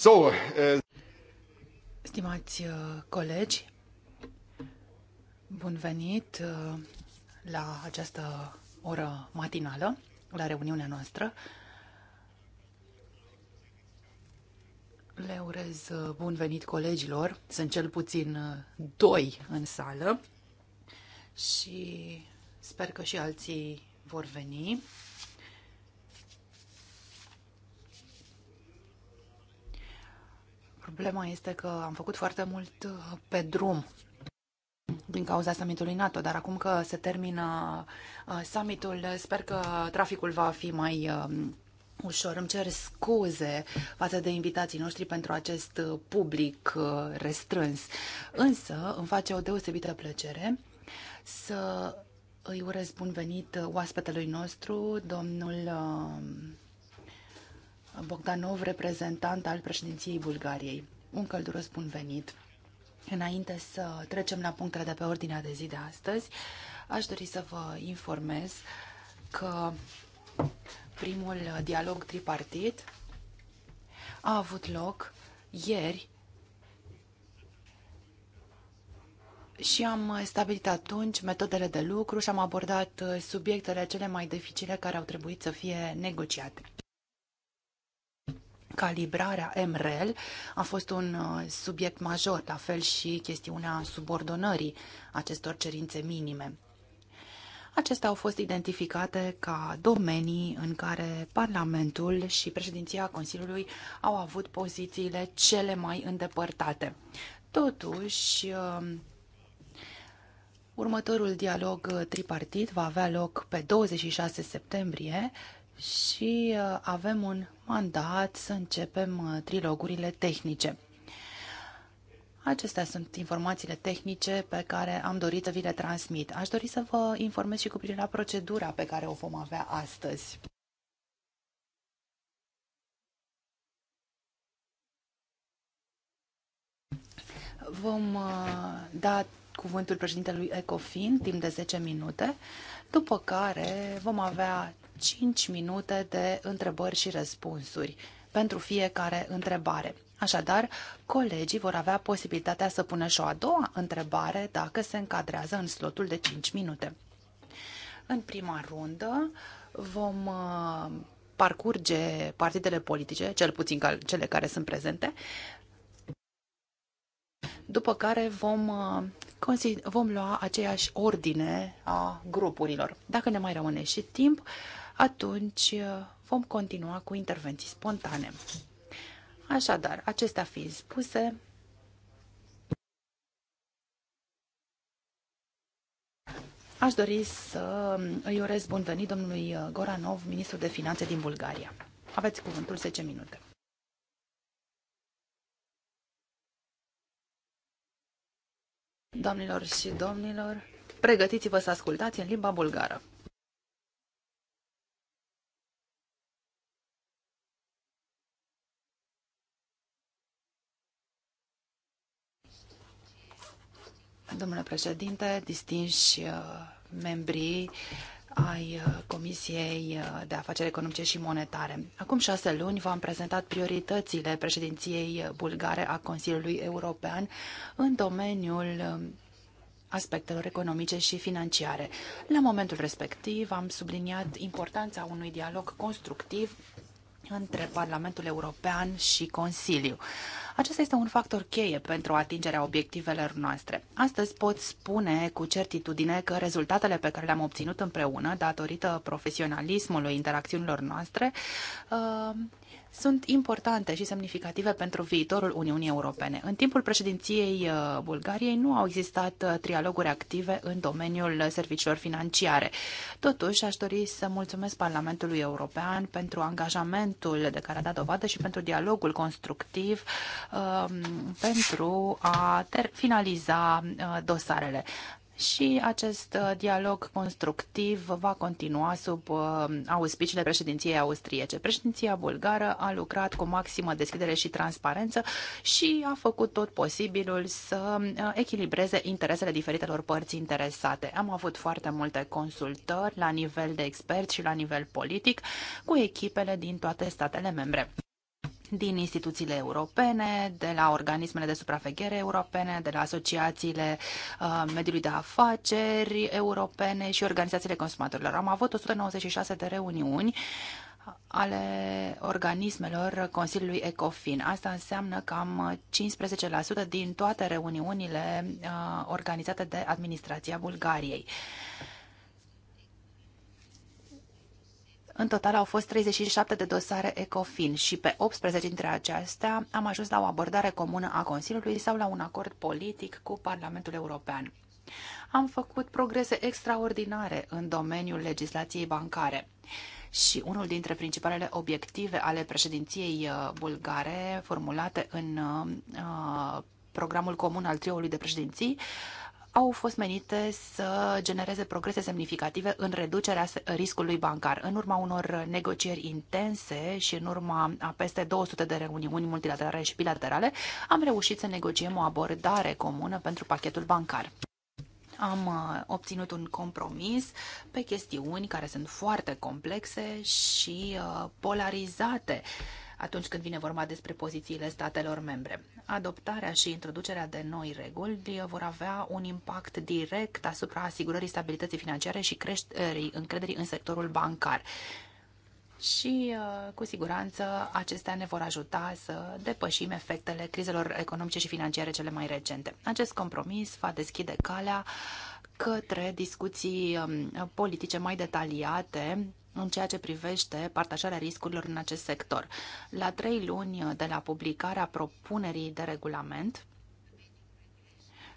So, uh... Stimați uh, colegi, bun venit uh, la această oră matinală, la reuniunea noastră. Le urez uh, bun venit colegilor. Sunt cel puțin doi în sală și sper că și alții vor veni. Problema este că am făcut foarte mult uh, pe drum din cauza summitului NATO, dar acum că se termină uh, summitul, sper că traficul va fi mai um, ușor. Îmi cer scuze față de invitații noștri pentru acest uh, public restrâns, însă îmi face o deosebită plăcere să îi urez bun venit oaspetelui nostru, domnul um, Bogdanov, reprezentant al președinției Bulgariei. Un călduros bun venit! Înainte să trecem la punctele de pe ordinea de zi de astăzi, aș dori să vă informez că primul dialog tripartit a avut loc ieri și am stabilit atunci metodele de lucru și am abordat subiectele cele mai dificile care au trebuit să fie negociate. Calibrarea MREL a fost un uh, subiect major, la fel și chestiunea subordonării acestor cerințe minime. Acestea au fost identificate ca domenii în care Parlamentul și președinția Consiliului au avut pozițiile cele mai îndepărtate. Totuși, um, următorul dialog tripartit va avea loc pe 26 septembrie și uh, avem un mandat să începem uh, trilogurile tehnice. Acestea sunt informațiile tehnice pe care am dorit să vi le transmit. Aș dori să vă informez și cu privire la procedura pe care o vom avea astăzi. Vom uh, da cuvântul președintelui Ecofin timp de 10 minute, după care vom avea 5 minute de întrebări și răspunsuri pentru fiecare întrebare. Așadar, colegii vor avea posibilitatea să pună și o a doua întrebare dacă se încadrează în slotul de 5 minute. În prima rundă vom uh, parcurge partidele politice, cel puțin cele care sunt prezente, după care vom, uh, vom lua aceeași ordine a grupurilor. Dacă ne mai rămâne și timp, atunci uh, vom continua cu intervenții spontane. Așadar, acestea fiind spuse, aș dori să îi urez bun venit domnului uh, Goranov, ministru de finanțe din Bulgaria. Aveți cuvântul 10 minute. Doamnelor și domnilor, pregătiți-vă să ascultați în limba bulgară. Domnule președinte, distinși uh, membrii ai uh, Comisiei uh, de Afaceri Economice și Monetare. Acum șase luni v-am prezentat prioritățile președinției bulgare a Consiliului European în domeniul um, aspectelor economice și financiare. La momentul respectiv am subliniat importanța unui dialog constructiv între Parlamentul European și Consiliu. Acesta este un factor cheie pentru atingerea obiectivelor noastre. Astăzi pot spune cu certitudine că rezultatele pe care le-am obținut împreună, datorită profesionalismului interacțiunilor noastre, uh, sunt importante și semnificative pentru viitorul Uniunii Europene. În timpul președinției uh, Bulgariei nu au existat uh, trialoguri active în domeniul serviciilor financiare. Totuși, aș dori să mulțumesc Parlamentului European pentru angajamentul de care a dat dovadă și pentru dialogul constructiv um, pentru a finaliza uh, dosarele și acest uh, dialog constructiv va continua sub uh, auspiciile președinției austriece. Președinția bulgară a lucrat cu maximă deschidere și transparență și a făcut tot posibilul să uh, echilibreze interesele diferitelor părți interesate. Am avut foarte multe consultări la nivel de expert și la nivel politic cu echipele din toate statele membre din instituțiile europene, de la organismele de supraveghere europene, de la asociațiile uh, mediului de afaceri europene și organizațiile consumatorilor. Am avut 196 de reuniuni ale organismelor Consiliului ECOFIN. Asta înseamnă cam 15% din toate reuniunile uh, organizate de administrația Bulgariei. În total au fost 37 de dosare ECOFIN și pe 18 dintre acestea am ajuns la o abordare comună a Consiliului sau la un acord politic cu Parlamentul European. Am făcut progrese extraordinare în domeniul legislației bancare și unul dintre principalele obiective ale președinției uh, bulgare formulate în uh, uh, programul comun al trioului de președinții au fost menite să genereze progrese semnificative în reducerea riscului bancar. În urma unor negocieri intense și în urma a peste 200 de reuniuni multilaterale și bilaterale, am reușit să negociem o abordare comună pentru pachetul bancar am uh, obținut un compromis pe chestiuni care sunt foarte complexe și uh, polarizate atunci când vine vorba despre pozițiile statelor membre. Adoptarea și introducerea de noi reguli vor avea un impact direct asupra asigurării stabilității financiare și creșterii încrederii în sectorul bancar și uh, cu siguranță acestea ne vor ajuta să depășim efectele crizelor economice și financiare cele mai recente. Acest compromis va deschide calea către discuții um, politice mai detaliate în ceea ce privește partajarea riscurilor în acest sector. La trei luni de la publicarea propunerii de regulament,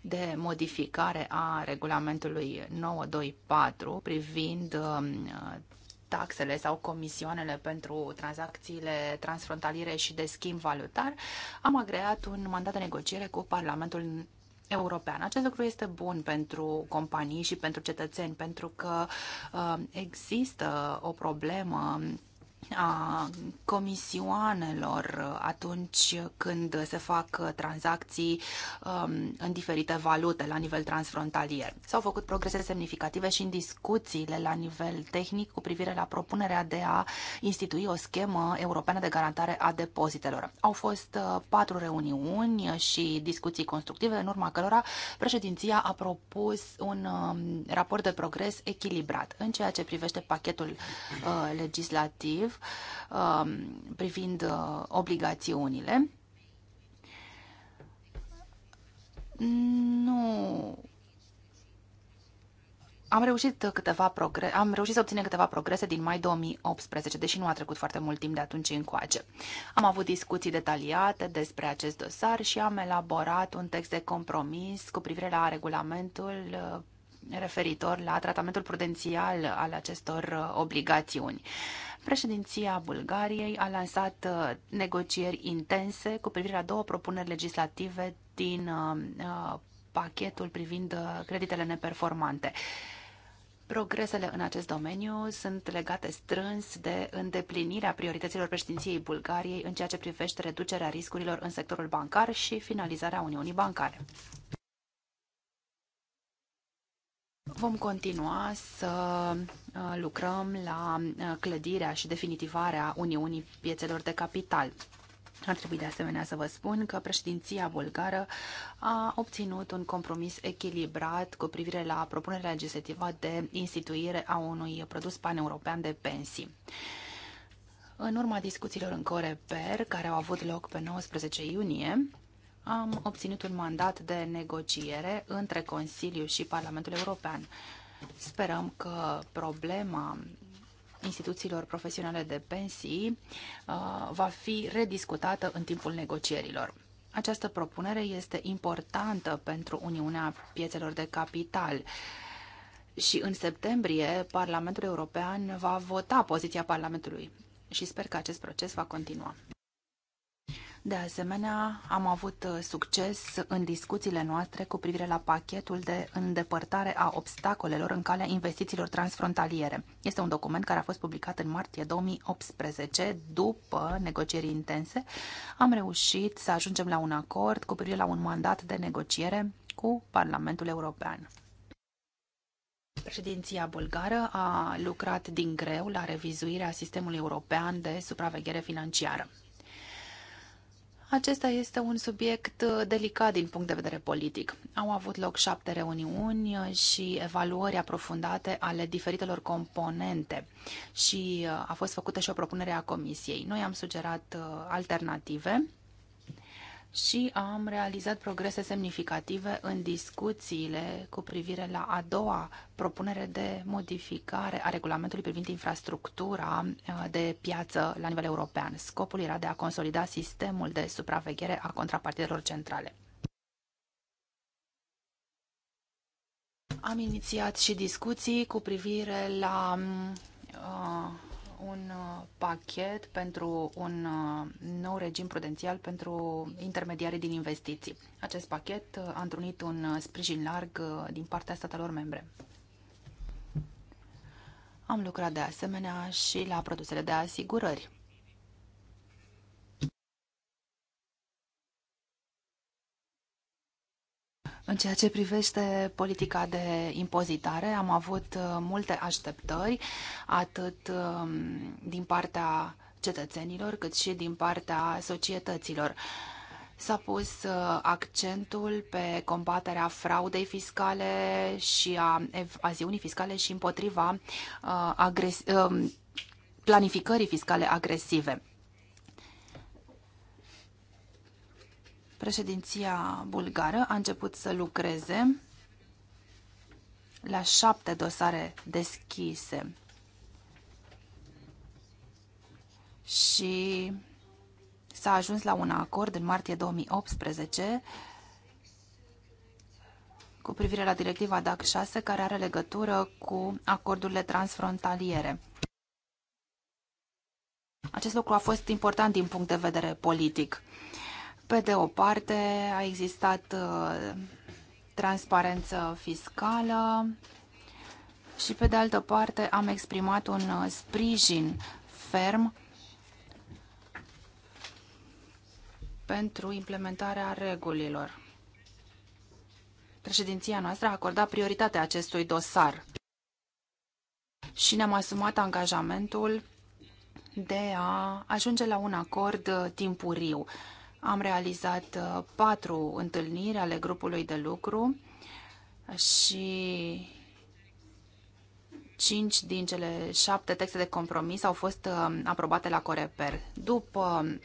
de modificare a regulamentului 924 privind um, taxele sau comisioanele pentru tranzacțiile transfrontaliere și de schimb valutar, am agreat un mandat de negociere cu Parlamentul european. Acest lucru este bun pentru companii și pentru cetățeni, pentru că uh, există o problemă a comisioanelor atunci când se fac tranzacții um, în diferite valute la nivel transfrontalier. S-au făcut progrese semnificative și în discuțiile la nivel tehnic cu privire la propunerea de a institui o schemă europeană de garantare a depozitelor. Au fost uh, patru reuniuni și discuții constructive, în urma cărora președinția a propus un um, raport de progres echilibrat în ceea ce privește pachetul uh, legislativ Um, privind uh, obligațiunile. Nu am reușit, câteva progre- am reușit să obținem câteva progrese din mai 2018, deși nu a trecut foarte mult timp de atunci încoace. Am avut discuții detaliate despre acest dosar și am elaborat un text de compromis cu privire la regulamentul uh, referitor la tratamentul prudențial al acestor uh, obligațiuni. Președinția Bulgariei a lansat uh, negocieri intense cu privire la două propuneri legislative din uh, pachetul privind creditele neperformante. Progresele în acest domeniu sunt legate strâns de îndeplinirea priorităților președinției Bulgariei în ceea ce privește reducerea riscurilor în sectorul bancar și finalizarea Uniunii Bancare. Vom continua să uh, lucrăm la uh, clădirea și definitivarea Uniunii Piețelor de Capital. Ar trebui de asemenea să vă spun că președinția bulgară a obținut un compromis echilibrat cu privire la propunerea legislativă de instituire a unui produs paneuropean de pensii. În urma discuțiilor în Coreper, care au avut loc pe 19 iunie, am obținut un mandat de negociere între Consiliu și Parlamentul European. Sperăm că problema instituțiilor profesionale de pensii uh, va fi rediscutată în timpul negocierilor. Această propunere este importantă pentru Uniunea Piețelor de Capital. Și în septembrie, Parlamentul European va vota poziția Parlamentului și sper că acest proces va continua. De asemenea, am avut uh, succes în discuțiile noastre cu privire la pachetul de îndepărtare a obstacolelor în calea investițiilor transfrontaliere. Este un document care a fost publicat în martie 2018. După negocieri intense, am reușit să ajungem la un acord cu privire la un mandat de negociere cu Parlamentul European. Președinția bulgară a lucrat din greu la revizuirea sistemului european de supraveghere financiară. Acesta este un subiect uh, delicat din punct de vedere politic. Au avut loc șapte reuniuni uh, și evaluări aprofundate ale diferitelor componente și uh, a fost făcută și o propunere a Comisiei. Noi am sugerat alternative și am realizat progrese semnificative în discuțiile cu privire la a doua propunere de modificare a regulamentului privind infrastructura uh, de piață la nivel european. Scopul era de a consolida sistemul de supraveghere a contrapartidelor centrale. Am inițiat și discuții cu privire la uh, un uh, pachet pentru un uh, nou regim prudențial pentru intermediarii din investiții. Acest pachet uh, a întrunit un sprijin larg din partea statelor membre. Am lucrat de asemenea și la produsele de asigurări. În ceea ce privește politica de impozitare, am avut uh, multe așteptări, atât um, din partea cetățenilor, cât și din partea societăților. S-a pus uh, accentul pe combaterea fraudei fiscale și a evaziunii fiscale și împotriva uh, um, planificării fiscale agresive. Președinția bulgară a început să lucreze la șapte dosare deschise și s-a ajuns la un acord în martie 2018 cu privire la directiva DAC 6 care are legătură cu acordurile transfrontaliere. Acest lucru a fost important din punct de vedere politic pe de o parte, a existat uh, transparență fiscală și pe de altă parte am exprimat un uh, sprijin ferm pentru implementarea regulilor. Președinția noastră a acordat prioritatea acestui dosar și ne-am asumat angajamentul de a ajunge la un acord uh, timpuriu am realizat uh, patru întâlniri ale grupului de lucru și cinci din cele șapte texte de compromis au fost uh, aprobate la Coreper. După um,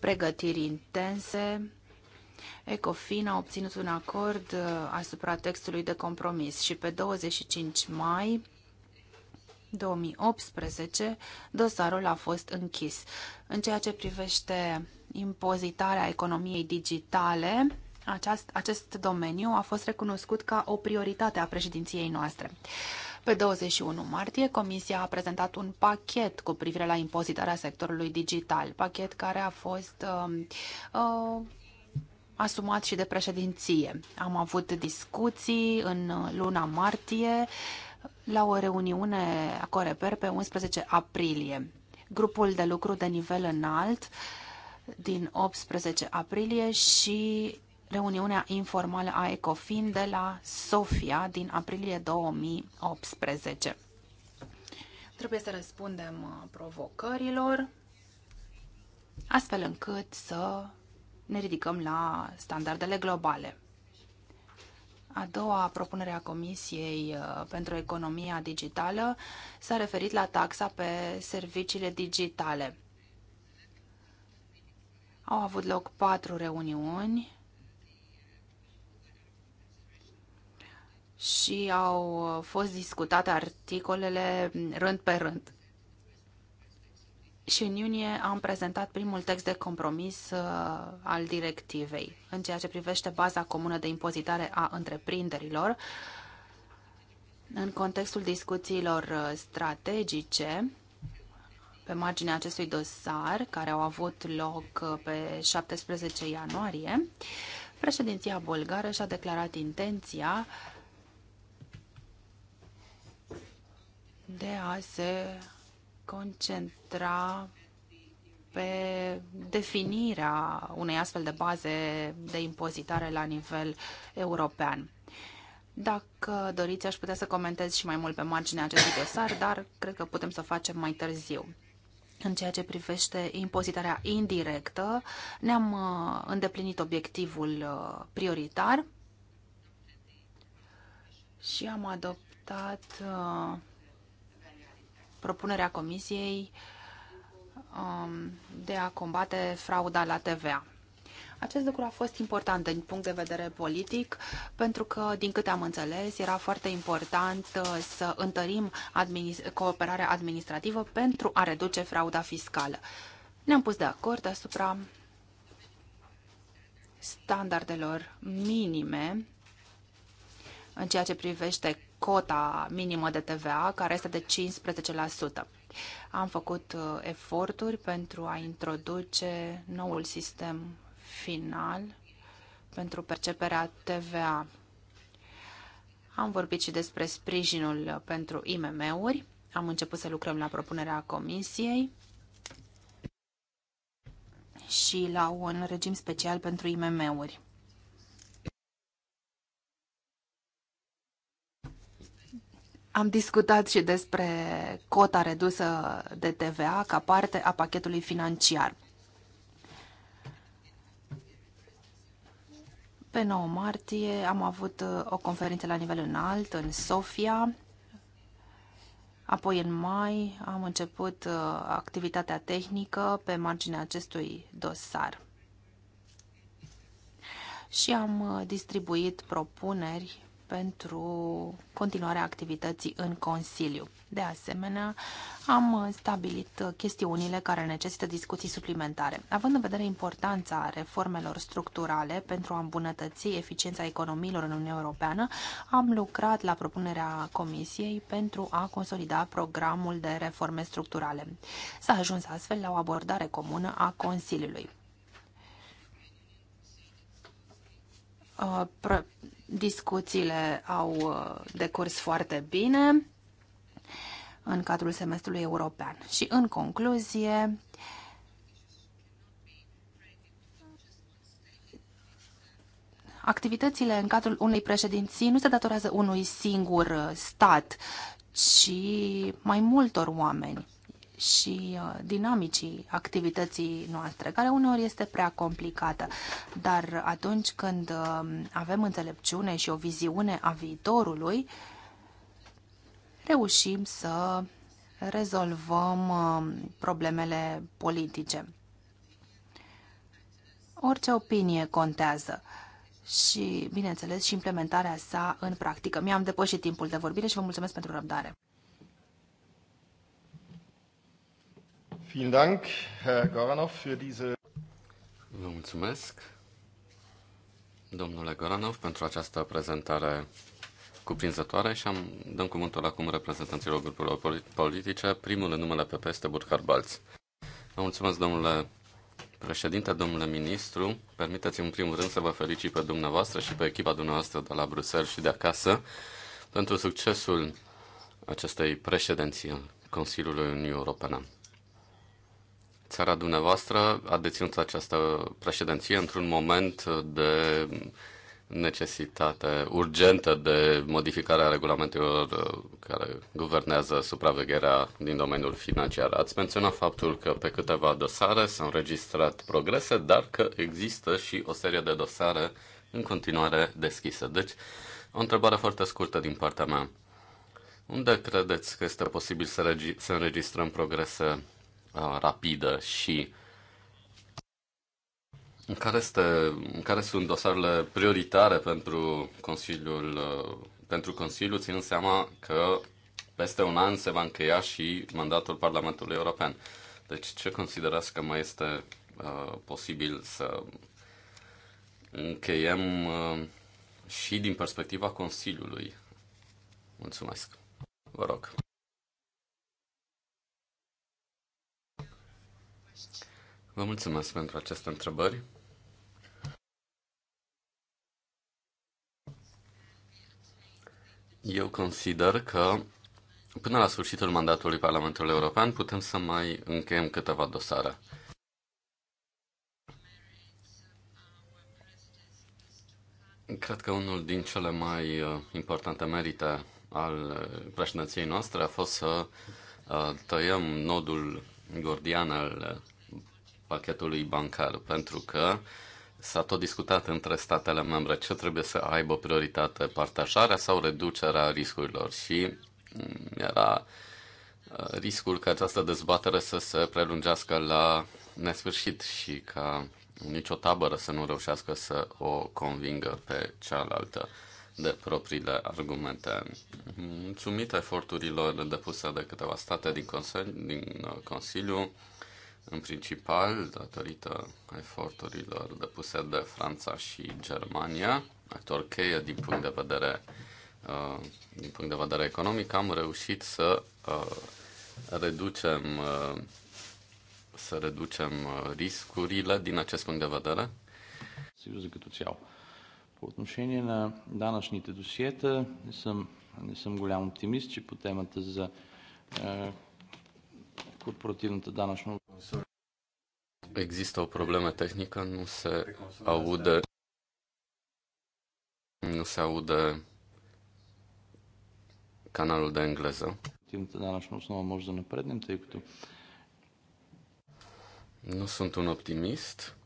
pregătiri intense, Ecofin a obținut un acord uh, asupra textului de compromis și pe 25 mai 2018 dosarul a fost închis. În ceea ce privește impozitarea economiei digitale, aceast, acest domeniu a fost recunoscut ca o prioritate a președinției noastre. Pe 21 martie, Comisia a prezentat un pachet cu privire la impozitarea sectorului digital, pachet care a fost uh, uh, asumat și de președinție. Am avut discuții în luna martie la o reuniune a Coreper pe 11 aprilie. Grupul de lucru de nivel înalt uh, din 18 aprilie și reuniunea informală a ECOFIN de la Sofia din aprilie 2018. Trebuie să răspundem uh, provocărilor astfel încât să ne ridicăm la standardele globale. A doua propunere a Comisiei uh, pentru Economia Digitală s-a referit la taxa pe serviciile digitale. Au avut loc patru reuniuni și au fost discutate articolele rând pe rând. Și în iunie am prezentat primul text de compromis uh, al directivei în ceea ce privește baza comună de impozitare a întreprinderilor în contextul discuțiilor uh, strategice pe marginea acestui dosar, care au avut loc uh, pe 17 ianuarie, președinția bulgară și-a declarat intenția de a se concentra pe definirea unei astfel de baze de impozitare la nivel european. Dacă doriți, aș putea să comentez și mai mult pe marginea acestui dosar, dar cred că putem să o facem mai târziu. În ceea ce privește impozitarea indirectă, ne-am uh, îndeplinit obiectivul uh, prioritar și am adoptat uh, propunerea Comisiei um, de a combate frauda la TVA. Acest lucru a fost important din punct de vedere politic, pentru că, din câte am înțeles, era foarte important uh, să întărim administ- cooperarea administrativă pentru a reduce frauda fiscală. Ne-am pus de acord asupra standardelor minime în ceea ce privește cota minimă de TVA, care este de 15%. Am făcut uh, eforturi pentru a introduce noul sistem final pentru perceperea TVA. Am vorbit și despre sprijinul pentru IMM-uri. Am început să lucrăm la propunerea Comisiei și la un regim special pentru IMM-uri. Am discutat și despre cota redusă de TVA ca parte a pachetului financiar. Pe 9 martie am avut uh, o conferință la nivel înalt în Sofia. Apoi, în mai, am început uh, activitatea tehnică pe marginea acestui dosar. Și am uh, distribuit propuneri pentru continuarea activității în Consiliu. De asemenea, am stabilit chestiunile care necesită discuții suplimentare. Având în vedere importanța reformelor structurale pentru a îmbunătăți eficiența economiilor în Uniunea Europeană, am lucrat la propunerea Comisiei pentru a consolida programul de reforme structurale. S-a ajuns astfel la o abordare comună a Consiliului uh, Discuțiile au uh, decurs foarte bine în cadrul semestrului european. Și în concluzie, activitățile în cadrul unei președinții nu se datorează unui singur uh, stat, ci mai multor oameni și uh, dinamicii activității noastre, care uneori este prea complicată. Dar atunci când um, avem înțelepciune și o viziune a viitorului, reușim să rezolvăm um, problemele politice. Orice opinie contează și, bineînțeles, și implementarea sa în practică. Mi-am depășit timpul de vorbire și vă mulțumesc pentru răbdare. Vielen Dank, Herr Goranov, für diese... Vă mulțumesc, domnule Goranov, pentru această prezentare cuprinzătoare și am dăm cuvântul acum reprezentanților grupurilor politice. Primul în numele PP este Burkhard Balz. Vă mulțumesc, domnule președinte, domnule ministru. Permiteți-mi în primul rând să vă felicit pe dumneavoastră și pe echipa dumneavoastră de la Bruxelles și de acasă pentru succesul acestei președinții Consiliului Uniunii Europene. Țara dumneavoastră a deținut această președinție într-un moment de necesitate urgentă de modificare a regulamentelor uh, care guvernează supravegherea din domeniul financiar. Ați menționat faptul că pe câteva dosare s-au înregistrat progrese, dar că există și o serie de dosare în continuare deschise. Deci, o întrebare foarte scurtă din partea mea. Unde credeți că este posibil să, să înregistrăm progrese Uh, rapidă și care, este, care sunt dosarele prioritare pentru Consiliul, uh, pentru Consiliu, ținând seama că peste un an se va încheia și mandatul Parlamentului European. Deci ce considerați că mai este uh, posibil să încheiem uh, și din perspectiva Consiliului? Mulțumesc. Vă rog. Vă mulțumesc pentru aceste întrebări. Eu consider că până la sfârșitul mandatului Parlamentului European putem să mai încheiem câteva dosare. Cred că unul din cele mai uh, importante merite al uh, președinției noastre a fost să uh, tăiem nodul gordian al pachetului bancar, pentru că s-a tot discutat între statele membre ce trebuie să aibă prioritate, partajarea sau reducerea riscurilor și mm, era uh, riscul că această dezbatere să se prelungească la nesfârșit și ca nicio tabără să nu reușească să o convingă pe cealaltă de propriile argumente. Mulțumit eforturilor depuse de câteva state din, conse- din uh, Consiliu, în principal datorită eforturilor depuse de Franța și Germania, actor cheie din punct de vedere uh, din punct de vedere economic, am reușit să uh, reducem uh, să reducem riscurile din acest punct de vedere. Съюза като цяло. По отношение на данъчните досиета, не съм, не съм голям оптимист, че по темата за е, корпоративната данъчна Există o problemă tehnică, nu se aude nu se aude canalul de engleză. nu Nu sunt un optimist.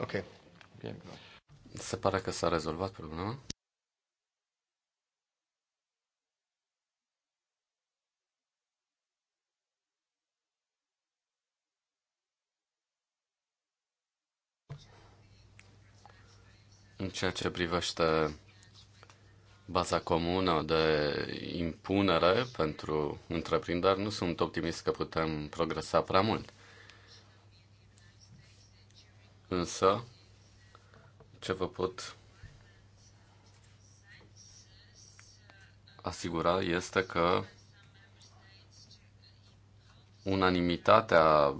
Ok. Se pare că s-a rezolvat problema. În ceea ce privește baza comună de impunere pentru întreprinderi, nu sunt optimist că putem progresa prea mult. Însă, ce vă pot asigura este că unanimitatea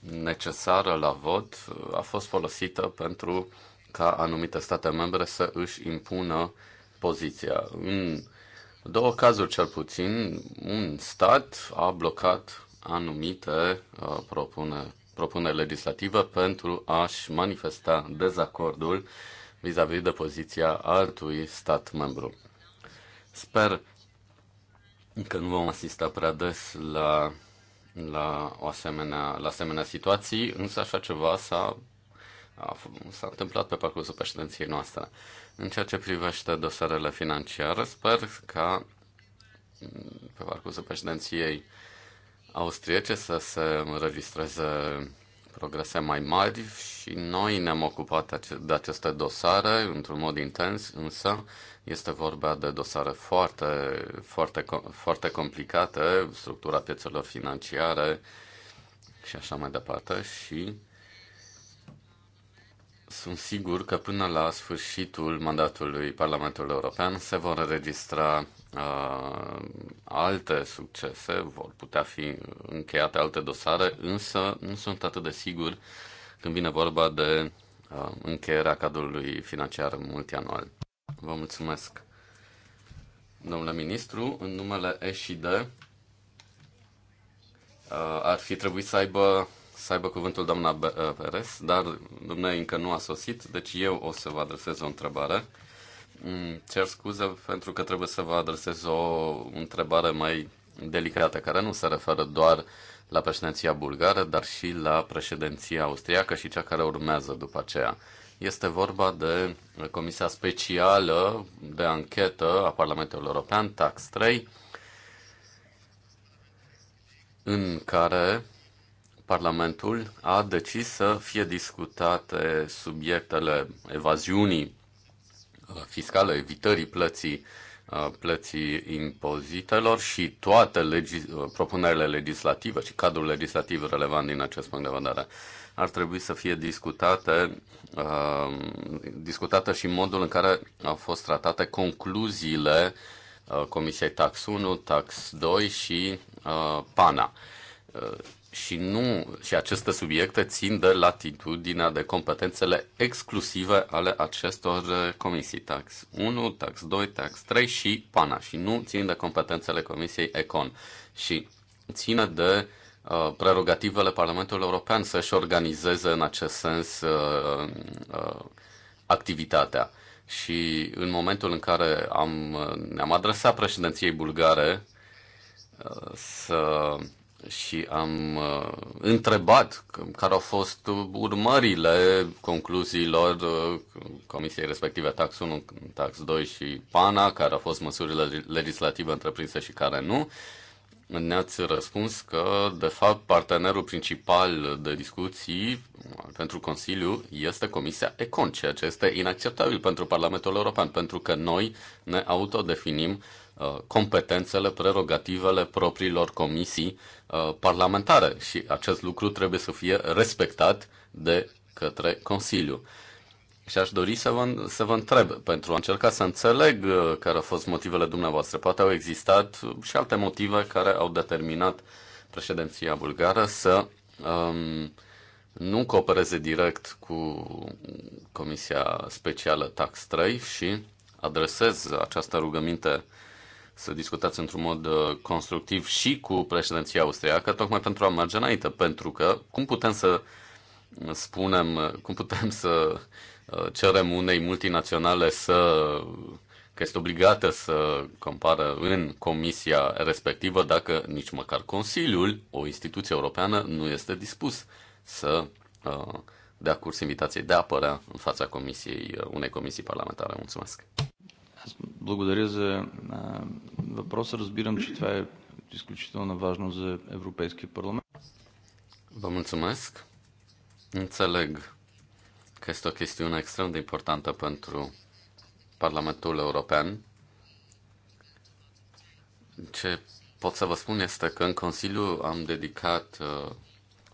necesară la vot a fost folosită pentru ca anumite state membre să își impună poziția. În două cazuri cel puțin, un stat a blocat anumite uh, propune, propuneri legislative pentru a-și manifesta dezacordul vis-a-vis -vis de poziția altui stat membru. Sper că nu vom asista prea des la, la, o asemenea, la asemenea situații, însă așa ceva s-a s-a întâmplat pe parcursul președinției noastre. În ceea ce privește dosarele financiare, sper ca mm, pe parcursul președinției austriece să se înregistreze progrese mai mari și noi ne-am ocupat de aceste dosare într-un mod intens, însă este vorba de dosare foarte, foarte, foarte complicate, structura piețelor financiare și așa mai departe și sunt sigur că până la sfârșitul mandatului Parlamentului European se vor înregistra uh, alte succese, vor putea fi încheiate alte dosare, însă nu sunt atât de sigur când vine vorba de uh, încheierea cadrului financiar multianual. Vă mulțumesc, domnule ministru. În numele ESHID uh, ar fi trebuit să aibă să aibă cuvântul doamna uh, Perez, dar dumneavoastră încă nu a sosit, deci eu o să vă adresez o întrebare. Mm, cer scuze pentru că trebuie să vă adresez o întrebare mai delicată, care nu se referă doar la președinția bulgară, dar și la președinția austriacă și cea care urmează după aceea. Este vorba de Comisia Specială de Anchetă a Parlamentului European, Tax 3, în care Parlamentul a decis să fie discutate subiectele evaziunii uh, fiscale, evitării plății, uh, plății impozitelor și toate legi- uh, propunerile legislative și cadrul legislativ relevant din acest punct de vedere. Ar trebui să fie discutate, discutate discutată și modul în care au fost tratate concluziile Comisiei Tax 1, Tax 2 și PANA și nu și aceste subiecte țin de latitudinea de competențele exclusive ale acestor uh, comisii tax 1, tax 2, tax 3 și PANA și nu țin de competențele comisiei ECON și ține de uh, prerogativele Parlamentului European să-și organizeze în acest sens uh, uh, activitatea. Și în momentul în care am, ne-am adresat președinției bulgare uh, să și am uh, întrebat care au fost urmările concluziilor uh, comisiei respective Tax 1, Tax 2 și PANA, care au fost măsurile legislative întreprinse și care nu. Ne-ați răspuns că, de fapt, partenerul principal de discuții uh, pentru Consiliu este Comisia Econ, ceea ce este inacceptabil pentru Parlamentul European, pentru că noi ne autodefinim uh, competențele, prerogativele propriilor comisii uh, Uh, parlamentară și acest lucru trebuie să fie respectat de către Consiliu. Și aș dori să vă, să vă întreb, pentru a încerca să înțeleg uh, care au fost motivele dumneavoastră, poate au existat uh, și alte motive care au determinat președinția bulgară să um, nu coopereze direct cu Comisia Specială Tax 3 și adresez această rugăminte să discutați într-un mod uh, constructiv și cu președinția austriacă, tocmai pentru a merge înainte. Pentru că cum putem să spunem, cum putem să uh, cerem unei multinaționale să că este obligată să compară în comisia respectivă dacă nici măcar Consiliul, o instituție europeană, nu este dispus să uh, dea curs invitației de a apărea în fața comisiei, unei comisii parlamentare. Mulțumesc! Аз благодаря за въпроса. Разбирам, че това е изключително важно за Европейския парламент. Vă mulțumesc. Înțeleg că este o chestiune extrem de importantă pentru Parlamentul European. Ce pot să vă spun este că în Consiliu am dedicat uh,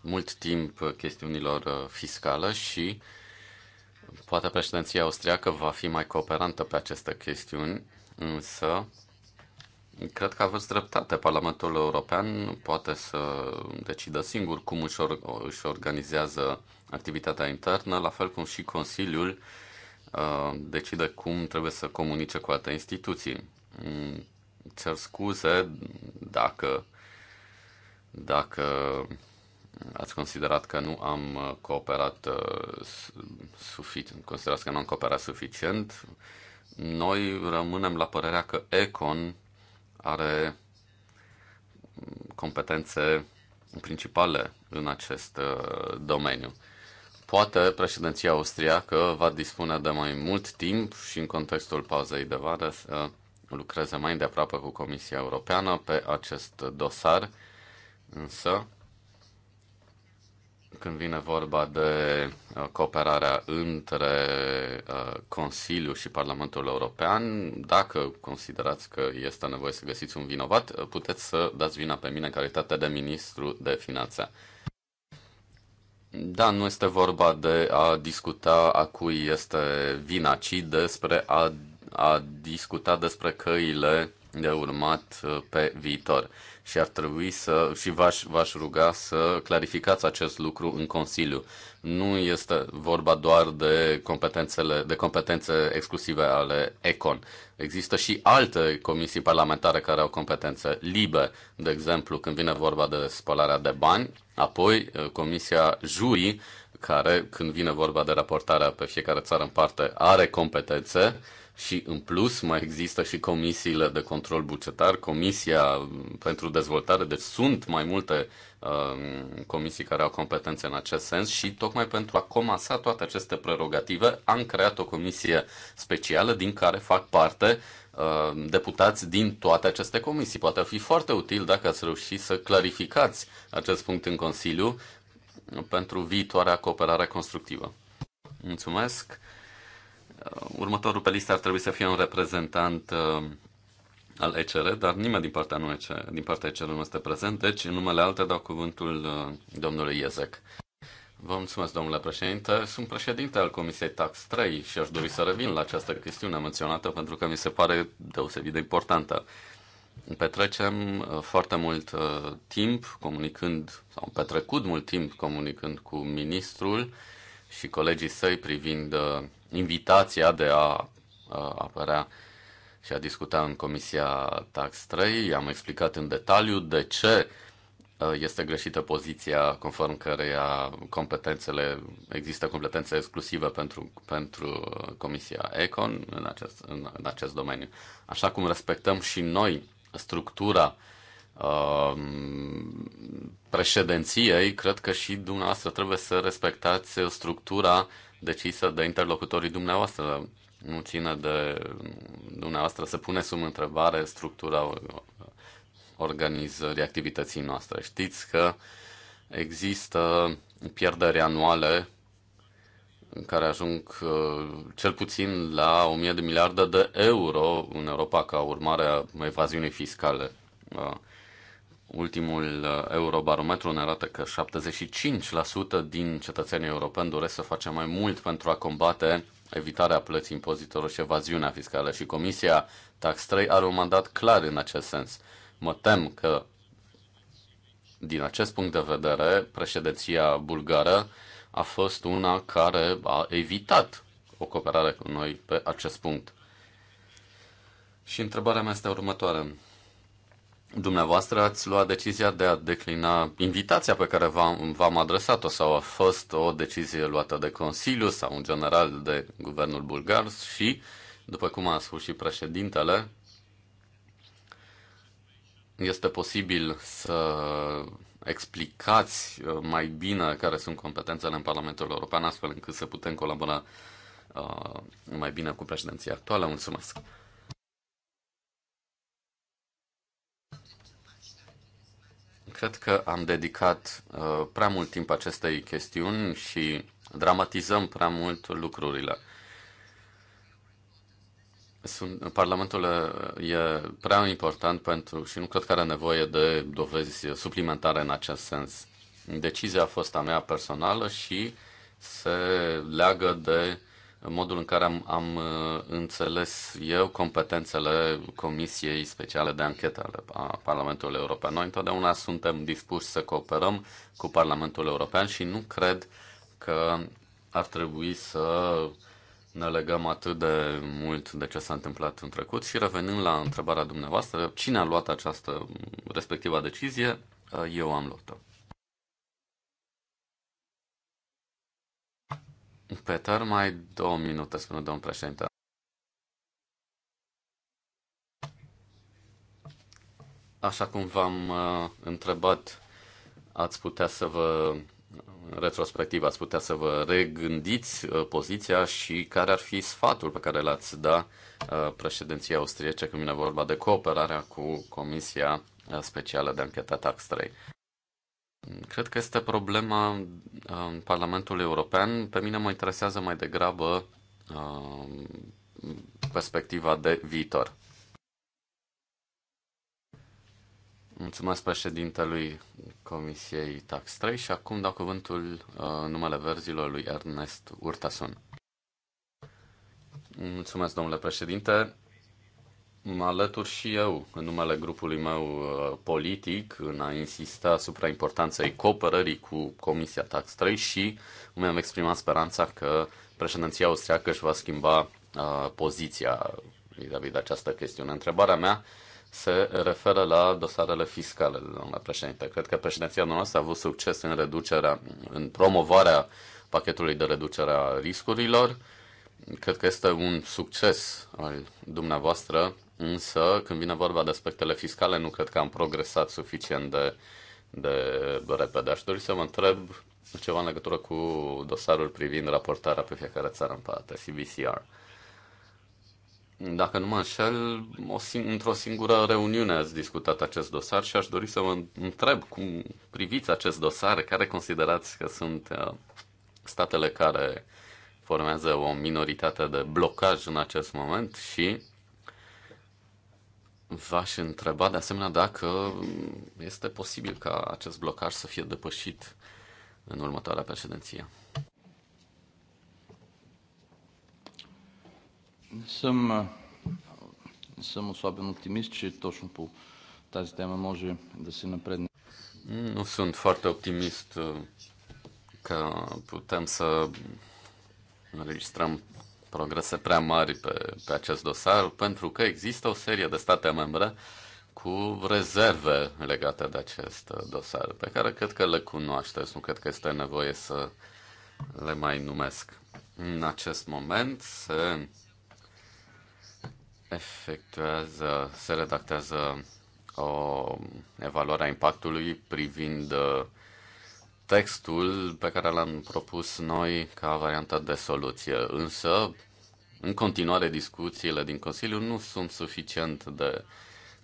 mult timp chestiunilor uh, fiscale și uh, Poate președinția austriacă va fi mai cooperantă pe aceste chestiuni, însă cred că aveți dreptate. Parlamentul European poate să decidă singur cum își, or- își organizează activitatea internă, la fel cum și Consiliul uh, decide cum trebuie să comunice cu alte instituții. Mm, cer scuze dacă dacă ați considerat că nu am uh, cooperat uh, suficient, considerați că nu am cooperat suficient, noi rămânem la părerea că Econ are mm, competențe principale în acest uh, domeniu. Poate președinția austriacă va dispune de mai mult timp și în contextul pauzei de vară să lucreze mai îndeaproape cu Comisia Europeană pe acest dosar, însă când vine vorba de uh, cooperarea între uh, Consiliu și Parlamentul European, dacă considerați că este nevoie să găsiți un vinovat, uh, puteți să dați vina pe mine în calitate de ministru de finanțe. Da, nu este vorba de a discuta a cui este vina, ci despre a, a discuta despre căile de urmat pe viitor și ar trebui să și v-aș, v-aș ruga să clarificați acest lucru în Consiliu. Nu este vorba doar de competențele de competențe exclusive ale Econ. Există și alte comisii parlamentare care au competențe libe, de exemplu, când vine vorba de spălarea de bani, apoi eh, comisia Jui, care, când vine vorba de raportarea pe fiecare țară în parte, are competențe și în plus mai există și comisiile de control bugetar, Comisia pentru Dezvoltare, deci sunt mai multe uh, comisii care au competențe în acest sens și tocmai pentru a comasa toate aceste prerogative am creat o comisie specială din care fac parte um, deputați din toate aceste comisii. Poate ar fi foarte util dacă ați reușit să clarificați acest punct în Consiliu pentru viitoarea cooperare constructivă. Mulțumesc! Uh, următorul pe listă ar trebui să fie un reprezentant uh, al ECR, dar nimeni din partea, nu ECR, din partea ECR nu este prezent, deci în numele alte dau cuvântul uh, domnului Iezec. Vă mulțumesc, domnule președinte. Sunt președinte al Comisiei Tax 3 și aș dori să revin la această chestiune menționată pentru că mi se pare deosebit de importantă. Petrecem foarte mult timp comunicând, sau am petrecut mult timp comunicând cu ministrul și colegii săi privind invitația de a apărea și a discuta în Comisia Tax 3. Am explicat în detaliu de ce este greșită poziția conform căreia competențele, există competențe exclusive pentru, pentru Comisia Econ în acest, în, în acest domeniu. Așa cum respectăm și noi structura uh, președinției, cred că și dumneavoastră trebuie să respectați structura uh, decisă de interlocutorii dumneavoastră. Nu ține de dumneavoastră să pune sub întrebare structura organizării activității noastre. Știți că există pierderi anuale care ajung uh, cel puțin la 1000 de miliarde de euro în Europa ca urmare a evaziunii fiscale. Uh, Ultimul uh, eurobarometru ne arată că 75% din cetățenii europeni doresc să facă mai mult pentru a combate evitarea plății impozitorilor și evaziunea fiscală și Comisia Tax 3 are un mandat clar în acest sens. Mă tem că, din acest punct de vedere, președinția bulgară a fost una care a evitat o cooperare cu noi pe acest punct. Și întrebarea mea este următoarea Dumneavoastră ați luat decizia de a declina invitația pe care v-am, adresat-o sau a fost o decizie luată de Consiliu sau în general de guvernul bulgar și, după cum a spus și președintele, este posibil să explicați uh, mai bine care sunt competențele în Parlamentul European astfel încât să putem colabora uh, mai bine cu președinția actuală. Mulțumesc! Cred că am dedicat uh, prea mult timp acestei chestiuni și dramatizăm prea mult lucrurile. Sunt, Parlamentul uh, e prea important pentru și nu cred că are nevoie de dovezi suplimentare în acest sens. Decizia a fost a mea personală și se leagă de în modul în care am, am uh, înțeles eu competențele Comisiei Speciale de Anchetă ale Parlamentului European. Noi întotdeauna suntem dispuși să cooperăm cu Parlamentul European și nu cred că ar trebui să ne legăm atât de mult de ce s-a întâmplat în trecut și revenind la întrebarea dumneavoastră, cine a luat această respectivă decizie, uh, eu am luat-o. Peter, mai două minute, spune domnul președinte. Așa cum v-am uh, întrebat, ați putea să vă, în retrospectiv, ați putea să vă regândiți uh, poziția și care ar fi sfatul pe care l-ați da uh, președinția austriece când vine vorba de cooperarea cu Comisia Specială de Anchetă Tax 3. Cred că este problema uh, Parlamentului European. Pe mine mă interesează mai degrabă uh, perspectiva de viitor. Mulțumesc președintelui Comisiei Tax 3 și acum dau cuvântul uh, numele verzilor lui Ernest Urtasun. Mulțumesc, domnule președinte mă alătur și eu, în numele grupului meu uh, politic, în a insista asupra importanței cooperării cu Comisia Tax 3 și mi-am exprimat speranța că președinția austriacă își va schimba uh, poziția vis-a-vis de această chestiune. Întrebarea mea se referă la dosarele fiscale, domnule președinte. Cred că președinția noastră a avut succes în reducerea, în promovarea pachetului de reducere a riscurilor. Cred că este un succes al dumneavoastră însă când vine vorba de aspectele fiscale nu cred că am progresat suficient de, de repede. Aș dori să mă întreb ceva în legătură cu dosarul privind raportarea pe fiecare țară în parte, CBCR. Dacă nu mă înșel, o sing- într-o singură reuniune ați discutat acest dosar și aș dori să mă întreb cum priviți acest dosar, care considerați că sunt uh, statele care formează o minoritate de blocaj în acest moment și V-aș întreba de asemenea dacă este posibil ca acest blocaj să fie depășit în următoarea președinție. Съм, съм особен оптимист, че точно по тази тема може да се напредне. Nu sunt foarte optimist uh, că putem să înregistrăm progrese prea mari pe, pe acest dosar, pentru că există o serie de state membre cu rezerve legate de acest uh, dosar, pe care cred că le cunoașteți, nu cred că este nevoie să le mai numesc. În acest moment se efectuează, se redactează o evaluare a impactului privind uh, textul pe care l-am propus noi ca variantă de soluție. Însă, în continuare, discuțiile din Consiliu nu sunt suficient de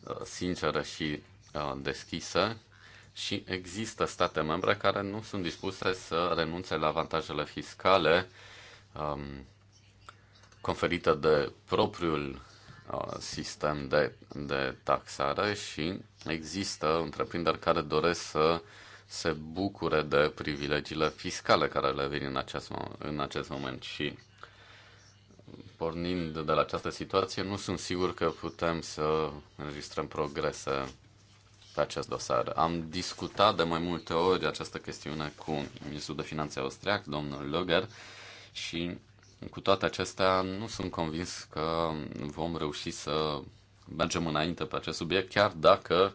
uh, sinceră și uh, deschise și există state membre care nu sunt dispuse să renunțe la avantajele fiscale um, conferite de propriul uh, sistem de, de taxare și există întreprinderi care doresc să se bucure de privilegiile fiscale care le vin în acest, în acest moment și pornind de la această situație, nu sunt sigur că putem să înregistrăm progrese pe acest dosar. Am discutat de mai multe ori această chestiune cu ministrul de finanțe austriac, domnul Löger, și cu toate acestea nu sunt convins că vom reuși să mergem înainte pe acest subiect, chiar dacă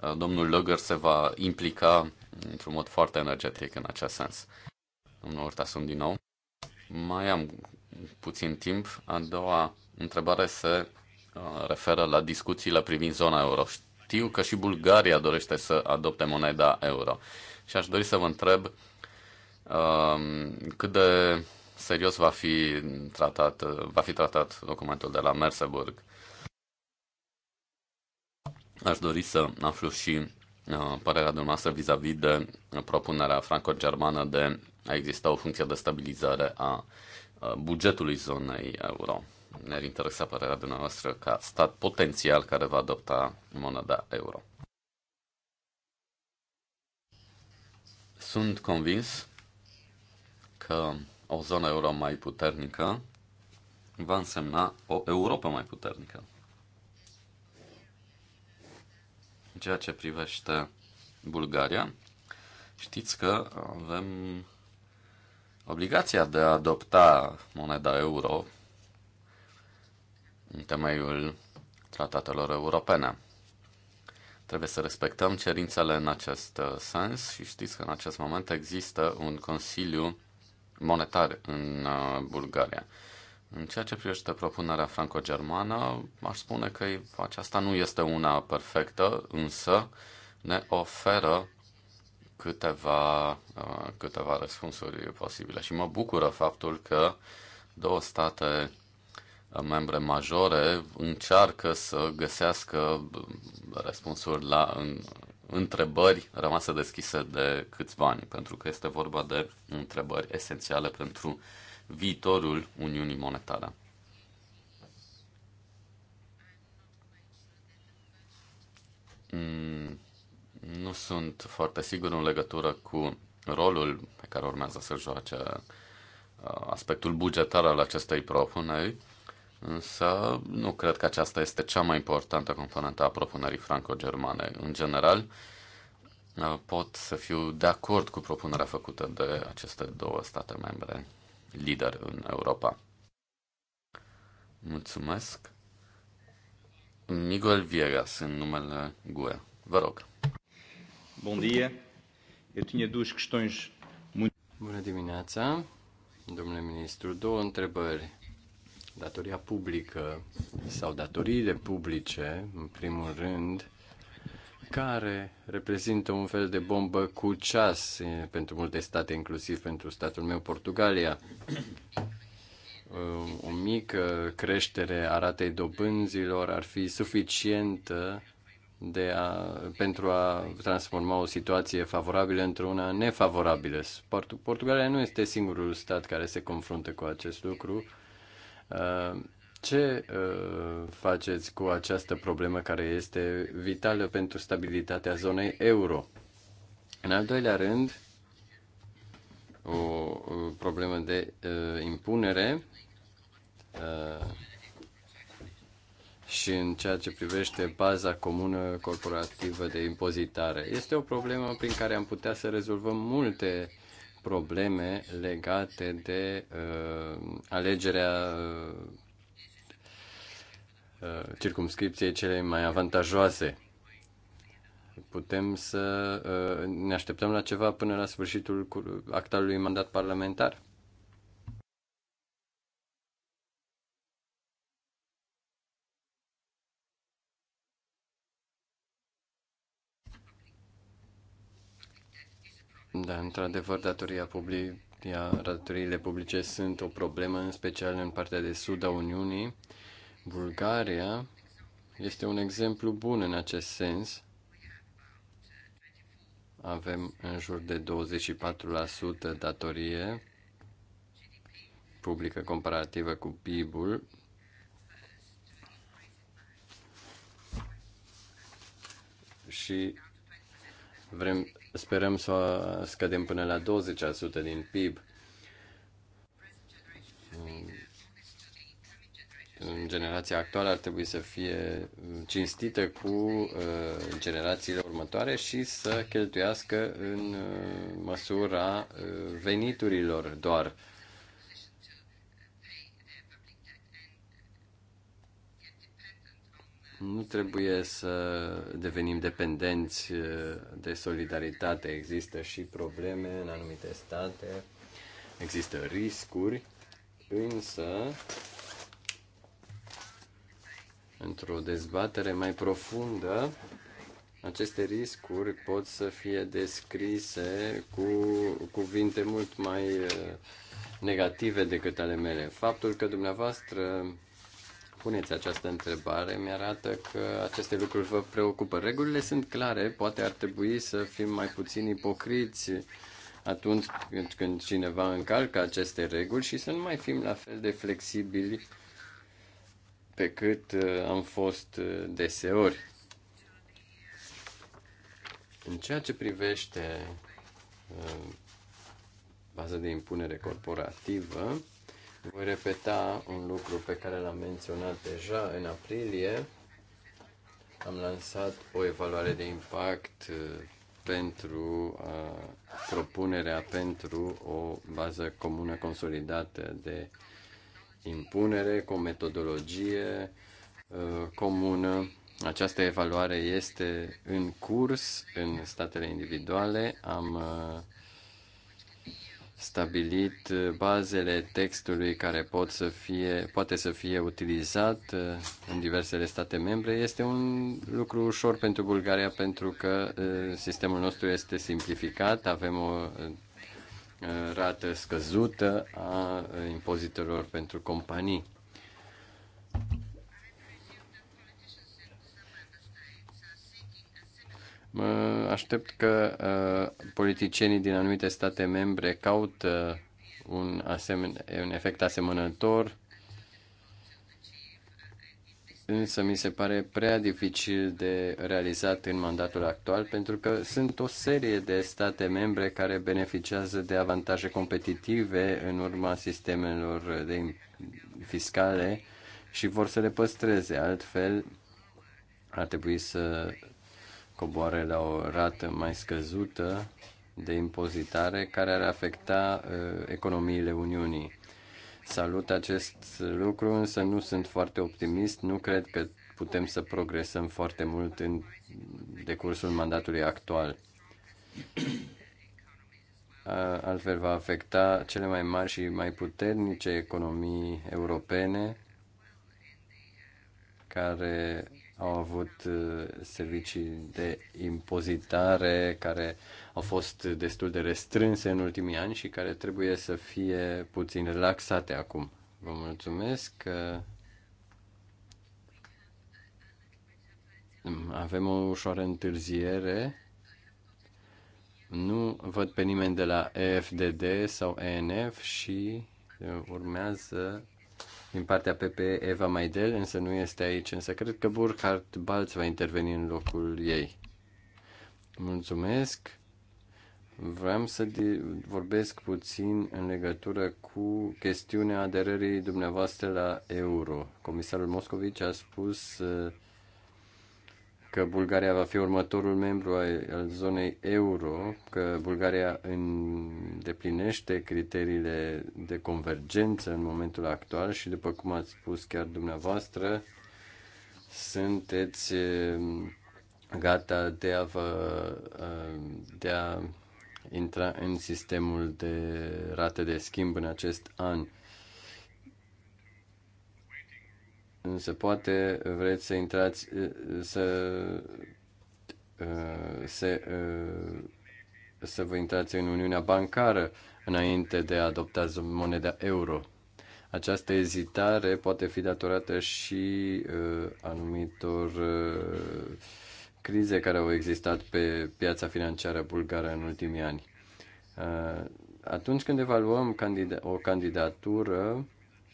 uh, domnul Löger se va implica într-un mod foarte energetic în acest sens. Domnul sunt din nou. Mai am puțin timp. A doua întrebare se uh, referă la discuțiile privind zona euro. Știu că și Bulgaria dorește să adopte moneda euro. Și aș dori să vă întreb um, cât de serios va fi tratat, uh, va fi tratat documentul de la Merseburg. Aș dori să aflu și Uh, părerea dumneavoastră vis-a-vis de propunerea franco-germană de a exista o funcție de stabilizare a uh, bugetului zonei euro. Ne-ar interesa părerea dumneavoastră ca stat potențial care va adopta moneda euro. Sunt convins că o zonă euro mai puternică va însemna o Europa mai puternică. În ceea ce privește Bulgaria, știți că avem obligația de a adopta moneda euro în temeiul tratatelor europene. Trebuie să respectăm cerințele în acest uh, sens și știți că în acest moment există un Consiliu monetar în uh, Bulgaria. În ceea ce privește propunerea franco-germană, aș spune că aceasta nu este una perfectă, însă ne oferă câteva, uh, câteva răspunsuri posibile. Și mă bucură faptul că două state uh, membre majore încearcă să găsească uh, răspunsuri la întrebări rămase deschise de câțiva ani, pentru că este vorba de întrebări esențiale pentru viitorul Uniunii Monetare. Mm, nu sunt foarte sigur în legătură cu rolul pe care urmează să joace uh, aspectul bugetar al acestei propuneri, însă nu cred că aceasta este cea mai importantă componentă a propunerii franco-germane. În general, uh, pot să fiu de acord cu propunerea făcută de aceste două state membre lider în Europa. Mulțumesc. Miguel Viegas, în numele GUE. Vă rog. Bun dia. Eu tinha duas questões Bună dimineața, domnule ministru. Două întrebări. Datoria publică sau datoriile publice, în primul rând, care reprezintă un fel de bombă cu ceas pentru multe state, inclusiv pentru statul meu, Portugalia. Uh, o mică creștere a ratei dobânzilor ar fi suficientă de a, pentru a transforma o situație favorabilă într-una nefavorabilă. Portugalia nu este singurul stat care se confruntă cu acest lucru. Uh, ce uh, faceți cu această problemă care este vitală pentru stabilitatea zonei euro? În al doilea rând, o problemă de uh, impunere uh, și în ceea ce privește baza comună corporativă de impozitare. Este o problemă prin care am putea să rezolvăm multe probleme legate de uh, alegerea uh, Uh, circumscripției cele mai avantajoase. Putem să uh, ne așteptăm la ceva până la sfârșitul actualului mandat parlamentar? Da, într-adevăr, datoria publică, datoriile publice sunt o problemă, în special în partea de sud a Uniunii Bulgaria este un exemplu bun în acest sens. Avem în jur de 24% datorie publică comparativă cu PIB-ul. Și vrem, sperăm să scădem până la 20% din PIB în generația actuală ar trebui să fie cinstită cu uh, generațiile următoare și să cheltuiască în uh, măsura uh, veniturilor doar. Nu trebuie să devenim dependenți uh, de solidaritate. Există și probleme în anumite state, există riscuri, însă într-o dezbatere mai profundă, aceste riscuri pot să fie descrise cu cuvinte mult mai uh, negative decât ale mele. Faptul că dumneavoastră puneți această întrebare mi-arată că aceste lucruri vă preocupă. Regulile sunt clare, poate ar trebui să fim mai puțin ipocriți atunci când cineva încalcă aceste reguli și să nu mai fim la fel de flexibili pe cât uh, am fost uh, deseori. În ceea ce privește uh, baza de impunere corporativă, voi repeta un lucru pe care l-am menționat deja în aprilie. Am lansat o evaluare de impact pentru a, propunerea pentru o bază comună consolidată de impunere, cu o metodologie uh, comună. Această evaluare este în curs în statele individuale. Am uh, stabilit bazele textului care pot să fie, poate să fie utilizat uh, în diversele state membre. Este un lucru ușor pentru Bulgaria pentru că sistemul nostru este simplificat, avem o Uh, rată scăzută a uh, impozitelor pentru companii. Mă aștept că uh, politicienii din anumite state membre caută un, asemen- un efect asemănător însă mi se pare prea dificil de realizat în mandatul actual, pentru că sunt o serie de state membre care beneficiază de avantaje competitive în urma sistemelor de fiscale și vor să le păstreze. Altfel, ar trebui să coboare la o rată mai scăzută de impozitare care ar afecta uh, economiile Uniunii Salut acest lucru, însă nu sunt foarte optimist. Nu cred că putem să progresăm foarte mult în decursul mandatului actual. Altfel va afecta cele mai mari și mai puternice economii europene care au avut uh, servicii de impozitare care au fost destul de restrânse în ultimii ani și care trebuie să fie puțin relaxate acum. Vă mulțumesc că avem o ușoară întârziere. Nu văd pe nimeni de la EFDD sau ENF și uh, urmează din partea PP Eva Maidel, însă nu este aici, însă cred că Burkhard Balț va interveni în locul ei. Mulțumesc! Vreau să vorbesc puțin în legătură cu chestiunea aderării dumneavoastră la euro. Comisarul Moscovici a spus uh, că Bulgaria va fi următorul membru al zonei euro, că Bulgaria îndeplinește criteriile de convergență în momentul actual și, după cum ați spus chiar dumneavoastră, sunteți uh, gata de a vă uh, de a intra în sistemul de rate de schimb în acest an. Însă poate vreți să intrați, eh, să, eh, să, eh, să vă intrați în Uniunea Bancară înainte de a adopta moneda euro. Această ezitare poate fi datorată și uh, anumitor uh, crize care au existat pe piața financiară bulgară în ultimii ani. Uh, atunci când evaluăm o candidatură,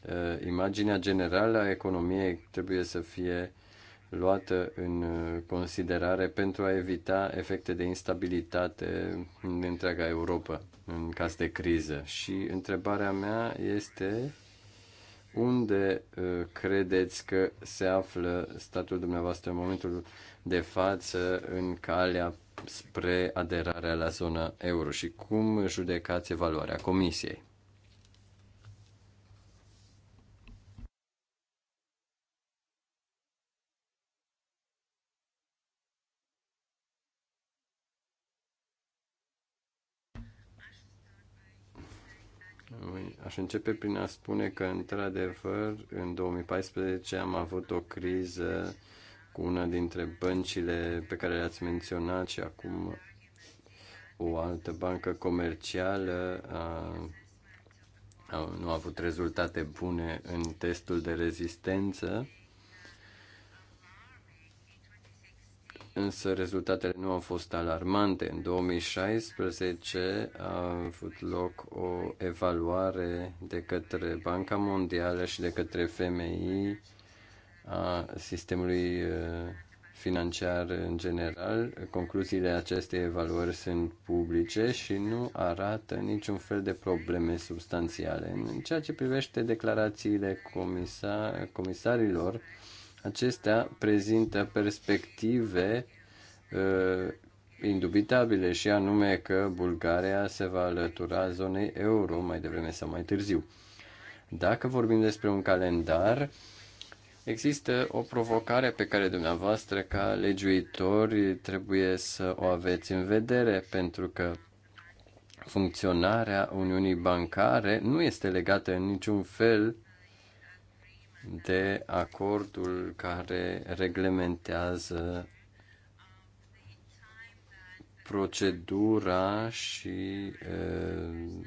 uh, imaginea generală a economiei trebuie să fie luată în uh, considerare pentru a evita efecte de instabilitate în întreaga Europa în caz de criză. Și întrebarea mea este unde credeți că se află statul dumneavoastră în momentul de față în calea spre aderarea la zona euro și cum judecați evaluarea Comisiei? Aș începe prin a spune că, într-adevăr, în 2014 am avut o criză uh, cu una dintre băncile pe care le-ați menționat și acum o altă bancă comercială a, a, nu a avut rezultate bune în testul de rezistență, însă rezultatele nu au fost alarmante. În 2016 a avut loc o evaluare de către Banca Mondială și de către FMI a sistemului financiar în general. Concluziile acestei evaluări sunt publice și nu arată niciun fel de probleme substanțiale. În ceea ce privește declarațiile comisa- comisarilor, acestea prezintă perspective uh, indubitabile și anume că Bulgaria se va alătura zonei euro mai devreme sau mai târziu. Dacă vorbim despre un calendar, uh, Există o provocare pe care dumneavoastră, ca legiuitori, trebuie să o aveți în vedere, pentru că funcționarea Uniunii Bancare nu este legată în niciun fel de acordul care reglementează procedura și uh,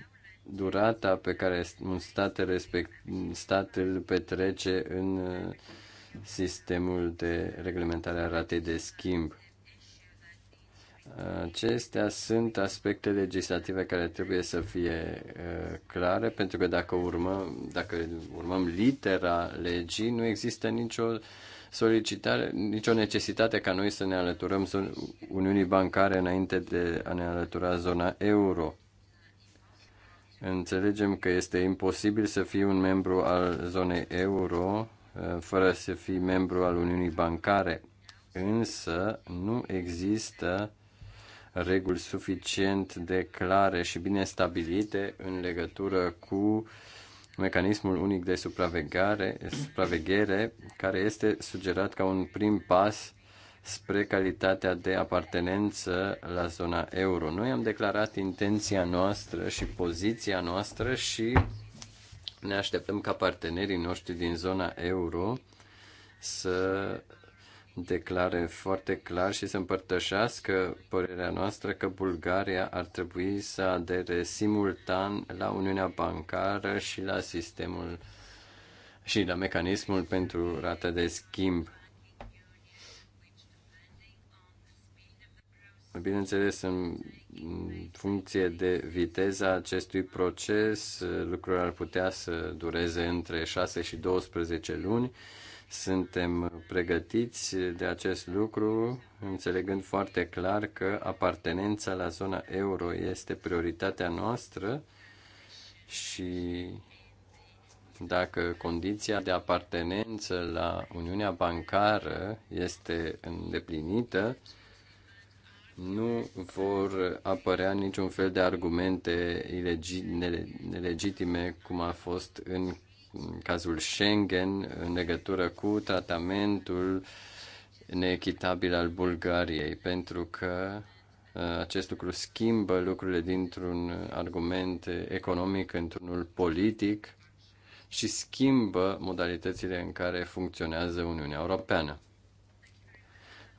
durata pe care un stat respect, statul petrece în uh, sistemul de reglementare a ratei de schimb. Acestea sunt aspecte legislative care trebuie să fie uh, clare, pentru că dacă urmăm, dacă urmăm litera legii, nu există nicio solicitare, nicio necesitate ca noi să ne alăturăm Uniunii Bancare înainte de a ne alătura zona euro. Înțelegem că este imposibil să fii un membru al zonei euro uh, fără să fii membru al Uniunii Bancare, însă nu există reguli suficient de clare și bine stabilite în legătură cu mecanismul unic de supraveghere, supraveghere care este sugerat ca un prim pas spre calitatea de apartenență la zona euro. Noi am declarat intenția noastră și poziția noastră și ne așteptăm ca partenerii noștri din zona euro să declare foarte clar și să împărtășească părerea noastră că Bulgaria ar trebui să adere simultan la Uniunea Bancară și la sistemul și la mecanismul pentru rata de schimb Bineînțeles, în funcție de viteza acestui proces, lucrurile ar putea să dureze între 6 și 12 luni. Suntem pregătiți de acest lucru, înțelegând foarte clar că apartenența la zona euro este prioritatea noastră și dacă condiția de apartenență la Uniunea Bancară este îndeplinită, nu vor apărea niciun fel de argumente nelegitime, cum a fost în cazul Schengen, în legătură cu tratamentul neechitabil al Bulgariei, pentru că uh, acest lucru schimbă lucrurile dintr-un argument economic într-unul politic și schimbă modalitățile în care funcționează Uniunea Europeană.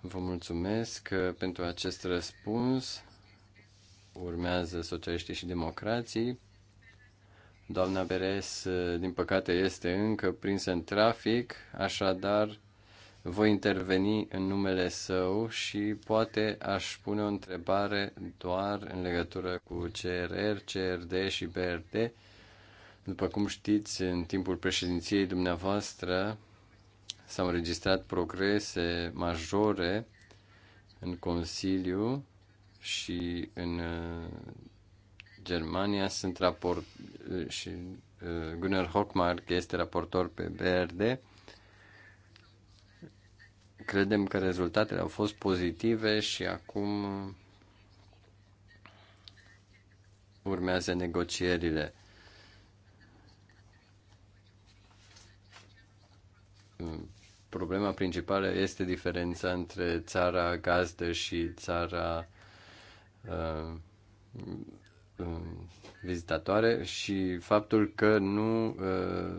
Vă mulțumesc uh, pentru acest răspuns. Urmează socialiștii și democrații. Doamna Beres, uh, din păcate, este încă prinsă în trafic, așadar voi interveni în numele său și poate aș pune o întrebare doar în legătură cu CRR, CRD și BRD. După cum știți, în timpul președinției dumneavoastră S-au înregistrat progrese majore în Consiliu și în uh, Germania sunt raport uh, și uh, Gunnar Hochmark este raportor pe BRD. Credem că rezultatele au fost pozitive și acum urmează negocierile problema principală este diferența între țara gazdă și țara uh, uh, vizitatoare și faptul că nu uh,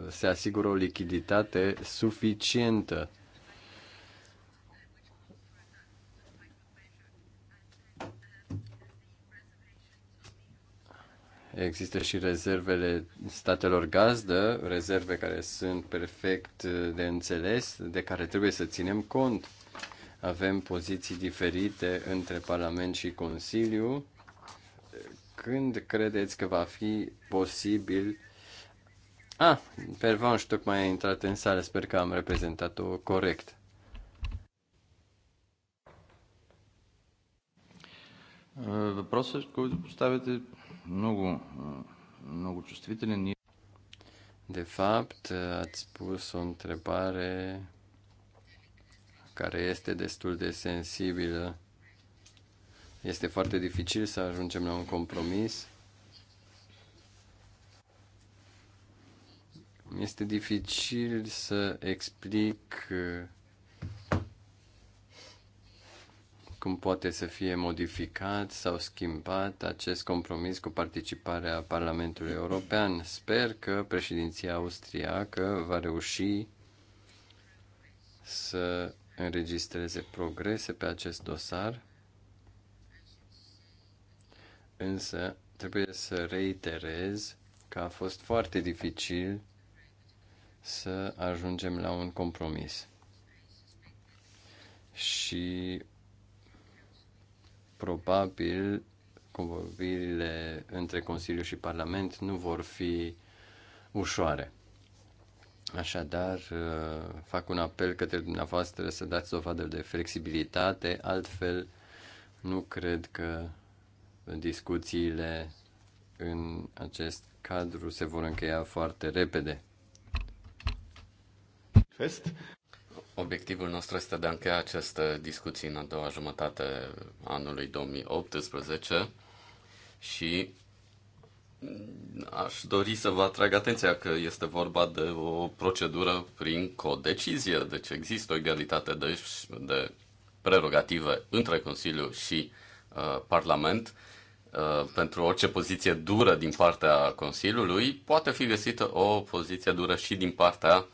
se asigură o lichiditate suficientă Există și rezervele statelor gazdă, rezerve care sunt perfect uh, de înțeles, de care trebuie să ținem cont. Avem poziții diferite între Parlament și Consiliu. Când credeți că va fi posibil? Ah, Pervanș tocmai a intrat în sală, sper că am reprezentat-o corect. Въпросът, който поставяте, много, много чувствителен. De fapt, ați pus o întrebare care este destul de sensibilă. Este foarte dificil să ajungem la un compromis. Este dificil să explic cum poate să fie modificat sau schimbat acest compromis cu participarea Parlamentului European. Sper că președinția austriacă va reuși să înregistreze progrese pe acest dosar, însă trebuie să reiterez că a fost foarte dificil să ajungem la un compromis. Și probabil convorbirile între Consiliu și Parlament nu vor fi ușoare. Așadar, uh, fac un apel către dumneavoastră să dați dovadă de flexibilitate, altfel nu cred că discuțiile în acest cadru se vor încheia foarte repede. Fest. Obiectivul nostru este de a încheia această discuție în a doua jumătate anului 2018 și aș dori să vă atrag atenția că este vorba de o procedură prin codecizie, deci există o egalitate de, de prerogative între Consiliu și uh, Parlament. Uh, pentru orice poziție dură din partea Consiliului, poate fi găsită o poziție dură și din partea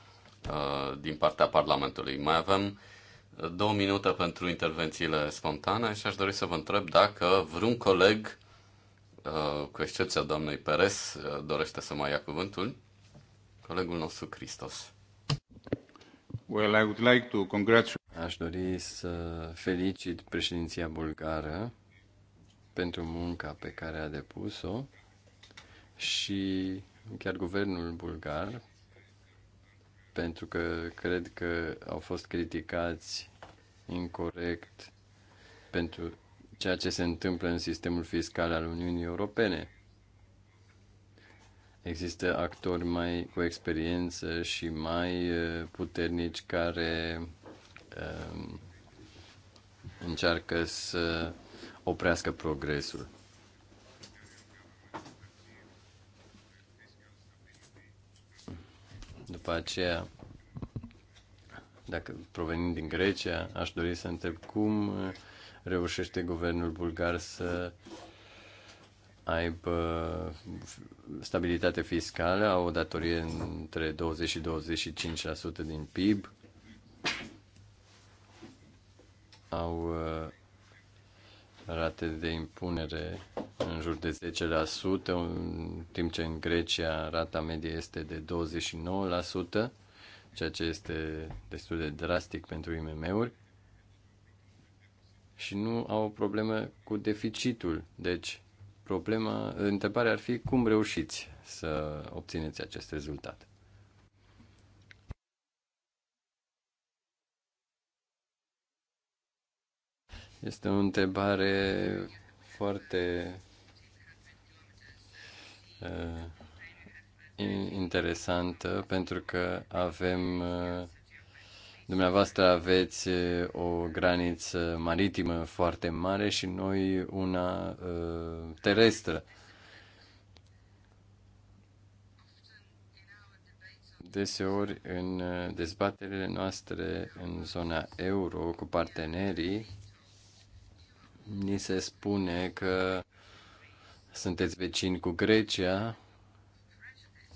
Uh, din partea Parlamentului. Mai avem uh, două minute pentru intervențiile spontane și aș dori să vă întreb dacă vreun coleg, uh, cu excepția doamnei Perez, dorește să mai ia cuvântul. Colegul nostru, Cristos. Well, I would like to congratulate... Aș dori să felicit președinția bulgară pentru munca pe care a depus-o și chiar guvernul bulgar pentru că cred că au fost criticați incorrect pentru ceea ce se întâmplă în sistemul fiscal al Uniunii Europene. Există actori mai cu experiență și mai uh, puternici care um, încearcă să oprească progresul. După aceea, dacă provenind din Grecia, aș dori să întreb cum reușește guvernul bulgar să aibă stabilitate fiscală, au o datorie între 20 și 25% din PIB, au uh, rate de impunere în jur de 10%, în timp ce în Grecia rata medie este de 29%, ceea ce este destul de drastic pentru IMM-uri. Și nu au o problemă cu deficitul. Deci, problema, întrebarea ar fi cum reușiți să obțineți acest rezultat. Este o întrebare foarte uh, interesantă pentru că avem uh, dumneavoastră aveți uh, o graniță maritimă foarte mare și noi una uh, terestră. Deseori în uh, dezbaterile noastre în zona euro cu partenerii Ni se spune că sunteți vecini cu Grecia,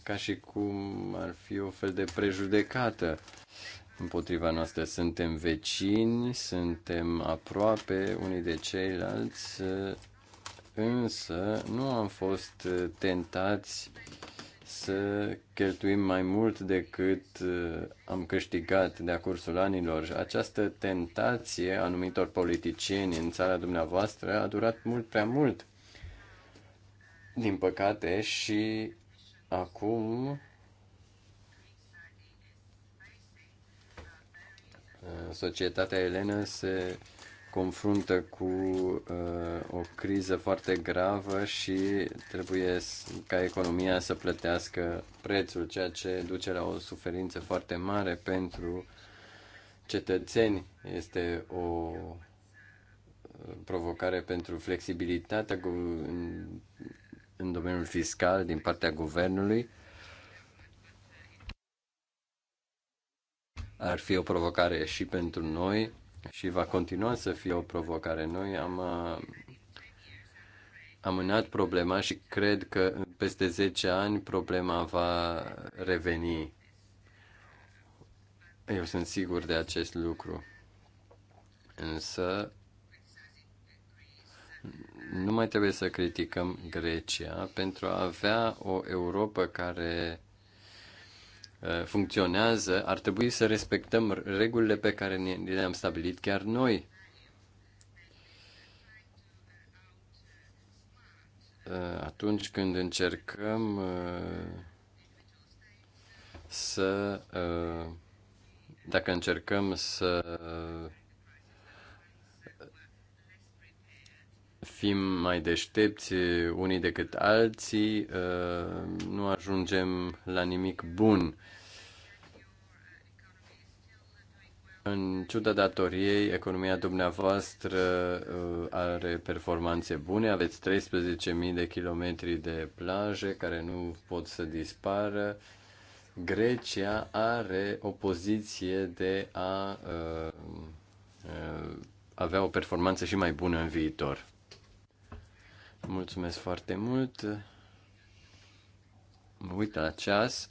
ca și cum ar fi o fel de prejudecată împotriva noastră. Suntem vecini, suntem aproape unii de ceilalți, însă nu am fost tentați să cheltuim mai mult decât uh, am câștigat de-a cursul anilor. Această tentație a anumitor politicieni în țara dumneavoastră a durat mult prea mult. Din păcate și acum uh, societatea elenă se confruntă cu uh, o criză foarte gravă și trebuie ca economia să plătească prețul, ceea ce duce la o suferință foarte mare pentru cetățeni. Este o uh, provocare pentru flexibilitatea în, în domeniul fiscal din partea guvernului. Ar fi o provocare și pentru noi și va continua să fie o provocare. Noi am uh, amânat problema și cred că peste 10 ani problema va reveni. Eu sunt sigur de acest lucru. Însă nu mai trebuie să criticăm Grecia pentru a avea o Europa care Uh, funcționează, ar trebui să respectăm regulile pe care le-am stabilit chiar noi. Uh, atunci când încercăm uh, să dacă încercăm să fim mai deștepți unii decât alții, uh, nu ajungem la nimic bun. În ciuda datoriei, economia dumneavoastră uh, are performanțe bune. Aveți 13.000 de kilometri de plaje care nu pot să dispară. Grecia are o poziție de a uh, avea o performanță și mai bună în viitor. Mulțumesc foarte mult. Mă uit la ceas.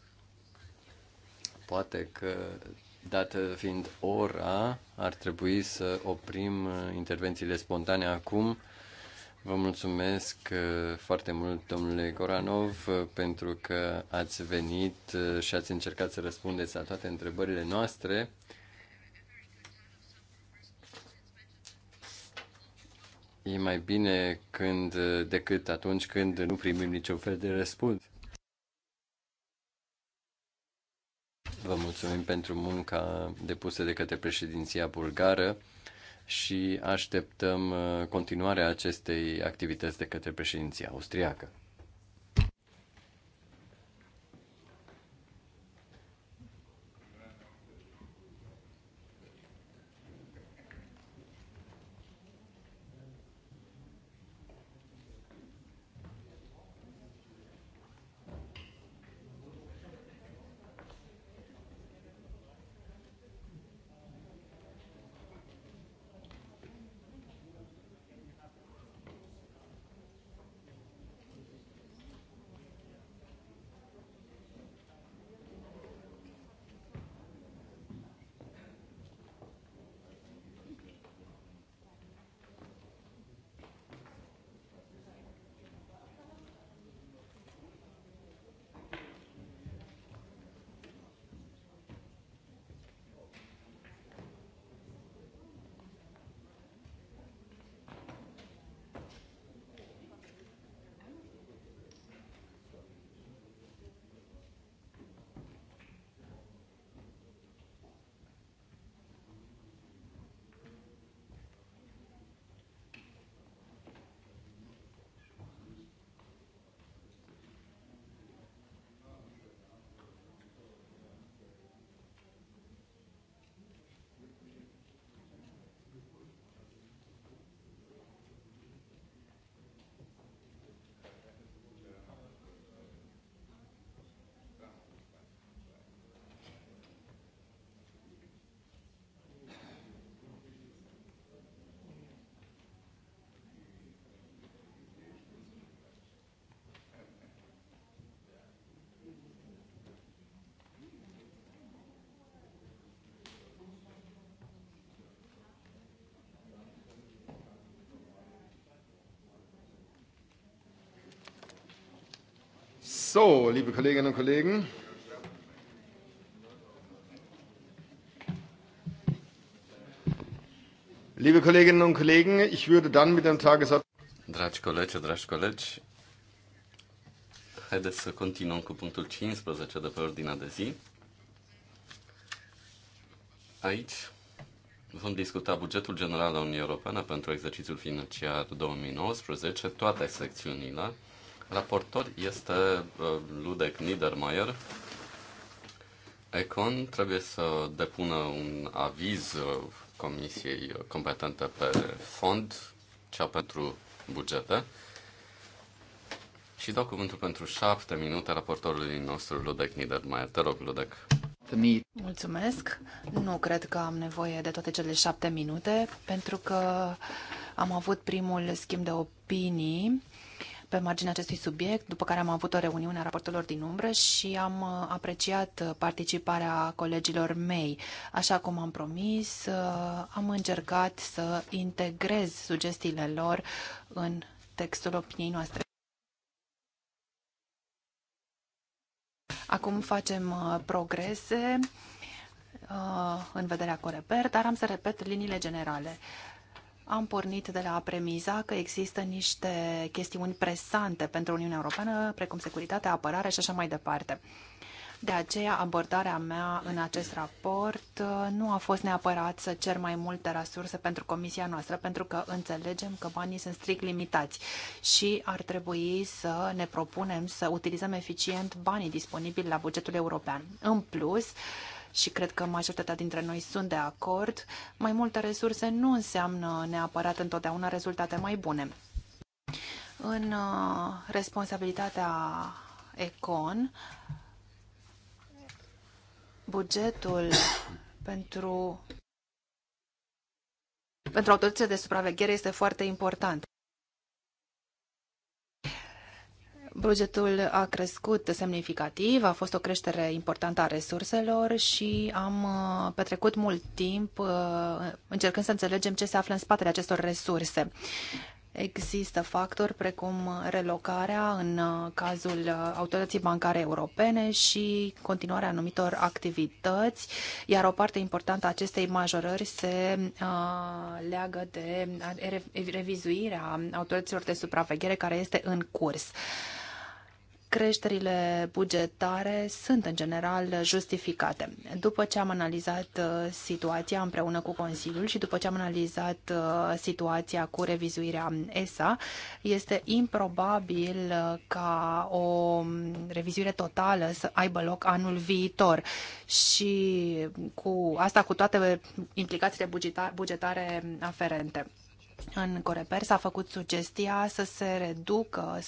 Poate că, dată fiind ora, ar trebui să oprim intervențiile spontane acum. Vă mulțumesc uh, foarte mult, domnule Goranov, uh, pentru că ați venit uh, și ați încercat să răspundeți la toate întrebările noastre. E mai bine când, decât atunci când nu primim niciun fel de răspuns. Vă mulțumim pentru munca depusă de către președinția bulgară și așteptăm uh, continuarea acestei activități de către președinția austriacă. So, liebe Kolleginnen und Kollegen. Liebe Kolleginnen und Kollegen, ich würde dann mit dem Tagesordnungspunkt. Dragi colegi, dragi colegi, haideți să continuăm cu punctul 15 de pe ordinea de zi. Aici vom discuta bugetul general al Uniunii Europene pentru exercițiul financiar 2019, toate secțiunile, Raportor este uh, Ludek Niedermayer. Econ trebuie să depună un aviz uh, comisiei competente pe fond, cea pentru bugete. Și dau cuvântul pentru șapte minute raportorului nostru, Ludek Niedermayer. Te rog, Ludek. Mulțumesc. Nu cred că am nevoie de toate cele șapte minute, pentru că am avut primul schimb de opinii pe marginea acestui subiect, după care am avut o reuniune a raportelor din umbră și am uh, apreciat uh, participarea colegilor mei. Așa cum am promis, uh, am încercat să integrez sugestiile lor în textul opiniei noastre. Acum facem progrese în vederea Coreper, dar am să repet liniile generale am pornit de la premiza că există niște chestiuni presante pentru Uniunea Europeană, precum securitatea, apărare și așa mai departe. De aceea, abordarea mea în acest raport uh, nu a fost neapărat să cer mai multe resurse pentru comisia noastră, pentru că înțelegem că banii sunt strict limitați și ar trebui să ne propunem să utilizăm eficient banii disponibili la bugetul european. În plus, și cred că majoritatea dintre noi sunt de acord, mai multe resurse nu înseamnă neapărat întotdeauna rezultate mai bune. În uh, responsabilitatea Econ, bugetul pentru pentru autoritățile de supraveghere este foarte important. Bugetul a crescut semnificativ, a fost o creștere importantă a resurselor și am uh, petrecut mult timp uh, încercând să înțelegem ce se află în spatele acestor resurse. Există factori precum relocarea în uh, cazul autorității bancare europene și continuarea anumitor activități, iar o parte importantă a acestei majorări se uh, leagă de revizuirea autorităților de supraveghere care este în curs. Uh, creșterile bugetare sunt în general justificate. După ce am analizat uh, situația împreună cu Consiliul și după ce am analizat uh, situația cu revizuirea ESA, este improbabil uh, ca o mm, revizuire totală să aibă loc anul viitor și cu asta cu toate implicațiile bugetare aferente. În Coreper s-a făcut sugestia să se reducă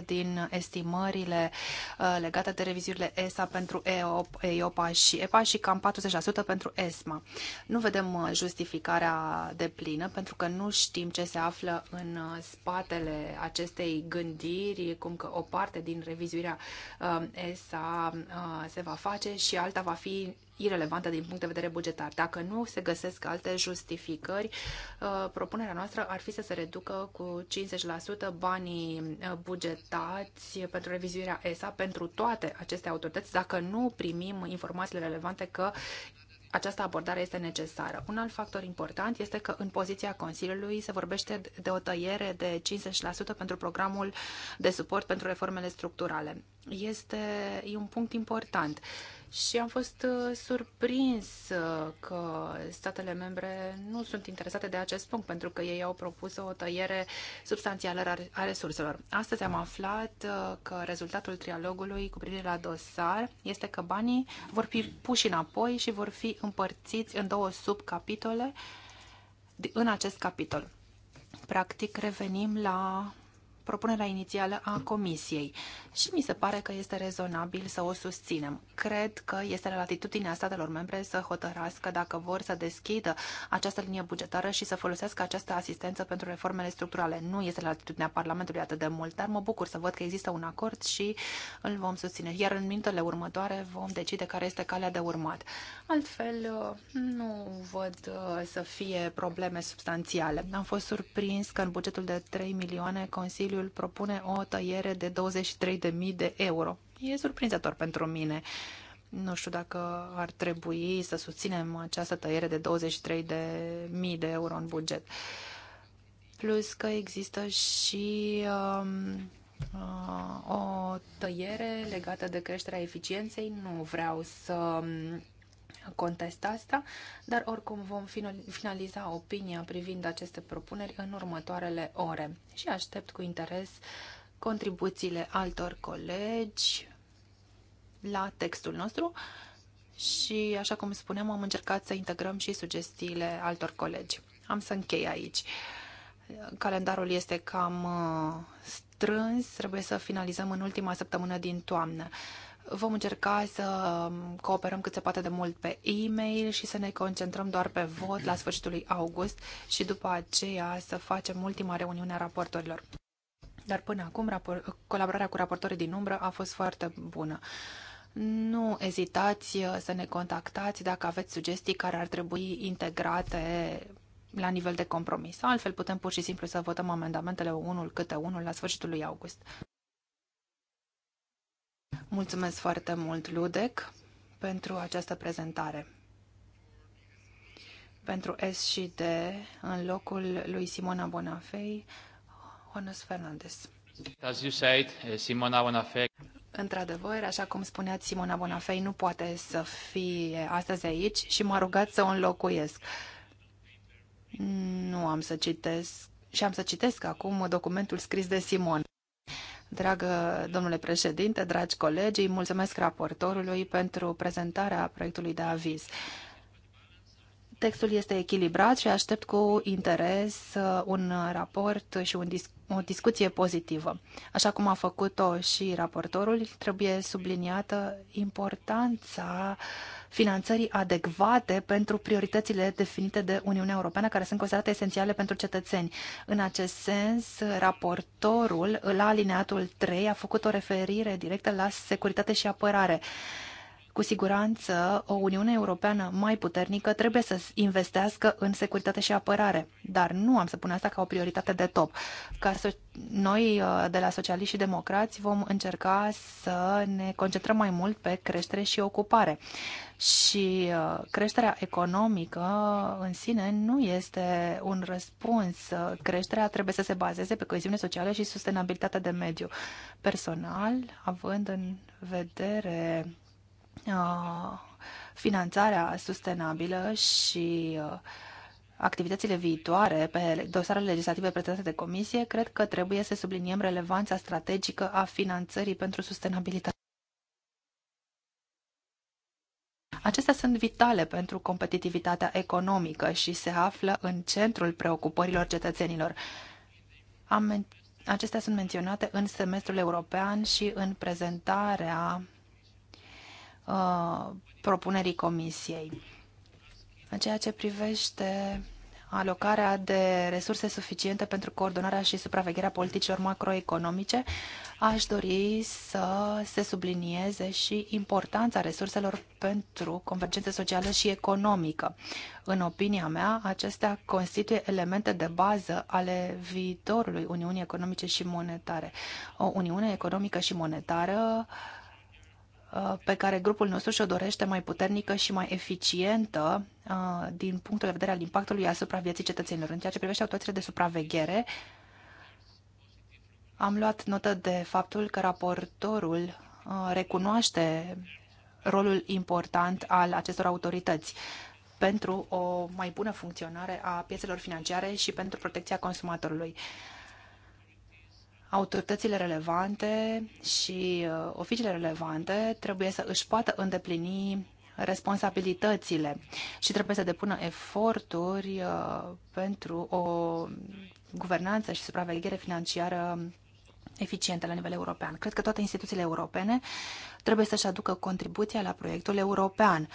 100% din estimările uh, legate de revizurile ESA pentru EOPA și EPA și cam 40% pentru ESMA. Nu vedem uh, justificarea de plină pentru că nu știm ce se află în uh, spatele acestei gândiri, cum că o parte din revizuirea ESA se va face și alta va fi irelevantă din punct de vedere bugetar. Dacă nu se găsesc alte justificări, uh, propunerea noastră ar fi să se reducă cu 50% banii uh, bugetați pentru revizuirea ESA pentru toate aceste autorități, dacă nu primim informațiile relevante că această abordare este necesară. Un alt factor important este că în poziția Consiliului se vorbește de o tăiere de 50% pentru programul de suport pentru reformele structurale. Este e un punct important și am fost uh, surprins uh, că statele membre nu sunt interesate de acest punct, pentru că ei au propus o tăiere substanțială a resurselor. Astăzi am aflat uh, că rezultatul trialogului cu privire la dosar este că banii vor fi puși înapoi și vor fi împărțiți în două subcapitole în acest capitol. Practic, revenim la propunerea inițială a Comisiei și mi se pare că este rezonabil să o susținem. Cred că este la latitudinea statelor membre să hotărască dacă vor să deschidă această linie bugetară și să folosească această asistență pentru reformele structurale. Nu este la latitudinea Parlamentului atât de mult, dar mă bucur să văd că există un acord și îl vom susține. Iar în minutele următoare vom decide care este calea de urmat. Altfel, nu văd să fie probleme substanțiale. Am fost surprins că în bugetul de 3 milioane Consiliul Consiliul propune o tăiere de 23.000 de euro. E surprinzător pentru mine. Nu știu dacă ar trebui să susținem această tăiere de 23.000 de euro în buget. Plus că există și um, uh, o tăiere legată de creșterea eficienței. Nu vreau să um, contest asta, dar oricum vom finaliza opinia privind aceste propuneri în următoarele ore și aștept cu interes contribuțiile altor colegi la textul nostru și, așa cum spuneam, am încercat să integrăm și sugestiile altor colegi. Am să închei aici. Calendarul este cam uh, strâns, trebuie să finalizăm în ultima săptămână din toamnă. Vom încerca să um, cooperăm cât se poate de mult pe e-mail și să ne concentrăm doar pe vot la sfârșitul lui august și după aceea să facem ultima reuniune a raportorilor. Dar până acum rapor- colaborarea cu raportorii din umbră a fost foarte bună. Nu ezitați uh, să ne contactați dacă aveți sugestii care ar trebui integrate la nivel de compromis. Altfel putem pur și simplu să votăm amendamentele unul câte unul la sfârșitul lui august. Mulțumesc foarte mult, Ludec, pentru această prezentare. Pentru S și D, în locul lui Simona Bonafei, Jonas Fernandez. As you said, eh, Simona Bonafei. Într-adevăr, așa cum spuneați, Simona Bonafei nu poate să fie astăzi aici și m-a rugat să o înlocuiesc. Nu am să citesc și am să citesc acum documentul scris de Simon. Dragă domnule președinte, dragi colegi, îi mulțumesc raportorului pentru prezentarea proiectului de aviz. Textul este echilibrat și aștept cu interes uh, un raport și un dis- o discuție pozitivă. Așa cum a făcut-o și raportorul, trebuie subliniată importanța uh, finanțării adecvate pentru prioritățile definite de Uniunea Europeană, care sunt considerate esențiale pentru cetățeni. În acest sens, raportorul, la alineatul 3, a făcut o referire directă la securitate și apărare. Cu siguranță, o Uniune Europeană mai puternică trebuie să investească în securitate și apărare, dar nu am să pun asta ca o prioritate de top. Ca să, noi, uh, de la Socialiști și Democrați, vom încerca să ne concentrăm mai mult pe creștere și ocupare. Și uh, creșterea economică în sine nu este un răspuns. Creșterea trebuie să se bazeze pe coeziune socială și sustenabilitatea de mediu. Personal, având în vedere Uh, finanțarea sustenabilă și uh, activitățile viitoare pe dosarele legislative prezentate de comisie, cred că trebuie să subliniem relevanța strategică a finanțării pentru sustenabilitate. Acestea sunt vitale pentru competitivitatea economică și se află în centrul preocupărilor cetățenilor. acestea sunt menționate în semestrul european și în prezentarea uh, propunerii Comisiei. În ceea ce privește alocarea de resurse suficiente pentru coordonarea și supravegherea politicilor macroeconomice, aș dori să se sublinieze și importanța resurselor pentru convergență socială și economică. În opinia mea, acestea constituie elemente de bază ale viitorului Uniunii Economice și Monetare. O Uniune Economică și Monetară uh, Uh, pe care grupul nostru și-o dorește mai puternică și mai eficientă uh, din punctul de vedere al impactului asupra vieții cetățenilor. În ceea ce privește autoritățile de supraveghere, am luat notă de faptul că raportorul uh, recunoaște rolul important al acestor autorități pentru o mai bună funcționare a piețelor financiare și pentru protecția consumatorului autoritățile relevante și uh, oficiile relevante trebuie să își poată îndeplini responsabilitățile și trebuie să depună eforturi uh, pentru o guvernanță și supraveghere financiară eficientă la nivel european. Cred că toate instituțiile europene trebuie să-și aducă contribuția la proiectul european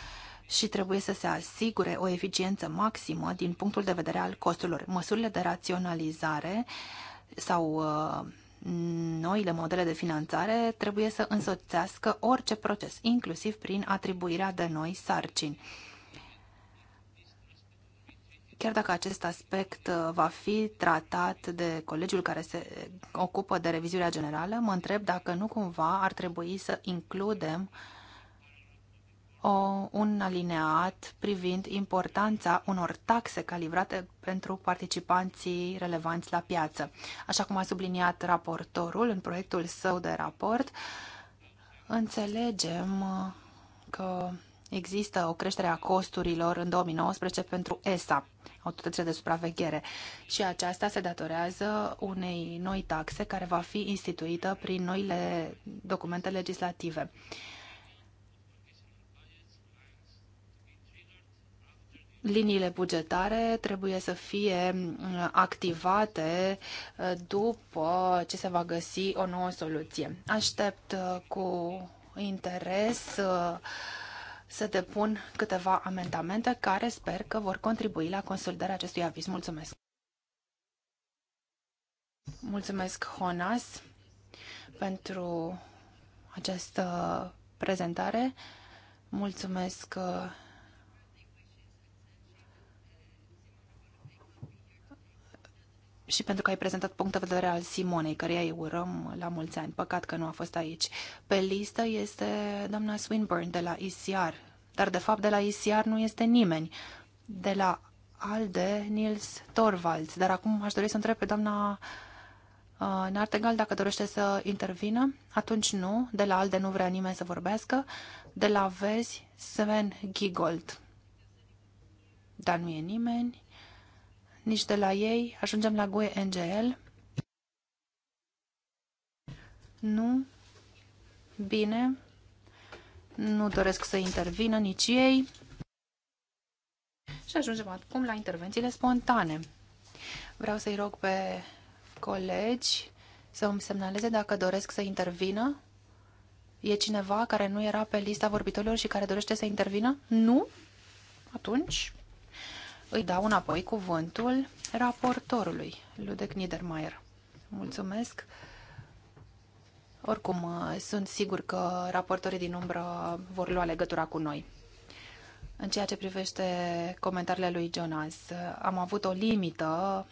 și trebuie să se asigure o eficiență maximă din punctul de vedere al costurilor. Măsurile de raționalizare sau uh, noile modele de finanțare trebuie să însoțească orice proces, inclusiv prin atribuirea de noi sarcini. Chiar dacă acest aspect uh, va fi tratat de colegiul care se ocupă de reviziunea generală, mă întreb dacă nu cumva ar trebui să includem uh, o, un alineat privind importanța unor taxe calibrate pentru participanții relevanți la piață. Așa cum a subliniat raportorul în proiectul său de raport, înțelegem că există o creștere a costurilor în 2019 pentru ESA, autoritățile de supraveghere, și aceasta se datorează unei noi taxe care va fi instituită prin noile documente legislative. liniile bugetare trebuie să fie uh, activate uh, după ce se va găsi o nouă soluție. Aștept uh, cu interes să depun câteva amendamente care sper că vor contribui la consolidarea acestui aviz. Mulțumesc! Mulțumesc, Honas, pentru această prezentare. Mulțumesc și pentru că ai prezentat punct de vedere al Simonei, căreia îi urăm la mulți ani. Păcat că nu a fost aici. Pe listă este doamna Swinburne de la ICR, dar de fapt de la ICR nu este nimeni. De la ALDE, Nils Torvalds. Dar acum aș dori să întreb pe doamna uh, Nartegal dacă dorește să intervină. Atunci nu. De la ALDE nu vrea nimeni să vorbească. De la Vezi, Sven Gigold. Dar nu e nimeni nici de la ei. Ajungem la GUE NGL. Nu. Bine. Nu doresc să intervină nici ei. Și ajungem acum la intervențiile spontane. Vreau să-i rog pe colegi să îmi semnaleze dacă doresc să intervină. E cineva care nu era pe lista vorbitorilor și care dorește să intervină? Nu? Atunci îi dau înapoi cuvântul raportorului, Ludec Niedermayer. Mulțumesc. Oricum, sunt sigur că raportorii din umbră vor lua legătura cu noi. În ceea ce privește comentariile lui Jonas, am avut o limită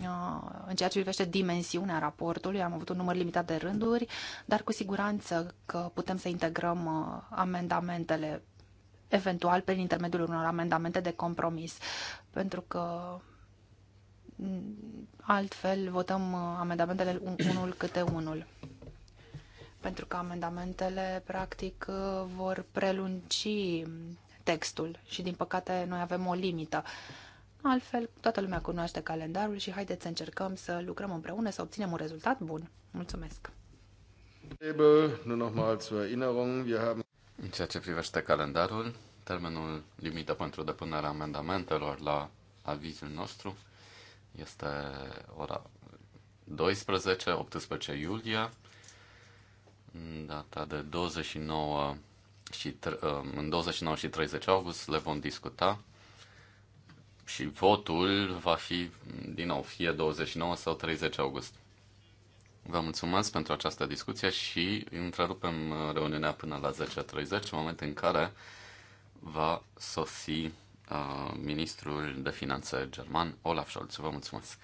uh, în ceea ce privește dimensiunea raportului, am avut un număr limitat de rânduri, dar cu siguranță că putem să integrăm uh, amendamentele eventual prin intermediul unor amendamente de compromis, pentru că mm, altfel votăm uh, amendamentele unul câte unul. Pentru că amendamentele, practic, uh, vor prelungi textul și, din păcate, noi avem o limită. Altfel, toată lumea cunoaște calendarul și haideți să încercăm să lucrăm împreună, să obținem un rezultat bun. Mulțumesc! Nu nochmal zur Erinnerung, wir haben în ceea ce privește calendarul, termenul limită pentru depunerea amendamentelor la avizul nostru este ora 12, 18 iulie, data de 29 și, uh, în 29 și 30 august le vom discuta și votul va fi din nou fie 29 sau 30 august. Vă mulțumesc pentru această discuție și întrerupem uh, reuniunea până la 10.30, moment în care va sosi uh, ministrul de finanțe german, Olaf Scholz. Vă mulțumesc!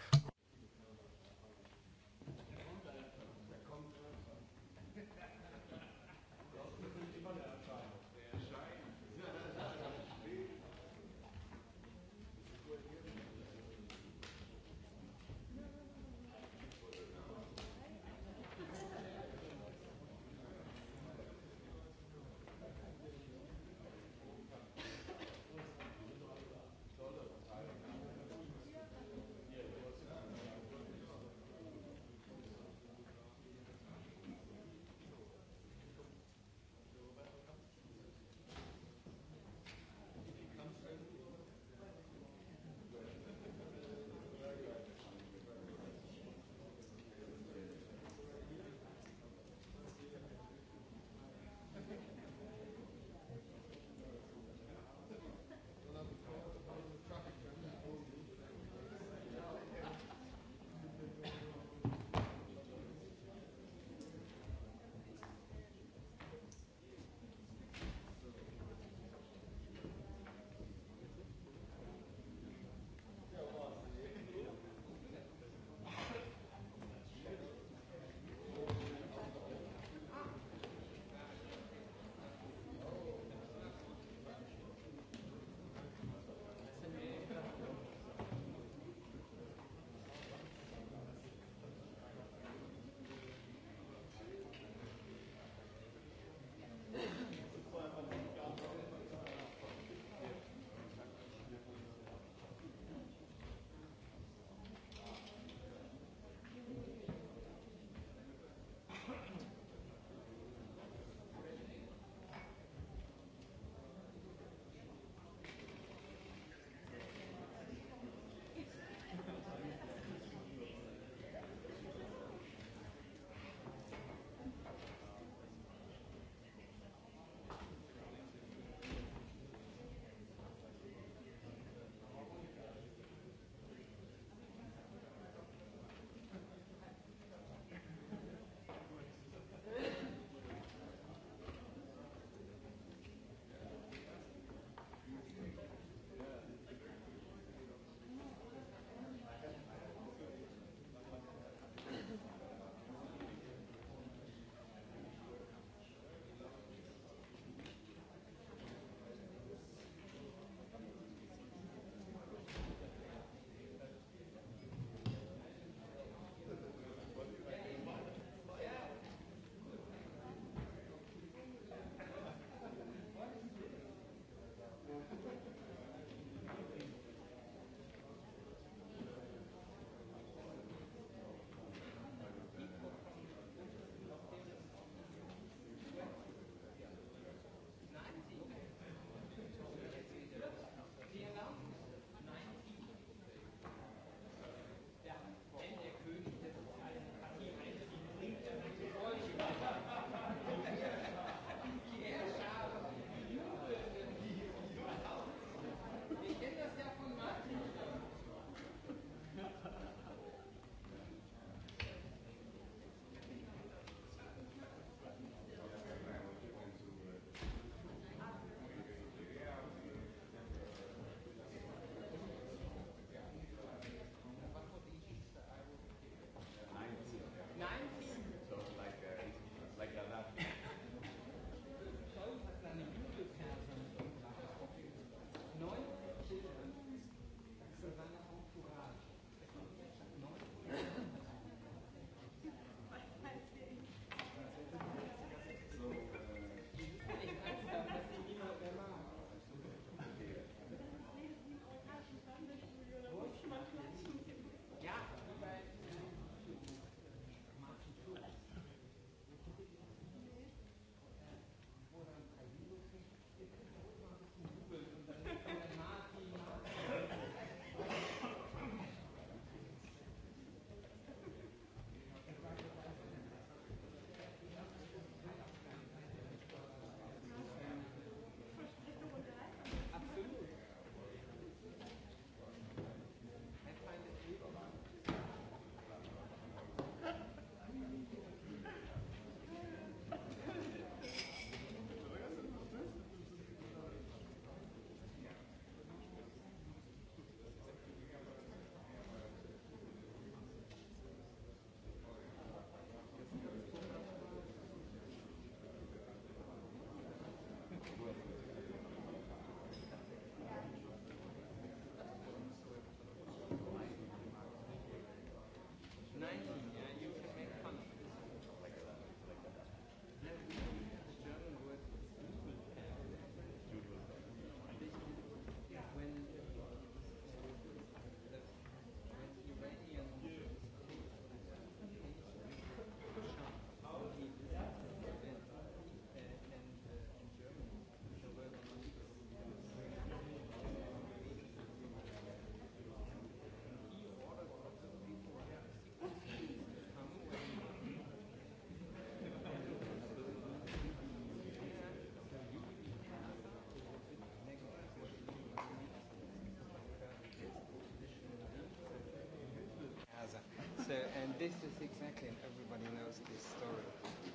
So, and this is exactly, and everybody knows this story. you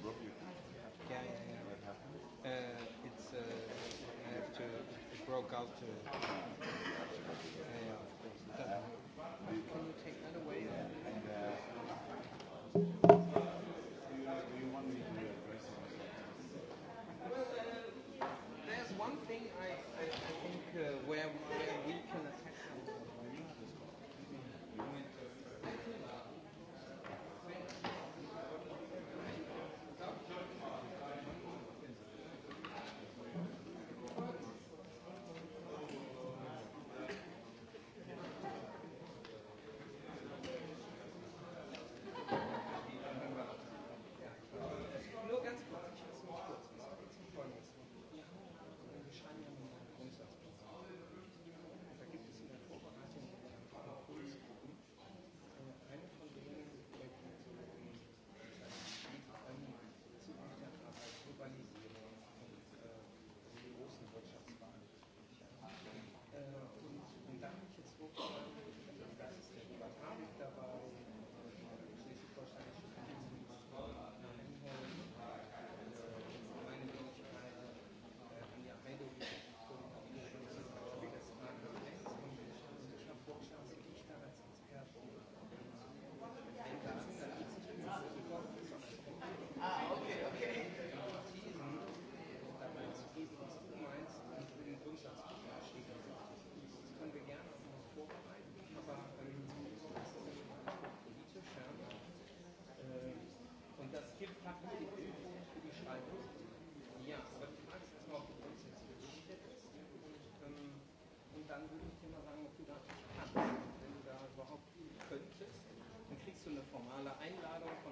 Yeah, yeah, yeah. What happened? Uh, it's, uh, I have to, it broke out to, uh, yeah, uh, can you take that away? Yeah. And, uh, formale, formaler Einladung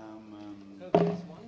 Um, um,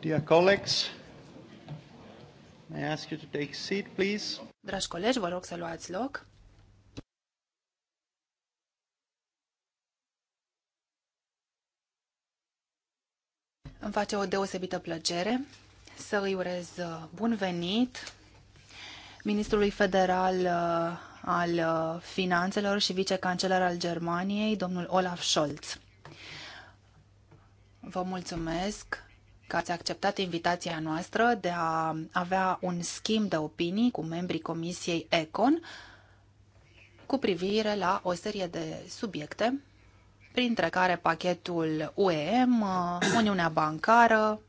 Dear colleagues, may I ask you to take seat, please? Dragi colegi, vă rog să luați loc. Îmi face o deosebită plăcere să îi urez uh, bun venit ministrului federal uh, al uh, finanțelor și vicecancelar al Germaniei, domnul Olaf Scholz. Vă mulțumesc că ați acceptat invitația noastră de a avea un schimb de opinii cu membrii Comisiei ECON cu privire la o serie de subiecte, printre care pachetul UEM, Uniunea Bancară.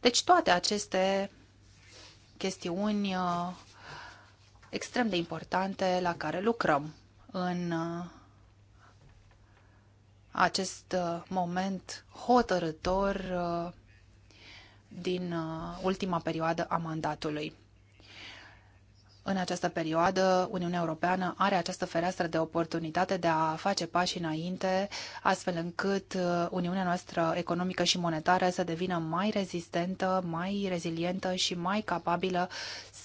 Deci toate aceste chestiuni uh, extrem de importante la care lucrăm în uh, acest uh, moment hotărător uh, din uh, ultima perioadă a mandatului în această perioadă, Uniunea Europeană are această fereastră de oportunitate de a face pași înainte, astfel încât uh, Uniunea noastră economică și monetară să devină mai rezistentă, mai rezilientă și mai capabilă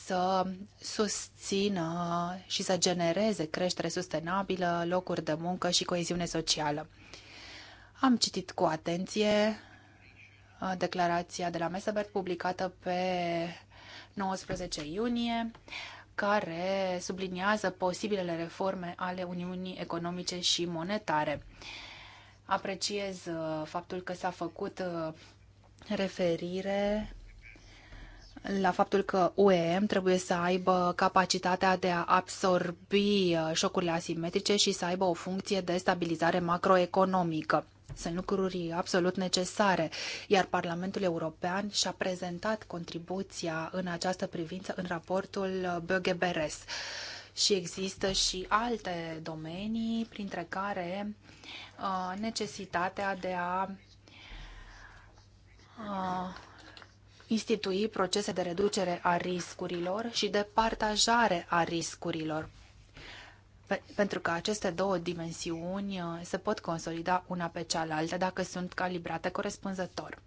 să susțină și să genereze creștere sustenabilă, locuri de muncă și coeziune socială. Am citit cu atenție uh, declarația de la Meseberg publicată pe 19 iunie care subliniază posibilele reforme ale Uniunii Economice și Monetare. Apreciez uh, faptul că s-a făcut uh, referire la faptul că UEM trebuie să aibă capacitatea de a absorbi uh, șocurile asimetrice și să aibă o funcție de stabilizare macroeconomică. Sunt lucruri absolut necesare, iar Parlamentul European și-a prezentat contribuția în această privință în raportul Böge-Beres. Și există și alte domenii, printre care uh, necesitatea de a uh, institui procese de reducere a riscurilor și de partajare a riscurilor pe, pentru că aceste două dimensiuni uh, se pot consolida una pe cealaltă dacă sunt calibrate corespunzător.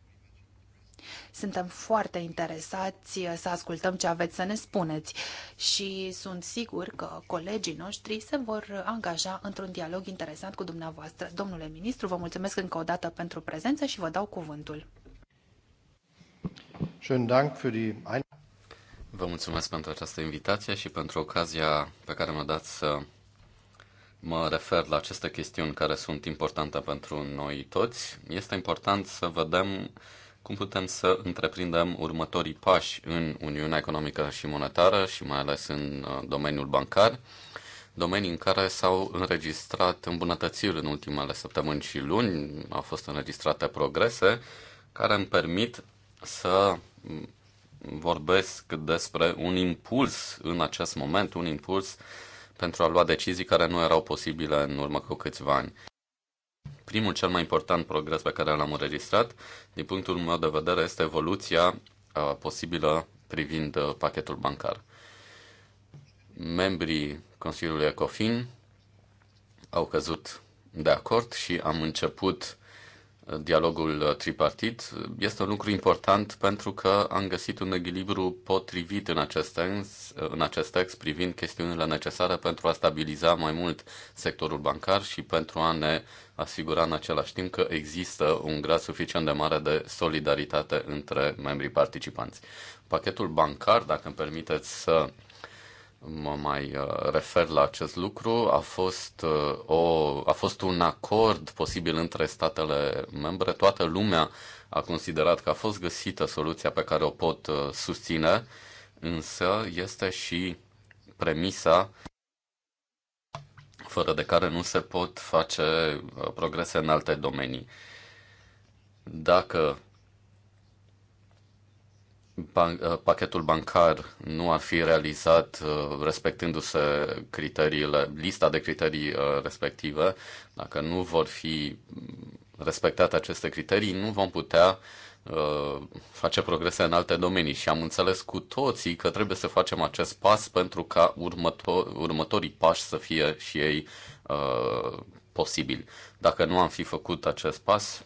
Suntem foarte interesați uh, să ascultăm ce aveți să ne spuneți și sunt sigur că colegii noștri se vor angaja într-un dialog interesant cu dumneavoastră. Domnule ministru, vă mulțumesc încă o dată pentru prezență și vă dau cuvântul. Vă mulțumesc pentru această invitație și pentru ocazia pe care mă dați să mă refer la aceste chestiuni care sunt importante pentru noi toți, este important să vedem cum putem să întreprindem următorii pași în Uniunea Economică și Monetară și mai ales în uh, domeniul bancar, domenii în care s-au înregistrat îmbunătățiri în ultimele săptămâni și luni, au fost înregistrate progrese care îmi permit să vorbesc despre un impuls în acest moment, un impuls uh, pentru a lua decizii care nu erau posibile în urmă cu câțiva ani. Primul, cel mai important progres pe care l-am înregistrat, din punctul meu de vedere, este evoluția uh, posibilă privind uh, pachetul bancar. Membrii Consiliului Ecofin au căzut de acord și am început dialogul uh, tripartit este un lucru important pentru că am găsit un echilibru potrivit în acest, sens, uh, în acest text privind chestiunile necesare pentru a stabiliza mai mult sectorul bancar și pentru a ne asigura în același timp că există un grad suficient de mare de solidaritate între membrii participanți. Pachetul bancar, dacă îmi permiteți să mă mai uh, refer la acest lucru, a fost, uh, o, a fost un acord posibil între statele membre. Toată lumea a considerat că a fost găsită soluția pe care o pot uh, susține, însă este și premisa fără de care nu se pot face progrese în alte domenii. Dacă ban- uh, pachetul bancar nu ar fi realizat uh, respectându-se criteriile, lista de criterii uh, respective, dacă nu vor fi respectate aceste criterii, nu vom putea face progrese în alte domenii și am înțeles cu toții că trebuie să facem acest pas pentru ca următor, următorii pași să fie și ei uh, posibili. Dacă nu am fi făcut acest pas,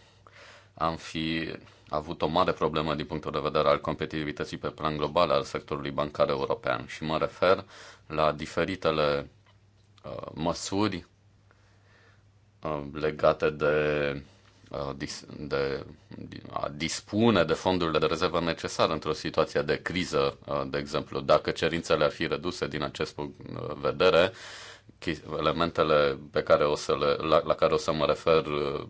am fi a avut o mare problemă din punctul de vedere al competitivității pe plan global al sectorului bancar european și mă refer la diferitele uh, măsuri uh, legate de, uh, dis, de a dispune de fondurile de rezervă necesare într-o situație de criză, uh, de exemplu. Dacă cerințele ar fi reduse din acest punct de vedere, uh, elementele pe care o să le, la, la care o să mă refer uh,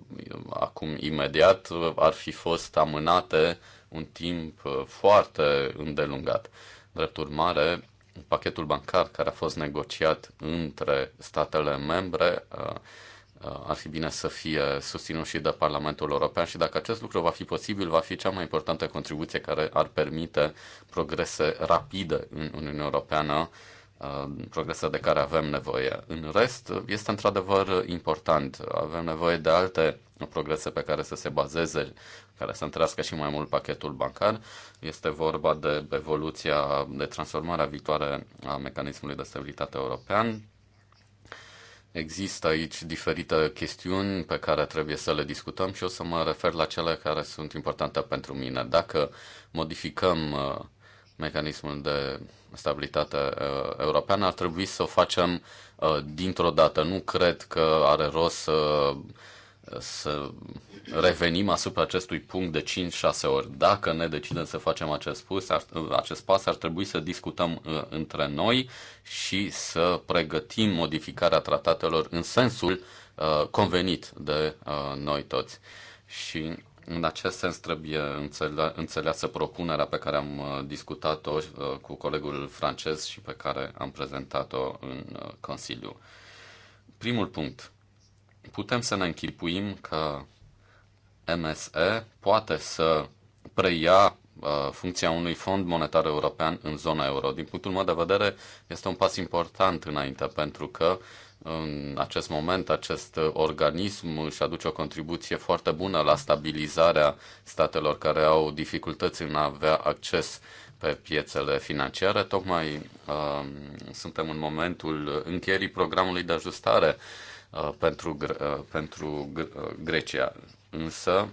acum imediat uh, ar fi fost amânate un timp uh, foarte îndelungat. Drept urmare, pachetul bancar care a fost negociat între statele membre ar fi bine să fie susținut și de Parlamentul European și dacă acest lucru va fi posibil, va fi cea mai importantă contribuție care ar permite progrese rapide în Uniunea Europeană Um, progrese de care avem nevoie. În rest, este într-adevăr important. Avem nevoie de alte progrese pe care să se bazeze, care să întrească și mai mult pachetul bancar. Este vorba de evoluția, de transformarea viitoare a mecanismului de stabilitate european. Există aici diferite chestiuni pe care trebuie să le discutăm și o să mă refer la cele care sunt importante pentru mine. Dacă modificăm uh, mecanismul de stabilitate uh, europeană, ar trebui să o facem uh, dintr-o dată. Nu cred că are rost să, să revenim asupra acestui punct de 5-6 ori. Dacă ne decidem să facem acest, pus, uh, acest pas, ar trebui să discutăm între noi și să pregătim modificarea tratatelor în sensul convenit de noi toți. Și în acest sens trebuie înțele- înțeleasă propunerea pe care am uh, discutat-o uh, cu colegul francez și pe care am prezentat-o în uh, Consiliu. Primul punct. Putem să ne închipuim că MSE poate să preia funcția unui fond monetar european în zona euro. Din punctul meu de vedere, este un pas important înainte, pentru că uh, în acest moment acest uh, organism își aduce o contribuție foarte bună la stabilizarea statelor care au dificultăți în a avea acces pe piețele financiare. Tocmai uh, suntem în momentul încheierii programului de ajustare uh, pentru, uh, pentru uh, Grecia. Însă,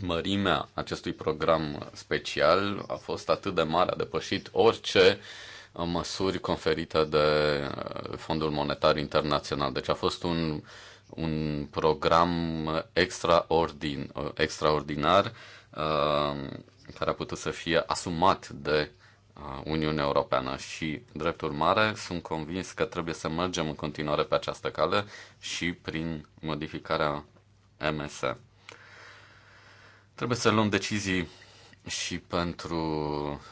mărimea acestui program special a fost atât de mare, a depășit orice uh, măsuri conferite de uh, Fondul Monetar Internațional. Deci a fost un, un program extraordin, uh, extraordinar uh, care a putut să fie asumat de Uniunea Europeană și, drept urmare, sunt convins că trebuie să mergem în continuare pe această cale și prin modificarea MSE. Trebuie să luăm decizii și pentru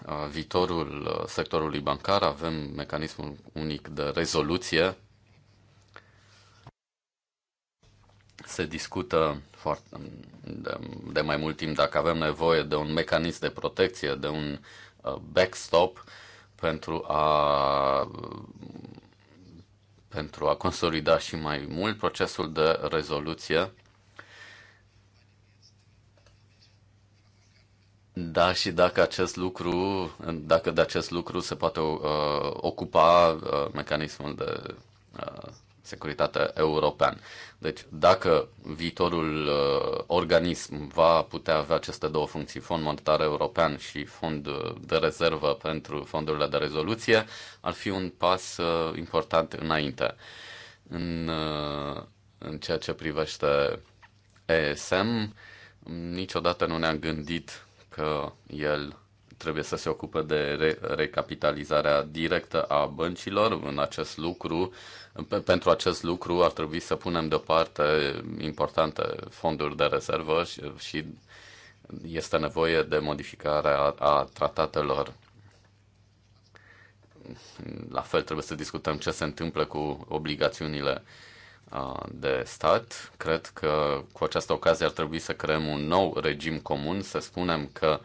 uh, viitorul uh, sectorului bancar avem mecanismul unic de rezoluție. Se discută foarte, de, de mai mult timp dacă avem nevoie de un mecanism de protecție, de un uh, backstop pentru a pentru a consolida și mai mult procesul de rezoluție Da, și dacă acest lucru, dacă de acest lucru se poate uh, ocupa uh, mecanismul de uh, securitate european. Deci, dacă viitorul uh, organism va putea avea aceste două funcții, Fond Monetar European și Fond de Rezervă pentru fondurile de rezoluție, ar fi un pas uh, important înainte. În, uh, în ceea ce privește ESM, niciodată nu ne-am gândit că el trebuie să se ocupe de re- recapitalizarea directă a băncilor. În acest lucru, pe, pentru acest lucru ar trebui să punem deoparte importante fonduri de rezervă și, și este nevoie de modificarea a, a tratatelor. La fel trebuie să discutăm ce se întâmplă cu obligațiunile uh, de stat. Cred că cu această ocazie ar trebui să creăm un nou regim comun, să spunem că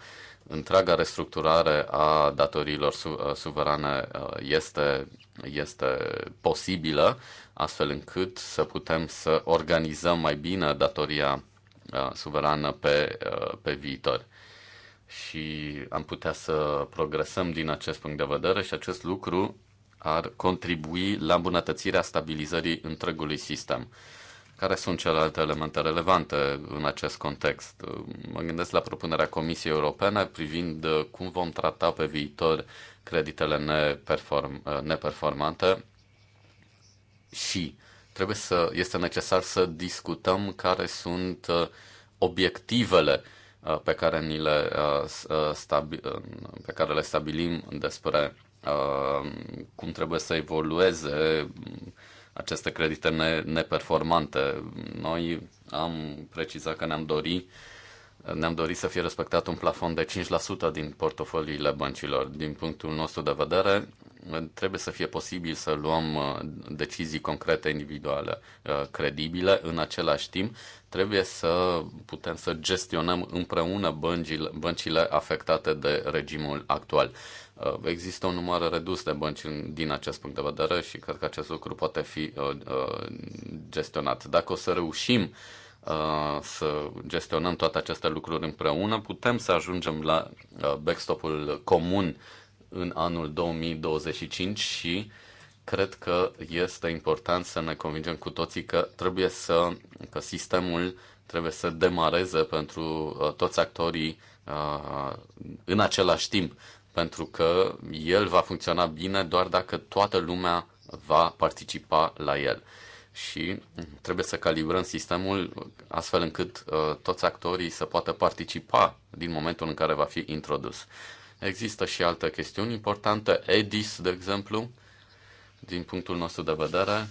întreaga restructurare a datoriilor su- suverane este, este posibilă, astfel încât să putem să organizăm mai bine datoria suverană pe, pe viitor. Și am putea să progresăm din acest punct de vedere și acest lucru ar contribui la îmbunătățirea stabilizării întregului sistem. Care sunt celelalte elemente relevante în acest context? Mă gândesc la propunerea Comisiei Europene privind cum vom trata pe viitor creditele neperform- neperformante și trebuie să, este necesar să discutăm care sunt uh, obiectivele uh, pe care, ni le, uh, pe care le stabilim despre cum trebuie să evolueze aceste credite neperformante. Noi am precizat că ne-am dorit ne-am dorit să fie respectat un plafon de 5% din portofoliile băncilor. Din punctul nostru de vedere, trebuie să fie posibil să luăm uh, decizii concrete, individuale, uh, credibile. În același timp, trebuie să putem să gestionăm împreună băncile afectate de regimul actual. Uh, există un număr redus de bănci din acest punct de vedere și cred că acest lucru poate fi uh, uh, gestionat. Dacă o să reușim să gestionăm toate aceste lucruri împreună, putem să ajungem la backstop-ul comun în anul 2025 și cred că este important să ne convingem cu toții că trebuie să, că sistemul trebuie să demareze pentru toți actorii în același timp pentru că el va funcționa bine doar dacă toată lumea va participa la el. Și trebuie să calibrăm sistemul astfel încât uh, toți actorii să poată participa din momentul în care va fi introdus. Există și alte chestiuni importante, EDIS, de exemplu, din punctul nostru de vedere,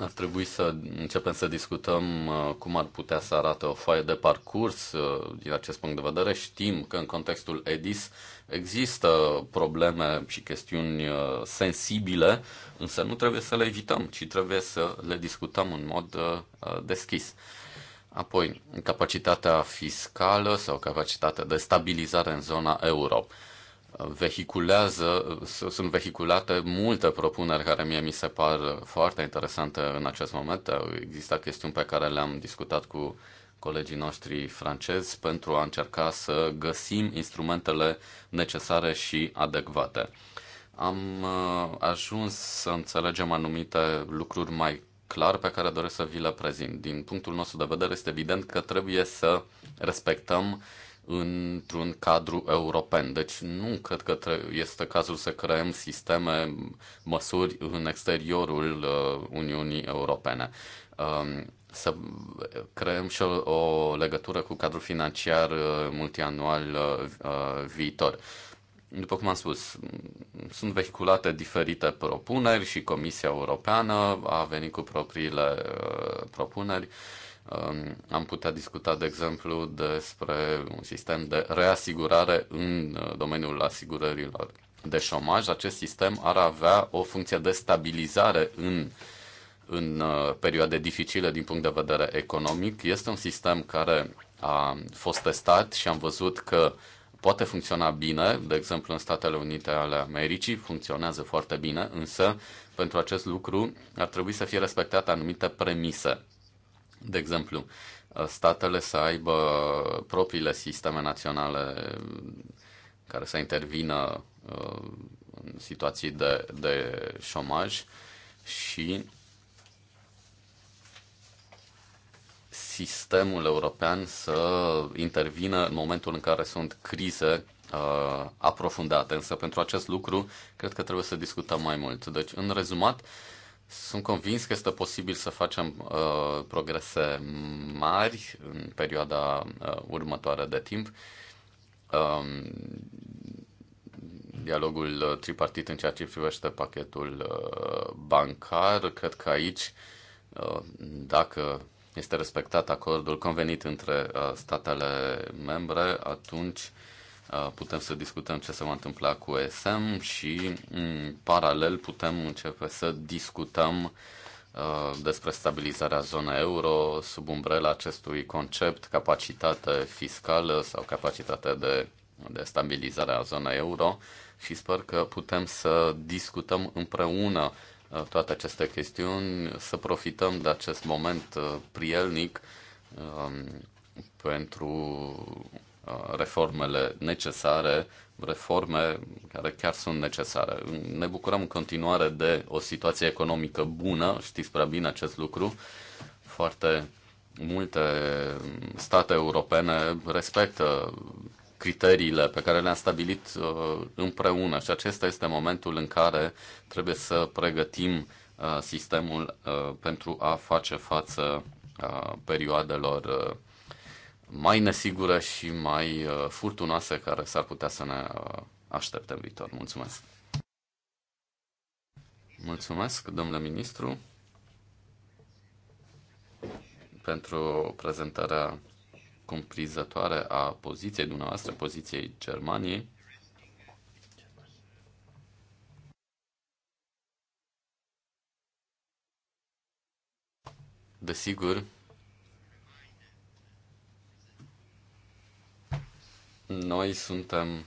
ar trebui să începem să discutăm uh, cum ar putea să arate o foaie de parcurs uh, din acest punct de vedere. Știm că în contextul EDIS există probleme și chestiuni uh, sensibile, însă nu trebuie să le evităm, ci trebuie să le discutăm în mod deschis. Apoi, capacitatea fiscală sau capacitatea de stabilizare în zona euro vehiculează, sunt vehiculate multe propuneri care mie mi se par foarte interesante în acest moment. Există chestiuni pe care le-am discutat cu colegii noștri francezi pentru a încerca să găsim instrumentele necesare și adecvate. Am uh, ajuns să înțelegem anumite lucruri mai clar pe care doresc să vi le prezint. Din punctul nostru de vedere este evident că trebuie să respectăm uh, într-un cadru european. Deci nu cred că este cazul să creăm sisteme, măsuri în exteriorul uh, Uniunii Europene. Um, să creăm și o legătură cu cadrul financiar uh, multianual uh, viitor. După cum am spus, sunt vehiculate diferite propuneri și Comisia Europeană a venit cu propriile propuneri. Am putea discuta, de exemplu, despre un sistem de reasigurare în uh, domeniul asigurărilor de șomaj. Acest sistem ar avea o funcție de stabilizare în, în uh, perioade dificile din punct de vedere economic. Este un sistem care a fost testat și am văzut că poate funcționa bine, de exemplu în Statele Unite ale Americii funcționează foarte bine, însă pentru acest lucru ar trebui să fie respectate anumite premise de exemplu, statele să aibă propriile sisteme naționale care să intervină uh, în situații de, de șomaj și sistemul european să intervină în momentul în care sunt crize uh, aprofundate. Însă pentru acest lucru cred că trebuie să discutăm mai mult. Deci, în rezumat, uh, sunt convins că este posibil să facem uh, progrese mari în perioada uh, următoare de timp. Uh, dialogul tripartit în ceea ce privește pachetul uh, bancar, cred că aici, uh, dacă este respectat acordul convenit între uh, statele membre, atunci uh, Uh, putem să discutăm ce se va întâmpla cu ESM și în paralel putem începe să discutăm uh, despre stabilizarea zonei euro sub umbrela acestui concept capacitate fiscală sau capacitate de, de stabilizare a zonei euro și sper că putem să discutăm împreună uh, toate aceste chestiuni, să profităm de acest moment prielnic um, pentru Uh, reformele necesare, reforme care chiar sunt necesare. Ne bucurăm în continuare de o situație economică bună, știți prea bine acest lucru. Foarte multe state europene respectă criteriile pe care le-am stabilit uh, împreună și acesta este momentul în care trebuie să pregătim uh, sistemul pentru a face față perioadelor mai nesigură și mai uh, furtunoasă care s-ar putea să ne uh, aștepte în viitor. Mulțumesc! Mulțumesc, domnule ministru, pentru prezentarea cumprizătoare a poziției dumneavoastră, poziției Germaniei. Desigur, Noi suntem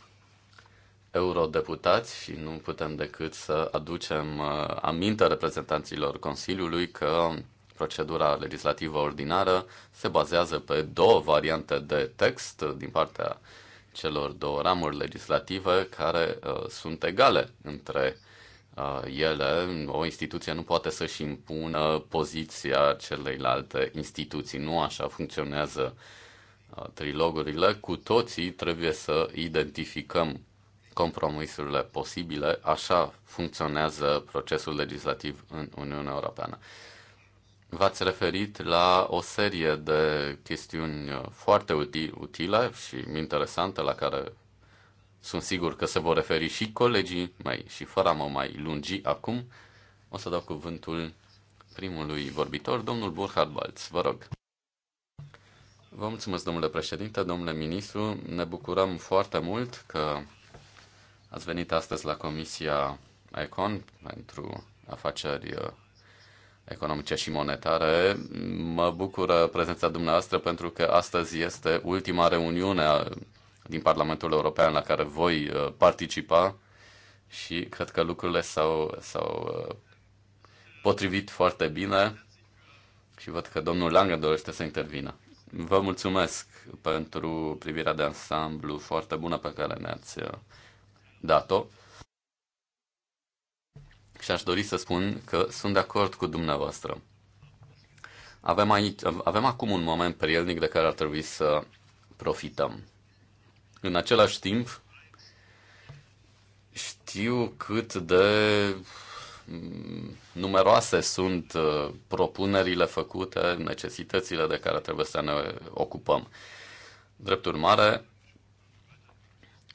eurodeputați și nu putem decât să aducem uh, aminte reprezentanților Consiliului că procedura legislativă ordinară se bazează pe două variante de text din partea celor două ramuri legislative care uh, sunt egale între uh, ele. O instituție nu poate să-și impună poziția celeilalte instituții. Nu așa funcționează uh, trilogurile, cu toții trebuie să identificăm compromisurile posibile. Așa funcționează procesul legislativ în Uniunea Europeană. V-ați referit la o serie de chestiuni foarte utile și interesante la care sunt sigur că se vor referi și colegii mei și fără a mă mai lungi acum, o să dau cuvântul primului vorbitor, domnul Burhard Balz. Vă rog. Vă mulțumesc, domnule președinte, domnule ministru. Ne bucurăm foarte mult că ați venit astăzi la Comisia Econ pentru afaceri economice și monetare. Mă bucură prezența dumneavoastră pentru că astăzi este ultima reuniune din Parlamentul European la care voi uh, participa și cred că lucrurile s-au, s-au uh, potrivit foarte bine și văd că domnul Lange dorește să intervină. Vă mulțumesc pentru privirea de ansamblu foarte bună pe care ne-ați uh, dat-o. Și aș dori să spun că sunt de acord cu dumneavoastră. Avem, aici, avem acum un moment prielnic de care ar trebui să profităm. În același timp, știu cât de numeroase sunt uh, propunerile făcute, necesitățile de care trebuie să ne ocupăm. Drept urmare,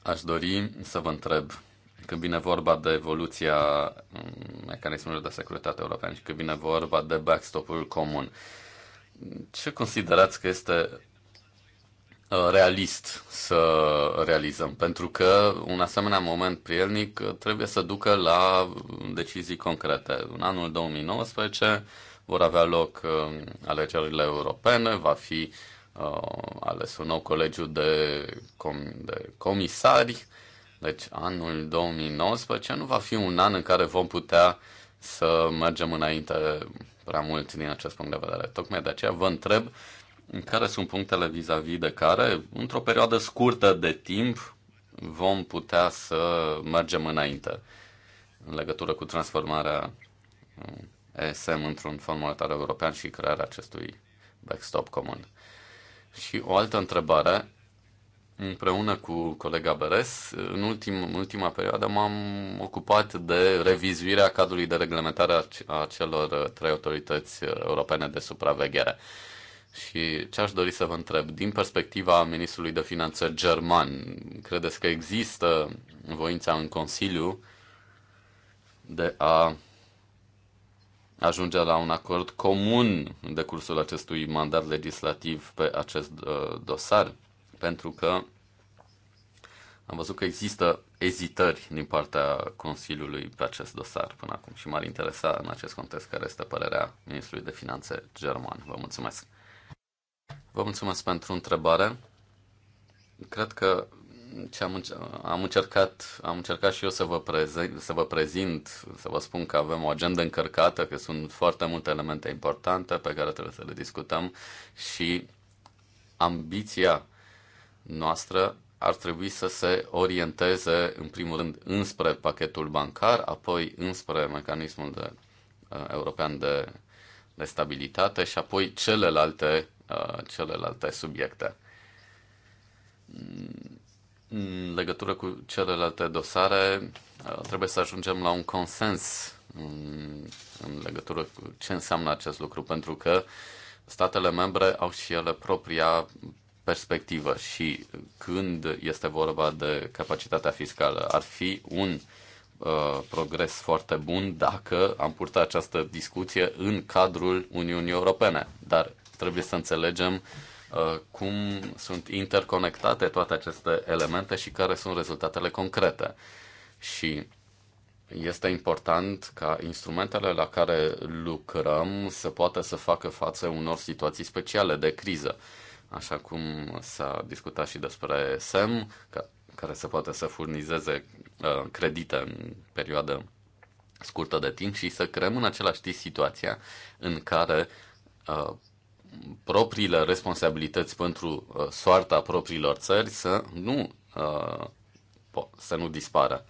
aș dori să vă întreb când vine vorba de evoluția um, mecanismului de securitate european și când vine vorba de backstop-ul comun, ce considerați că este Uh, realist să realizăm, pentru că un asemenea moment prielnic uh, trebuie să ducă la decizii concrete. În anul 2019 vor avea loc uh, alegerile europene, va fi ales un nou colegiu de, com- de comisari, deci anul 2019 nu va fi un an în care vom putea să mergem înainte prea mult din acest punct de vedere. Tocmai de aceea vă întreb care sunt punctele vis-a-vis -vis de care, într-o perioadă scurtă de timp, vom putea să mergem înainte în legătură cu transformarea uh, ESM într-un fond monetar european și crearea acestui backstop comun. Și o altă întrebare, împreună cu colega Beres, în ultim, ultima perioadă m-am ocupat de revizuirea cadrului de reglementare a celor trei autorități europene de supraveghere. Și ce aș dori să vă întreb, din perspectiva ministrului de finanțe german, credeți că există voința în Consiliu de a ajunge la un acord comun în decursul acestui mandat legislativ pe acest uh, dosar? Pentru că am văzut că există ezitări din partea Consiliului pe acest dosar până acum și m-ar interesa în acest context care este părerea Ministrului de Finanțe german. Vă mulțumesc! Vă mulțumesc pentru întrebare. Cred că ce am, am, încercat, am încercat și eu să vă, prezint, să vă prezint, să vă spun că avem o agendă încărcată, că sunt foarte multe elemente importante pe care trebuie să le discutăm și ambiția noastră ar trebui să se orienteze în primul rând înspre pachetul bancar, apoi înspre mecanismul de, uh, european de, de stabilitate și apoi celelalte Uh, celelalte subiecte. În legătură cu celelalte dosare, uh, trebuie să ajungem la un consens în, în legătură cu ce înseamnă acest lucru, pentru că statele membre au și ele propria perspectivă și când este vorba de capacitatea fiscală, ar fi un uh, progres foarte bun dacă am purta această discuție în cadrul Uniunii Europene. Dar trebuie să înțelegem uh, cum sunt interconectate toate aceste elemente și care sunt rezultatele concrete. Și este important ca instrumentele la care lucrăm să poată să facă față unor situații speciale de criză, așa cum s-a discutat și despre SEM, care se poate să furnizeze uh, credite în perioadă scurtă de timp și să creăm în același timp situația în care uh, propriile responsabilități pentru uh, soarta propriilor țări să nu, uh, să nu dispară.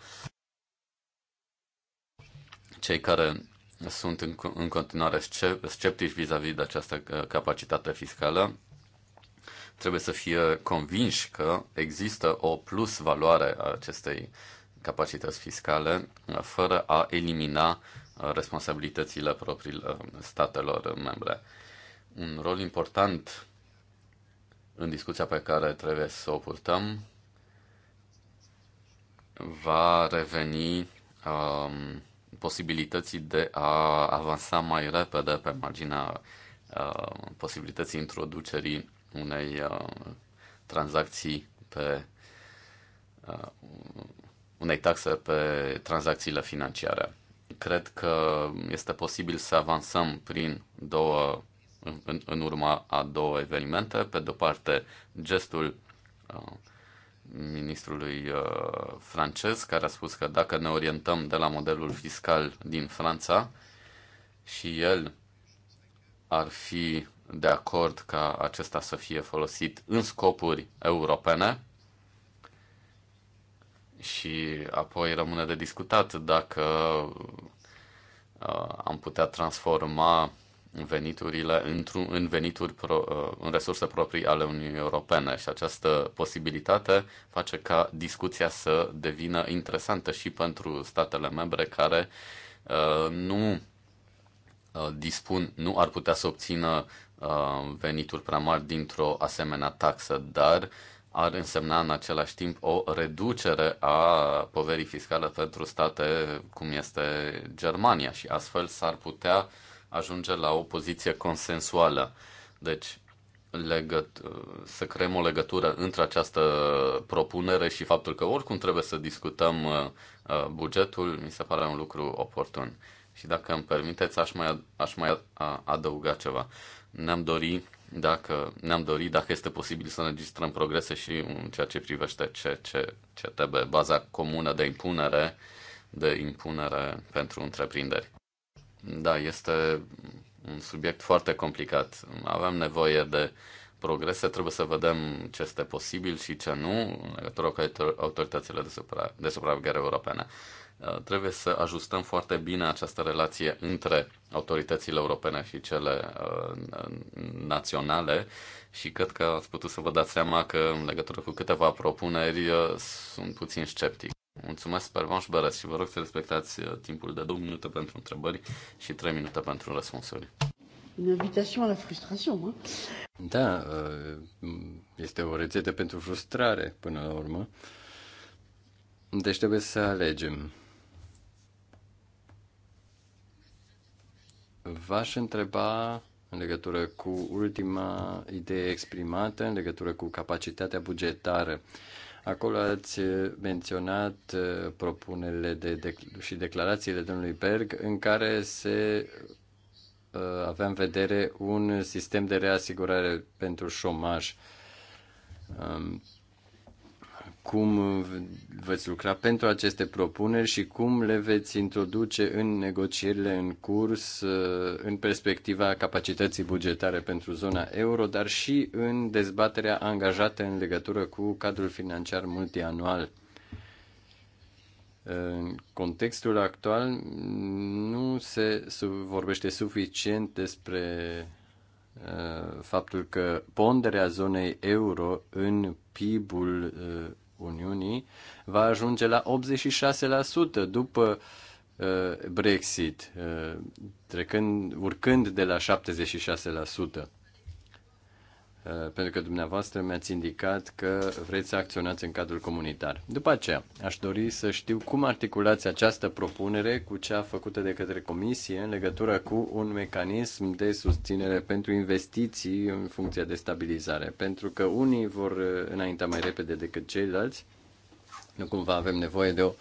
Cei care sunt în continuare sceptici vis-a-vis -vis de această uh, capacitate fiscală trebuie să fie convinși că există o plus valoare a acestei capacități fiscale fără a elimina responsabilitățile propriilor statelor membre un rol important în discuția pe care trebuie să o purtăm va reveni um, posibilității de a avansa mai repede pe marginea uh, posibilității introducerii unei uh, tranzacții pe uh, unei taxe pe tranzacțiile financiare. Cred că este posibil să avansăm prin două în, în urma a două evenimente. Pe de-o parte, gestul uh, ministrului uh, francez, care a spus că dacă ne orientăm de la modelul fiscal din Franța și el ar fi de acord ca acesta să fie folosit în scopuri europene, și apoi rămâne de discutat dacă uh, am putea transforma veniturile într-un, în venituri pro, uh, în resurse proprii ale Uniunii Europene și această posibilitate face ca discuția să devină interesantă și pentru statele membre care uh, nu uh, dispun, nu ar putea să obțină uh, venituri prea mari dintr-o asemenea taxă, dar ar însemna în același timp o reducere a poverii fiscale pentru state cum este Germania și astfel s-ar putea uh, ajunge la o poziție consensuală. Deci, legăt- să creăm o legătură între această propunere și faptul că oricum trebuie să discutăm uh, uh, bugetul, mi se pare un lucru oportun. Și dacă îmi permiteți, aș mai, aș mai adăuga ceva. Ne-am dorit dacă ne-am dorit, dacă este posibil să înregistrăm progrese și în ceea ce privește ce, ce, ce trebuie, baza comună de impunere, de impunere pentru întreprinderi. Da, este un subiect foarte complicat. Avem nevoie de progrese, trebuie să vedem ce este posibil și ce nu în legătură cu autoritățile de, supra, de supraveghere europene. Uh, trebuie să ajustăm foarte bine această relație între autoritățile europene și cele uh, naționale și cred că ați putut să vă dați seama că în legătură cu câteva propuneri uh, sunt puțin sceptic. Mulțumesc, Pervan Beres, și vă rog să respectați uh, timpul de 2 minute pentru întrebări și 3 minute pentru răspunsuri. Une invitation la frustration, hein? Da, uh, este o rețetă pentru frustrare până la urmă. Deci trebuie să alegem. V-aș întreba în legătură cu ultima idee exprimată, în legătură cu capacitatea bugetară. Uh, Acolo ați menționat uh, propunerile de, de, și declarațiile domnului Berg în care se uh, avea în vedere un sistem de reasigurare pentru șomaj. Um, cum veți lucra pentru aceste propuneri și cum le veți introduce în negocierile în curs, uh, în perspectiva capacității bugetare pentru zona euro, dar și în dezbaterea angajată în legătură cu cadrul financiar multianual. În contextul actual nu se vorbește suficient despre uh, faptul că ponderea zonei euro în PIB-ul uh, Uniunii va ajunge la 86% după uh, Brexit, uh, trecând, urcând de la 76%. Eh, pentru că dumneavoastră mi-ați indicat că vreți să acționați în cadrul comunitar. După aceea, aș dori să știu cum articulați această propunere cu cea făcută de către Comisie în legătură cu un mecanism de susținere pentru investiții în funcție de stabilizare, pentru că unii vor eh, înainta mai repede decât ceilalți. Nu cumva avem nevoie de o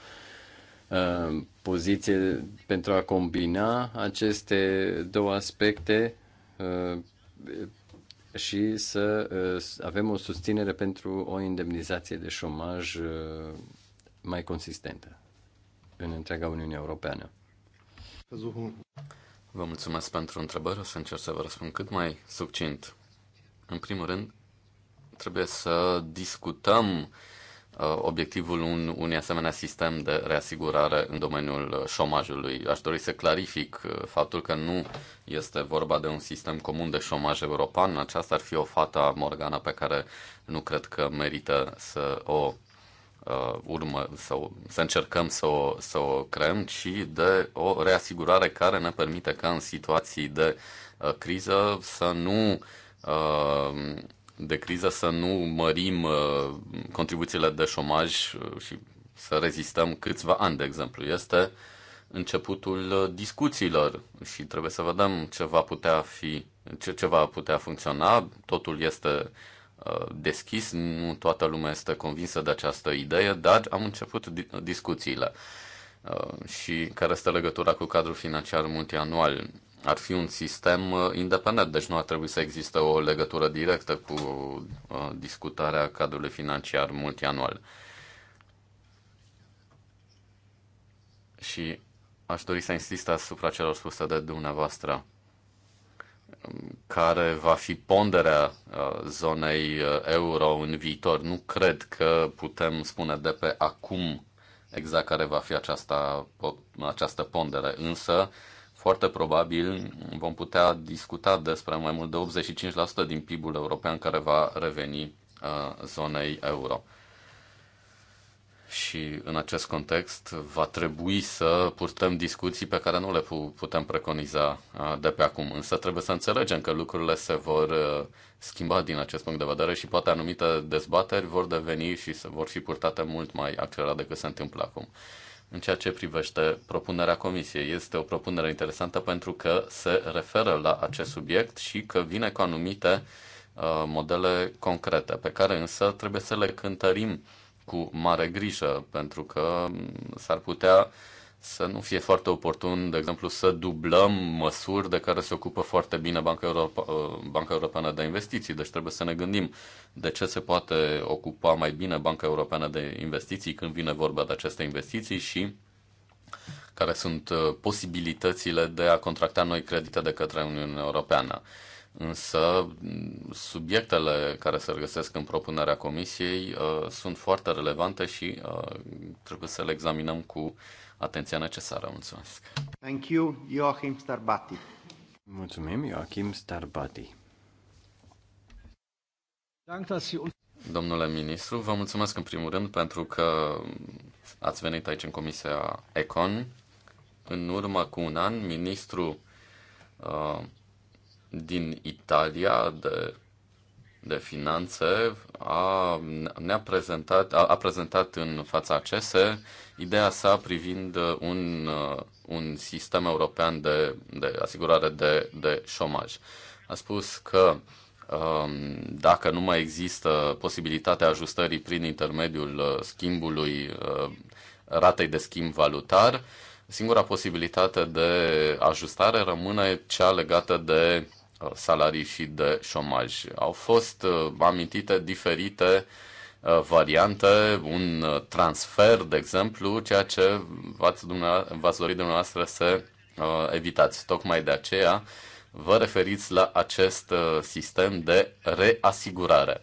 eh, poziție pentru a combina aceste două aspecte și să uh, avem o susținere pentru o indemnizație de șomaj uh, mai consistentă în întreaga Uniune Europeană. Vă mulțumesc pentru întrebări. o să încerc să vă răspund cât mai succint. În primul rând, trebuie să discutăm Uh, obiectivul un, unui asemenea sistem de reasigurare în domeniul uh, șomajului. Aș dori să clarific uh, faptul că nu este vorba de un sistem comun de șomaj european. Aceasta ar fi o fata morgana pe care nu cred că merită să o uh, urmă, să, să încercăm să o, să o creăm, ci de o reasigurare care ne permite ca în situații de uh, criză să nu uh, de criză să nu mărim uh, contribuțiile de șomaj uh, și să rezistăm câțiva ani, de exemplu. Este începutul uh, discuțiilor și trebuie să vedem ce va putea fi, ce, ce va putea funcționa. Totul este deschis, nu toată lumea este convinsă de această idee, dar am început discuțiile. Și care este legătura cu cadrul financiar multianual? ar fi un sistem uh, independent, deci nu ar trebui să existe o legătură directă cu uh, discutarea cadrului financiar multianual. Și aș dori să insist asupra celor spuse de dumneavoastră. Um, care va fi ponderea uh, zonei euro în viitor? Nu cred că putem spune de pe acum exact care va fi aceasta, această pondere, însă foarte probabil vom putea discuta despre mai mult de 85% din PIB-ul european care va reveni uh, zonei euro. Și în acest context va trebui să purtăm discuții pe care nu le putem preconiza uh, de pe acum. Însă trebuie să înțelegem că lucrurile se vor uh, schimba din acest punct de vedere și poate anumite dezbateri vor deveni și se vor fi purtate mult mai accelerat decât se întâmplă acum în ceea ce privește propunerea comisiei. Este o propunere interesantă pentru că se referă la acest subiect și că vine cu anumite uh, modele concrete, pe care însă trebuie să le cântărim cu mare grijă, pentru că mm, s-ar putea uh, să nu fie foarte oportun, de exemplu, să dublăm măsuri de care se ocupă foarte bine Banca, Europa, uh, Banca Europeană de Investiții. Deci trebuie să ne gândim de ce se poate ocupa mai bine Banca Europeană de Investiții când vine vorba de aceste investiții și care sunt uh, posibilitățile de a contracta noi credite de către Uniunea Europeană. Însă subiectele care se regăsesc în propunerea Comisiei uh, sunt foarte relevante și uh, trebuie să le examinăm cu atenția necesară. Mulțumesc! Thank you, Joachim Starbati. Mulțumim, Joachim Starbati. Domnule ministru, vă mulțumesc în primul rând pentru că ați venit aici în Comisia Econ. În urmă cu un an, ministru uh, din Italia de de Finanțe a, ne-a prezentat, a, a prezentat în fața CESE ideea sa privind uh, un, uh, un sistem european de, de asigurare de, de șomaj. A spus că um, dacă nu mai există posibilitatea ajustării prin intermediul uh, schimbului ratei de schimb valutar, singura posibilitate de ajustare rămâne cea legată de Uh, salarii și de șomaj. Au fost uh, amintite diferite uh, variante, un transfer, de exemplu, ceea ce v-ați, v-ați dorit dumneavoastră să evitați. Tocmai de aceea vă referiți la acest sistem de reasigurare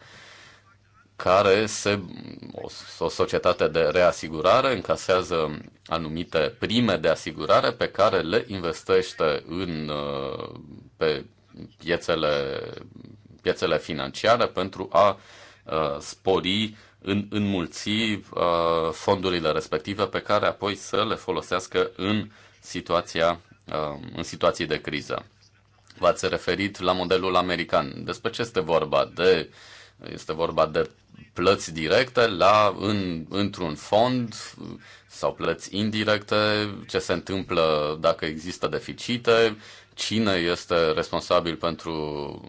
care se, o, o societate de reasigurare încasează anumite prime de asigurare pe care le investește în, pe piețele, piețele financiare pentru a uh, spori în, înmulți uh, fondurile respective pe care apoi să le folosească în, situația, uh, în situații de criză. V-ați referit la modelul american. Despre ce este vorba? De, este vorba de plăți directe la, în, într-un fond sau plăți indirecte, ce se întâmplă dacă există deficite, cine este responsabil pentru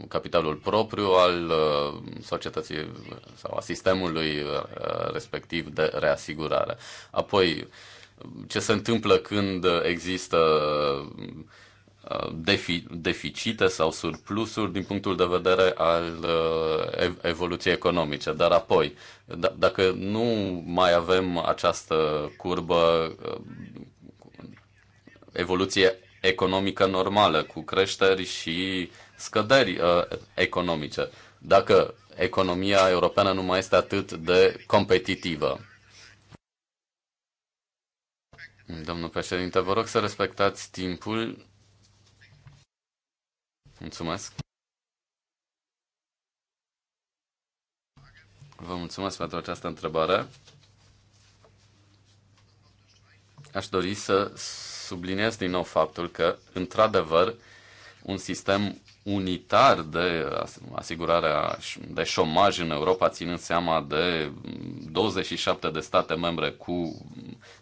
capitalul propriu al uh, societății sau a sistemului uh, respectiv de reasigurare. Apoi, ce se întâmplă când există uh, deficite sau surplusuri din punctul de vedere al evoluției economice. Dar apoi, da, dacă nu mai avem această curbă evoluție economică normală, cu creșteri și scăderi uh, economice. Dacă economia europeană nu mai este atât de competitivă. Domnul președinte, vă rog să respectați timpul. Mulțumesc. Vă mulțumesc pentru această întrebare aș dori să subliniez din nou faptul că, într-adevăr, un sistem unitar de asigurare de șomaj în Europa, ținând seama de 27 de state membre cu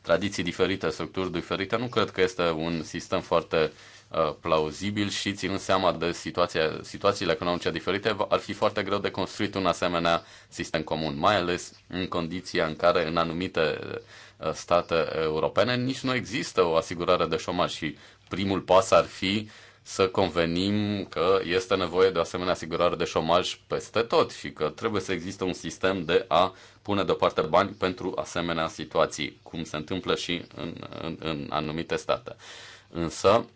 tradiții diferite, structuri diferite, nu cred că este un sistem foarte uh, plauzibil și ținând seama de situația, situațiile economice diferite, ar fi foarte greu de construit un asemenea sistem comun, mai ales în condiția în care în anumite state europene, nici nu există o asigurare de șomaj și primul pas ar fi să convenim că este nevoie de asemenea asigurare de șomaj peste tot și că trebuie să existe un sistem de a pune deoparte bani pentru asemenea situații, cum se întâmplă și în, în, în anumite state. Însă,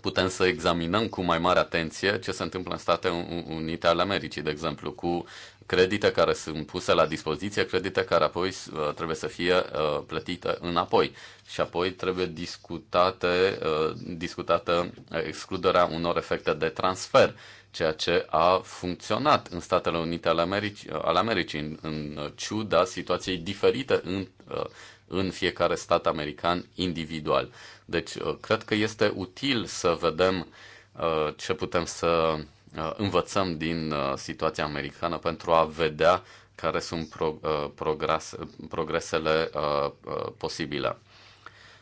putem să examinăm cu mai mare atenție ce se întâmplă în Statele Unite ale Americii, de exemplu, cu credite care sunt puse la dispoziție, credite care apoi uh, trebuie să fie uh, plătite înapoi. Și apoi trebuie discutate, uh, discutată excluderea unor efecte de transfer, ceea ce a funcționat în Statele Unite ale Americii, ale Americii în, în ciuda situației diferite în, în fiecare stat american individual. Deci, cred că este util să vedem ce putem să Uh, învățăm din uh, situația americană pentru a vedea care sunt pro, uh, progres, progresele posibile.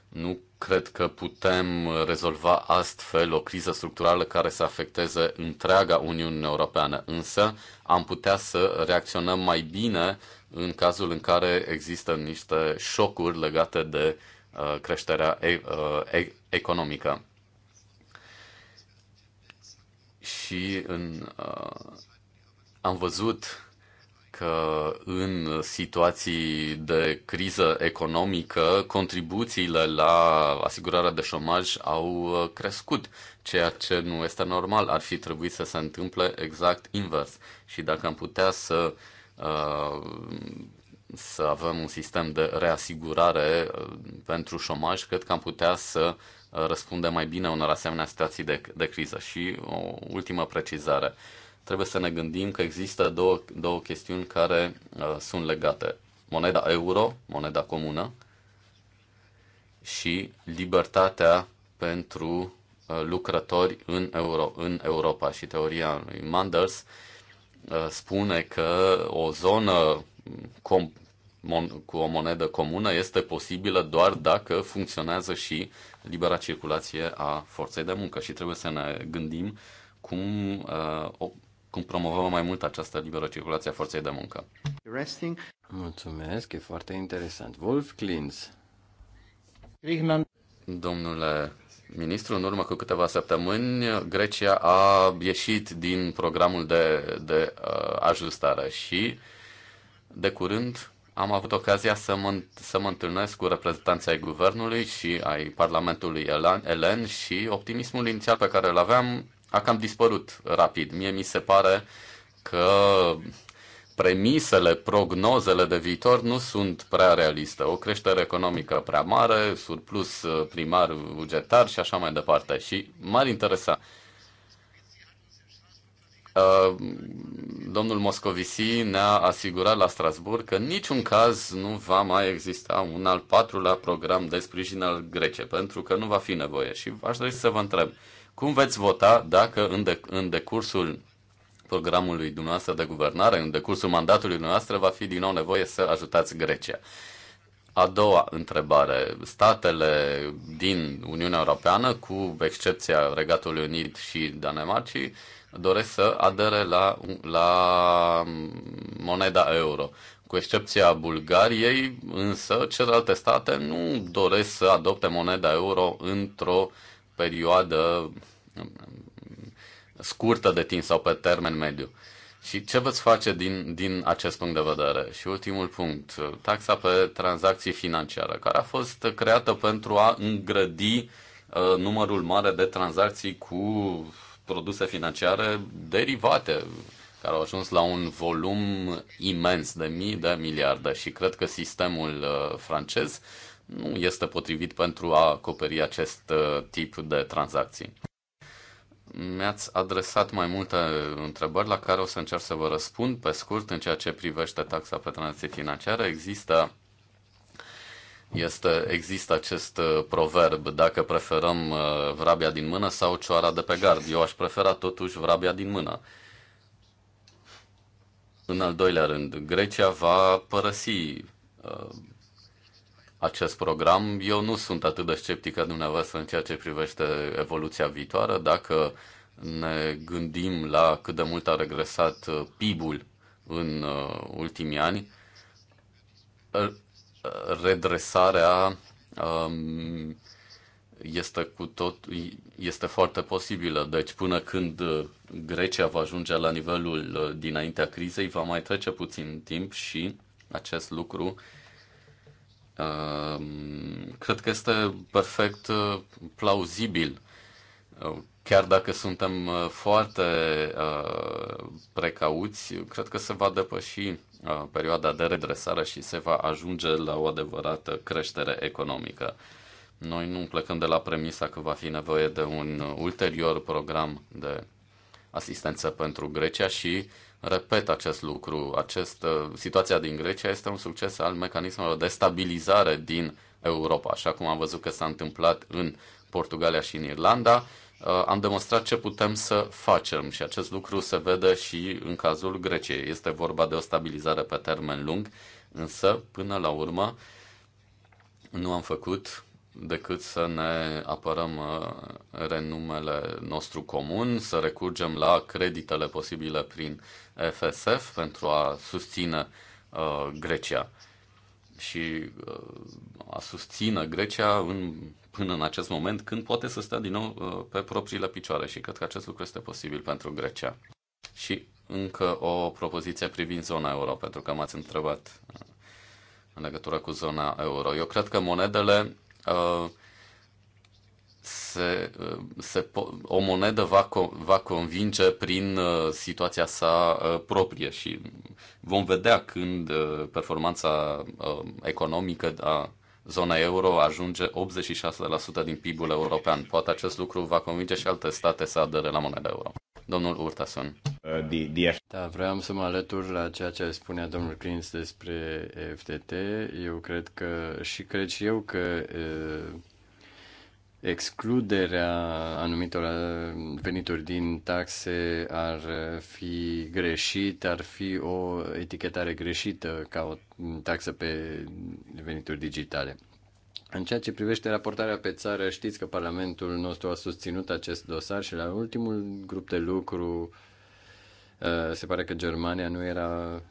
Nu cred că putem rezolva astfel o criză structurală care să afecteze întreaga Uniune Europeană, însă am putea să reacționăm mai bine în cazul în care există niște șocuri legate de creșterea economică. și în, uh, am văzut că în situații de criză economică, contribuțiile la asigurarea de șomaj au uh, crescut, ceea ce nu este normal. Ar fi trebuit să se întâmple exact invers. Și dacă am putea să, uh, să avem un sistem de reasigurare uh, pentru șomaj, cred că am putea să răspunde mai bine unor asemenea situații de, de criză. Și o ultimă precizare. Trebuie să ne gândim că există două, două chestiuni care uh, sunt legate. Moneda euro, moneda comună, și libertatea pentru uh, lucrători în, euro, în Europa. Și teoria lui Manders uh, spune că o zonă com- mon- cu o monedă comună este posibilă doar dacă funcționează și uh, libera circulație a forței de muncă și trebuie să ne gândim cum, uh, o, cum promovăm mai mult această liberă circulație a forței de muncă. Resting. Mulțumesc, e foarte interesant. Wolf Klintz. Domnule ministru, în urmă cu câteva săptămâni, Grecia a ieșit din programul de, de uh, ajustare și de curând am avut ocazia să mă, să mă întâlnesc cu reprezentanții ai guvernului și ai Parlamentului Elen și optimismul inițial pe care îl aveam a cam dispărut rapid. Mie mi se pare că premisele, prognozele de viitor nu sunt prea realiste. O creștere economică prea mare, surplus uh, primar bugetar și așa mai departe. Și m-ar interesa Uh, domnul Moscovici ne-a asigurat la Strasburg că niciun caz nu va mai exista un al patrulea program de sprijin al Greciei, pentru că nu va fi nevoie. Și aș dori să vă întreb, cum veți vota dacă în, de- în decursul programului dumneavoastră de guvernare, în decursul mandatului dumneavoastră, va fi din nou nevoie să ajutați Grecia? A doua întrebare. Statele din Uniunea Europeană, cu excepția Regatului Unit și Danemarcii, doresc să adere la, la mm, moneda euro. Cu excepția Bulgariei, însă, celelalte state nu doresc să adopte moneda euro într-o perioadă mm, scurtă de timp sau pe termen mediu. Și ce veți face din, din acest punct de vedere? Și ultimul punct, taxa pe tranzacții financiare, care a fost creată pentru a îngrădi uh, numărul mare de tranzacții cu produse financiare derivate, care au ajuns la un volum imens de mii de miliarde și cred că sistemul uh, francez nu este potrivit pentru a acoperi acest uh, tip de tranzacții. Mi-ați adresat mai multe întrebări la care o să încerc să vă răspund. Pe scurt, în ceea ce privește taxa pe tranzacții financiare, există este, există acest uh, proverb, dacă preferăm uh, vrabia din mână sau cioara de pe gard. Eu aș prefera totuși vrabia din mână. În al doilea rând, Grecia va părăsi uh, acest program. Eu nu sunt atât de sceptic ca dumneavoastră în ceea ce privește evoluția viitoare. Dacă ne gândim la cât de mult a regresat uh, PIB-ul în uh, ultimii ani, redresarea um, este cu tot, este foarte posibilă. Deci până când uh, Grecia va ajunge la nivelul uh, dinaintea crizei, va mai trece puțin timp și acest lucru uh, cred că este perfect uh, plauzibil chiar dacă suntem uh, foarte uh, precauți, cred că se va depăși uh, perioada de redresare și se va ajunge la o adevărată creștere economică. Noi nu plecăm de la premisa că va fi nevoie de un ulterior program de asistență pentru Grecia și repet acest lucru. Acest, uh, situația din Grecia este un succes al mecanismelor de stabilizare din Europa, așa cum am văzut că s-a întâmplat în Portugalia și în Irlanda Uh, am demonstrat ce putem să facem și acest lucru se vede și în cazul Greciei. Este vorba de o stabilizare pe termen lung, însă până la urmă nu am făcut decât să ne apărăm uh, renumele nostru comun, să recurgem la creditele posibile prin FSF pentru a susține uh, Grecia și uh, a susține Grecia în până în acest moment când poate să stea din nou uh, pe propriile picioare și cred că acest lucru este posibil pentru Grecia. Și încă o propoziție privind zona euro, pentru că m-ați întrebat uh, în legătură cu zona euro. Eu cred că monedele uh, se, se, o monedă va, va convinge prin situația sa proprie și vom vedea când performanța economică a zona euro ajunge 86% din PIB-ul european. Poate acest lucru va convinge și alte state să adere la moneda euro. Domnul Urtasun. Uh, da, vreau să mă alătur la ceea ce spunea domnul Clins despre FTT. Eu cred că și cred și eu că uh, excluderea anumitor uh, venituri din taxe ar uh, fi greșit, ar fi o etichetare greșită ca o taxă pe venituri digitale. În ceea ce privește raportarea pe țară, știți că Parlamentul nostru a susținut acest dosar și la ultimul grup de lucru uh, se pare că Germania nu era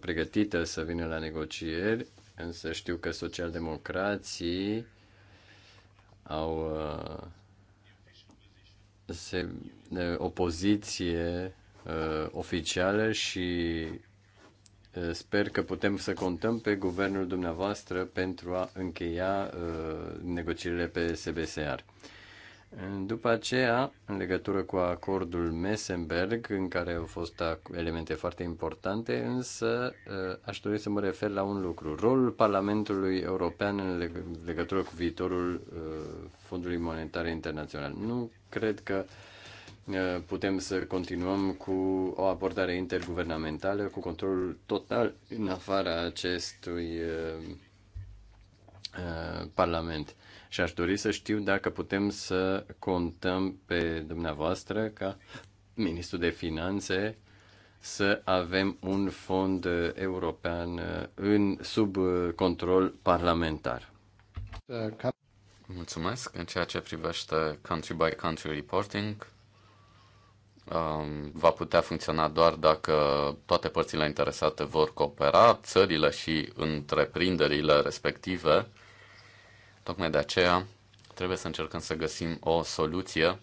pregătită să vină la negocieri, însă știu că socialdemocrații au uh, se, opoziție uh, oficială și uh, sper că putem să contăm pe guvernul dumneavoastră pentru a încheia negocierile pe SBSR. După aceea, în legătură cu acordul Messenberg, în care au fost elemente foarte importante, însă eh, aș dori să mă refer la un lucru. Rolul Parlamentului European în legătură cu viitorul eh, Fondului Monetar Internațional. Nu cred că eh, putem să continuăm cu o abordare interguvernamentală, cu controlul total în afara acestui Parlament și aș dori să știu dacă putem să contăm pe dumneavoastră ca ministru de finanțe să avem un fond european uh, în, sub uh, control parlamentar. Mulțumesc. În ceea ce privește country by country reporting, um, va putea funcționa doar dacă toate părțile interesate vor coopera, țările și întreprinderile respective Tocmai de aceea trebuie să încercăm să găsim o soluție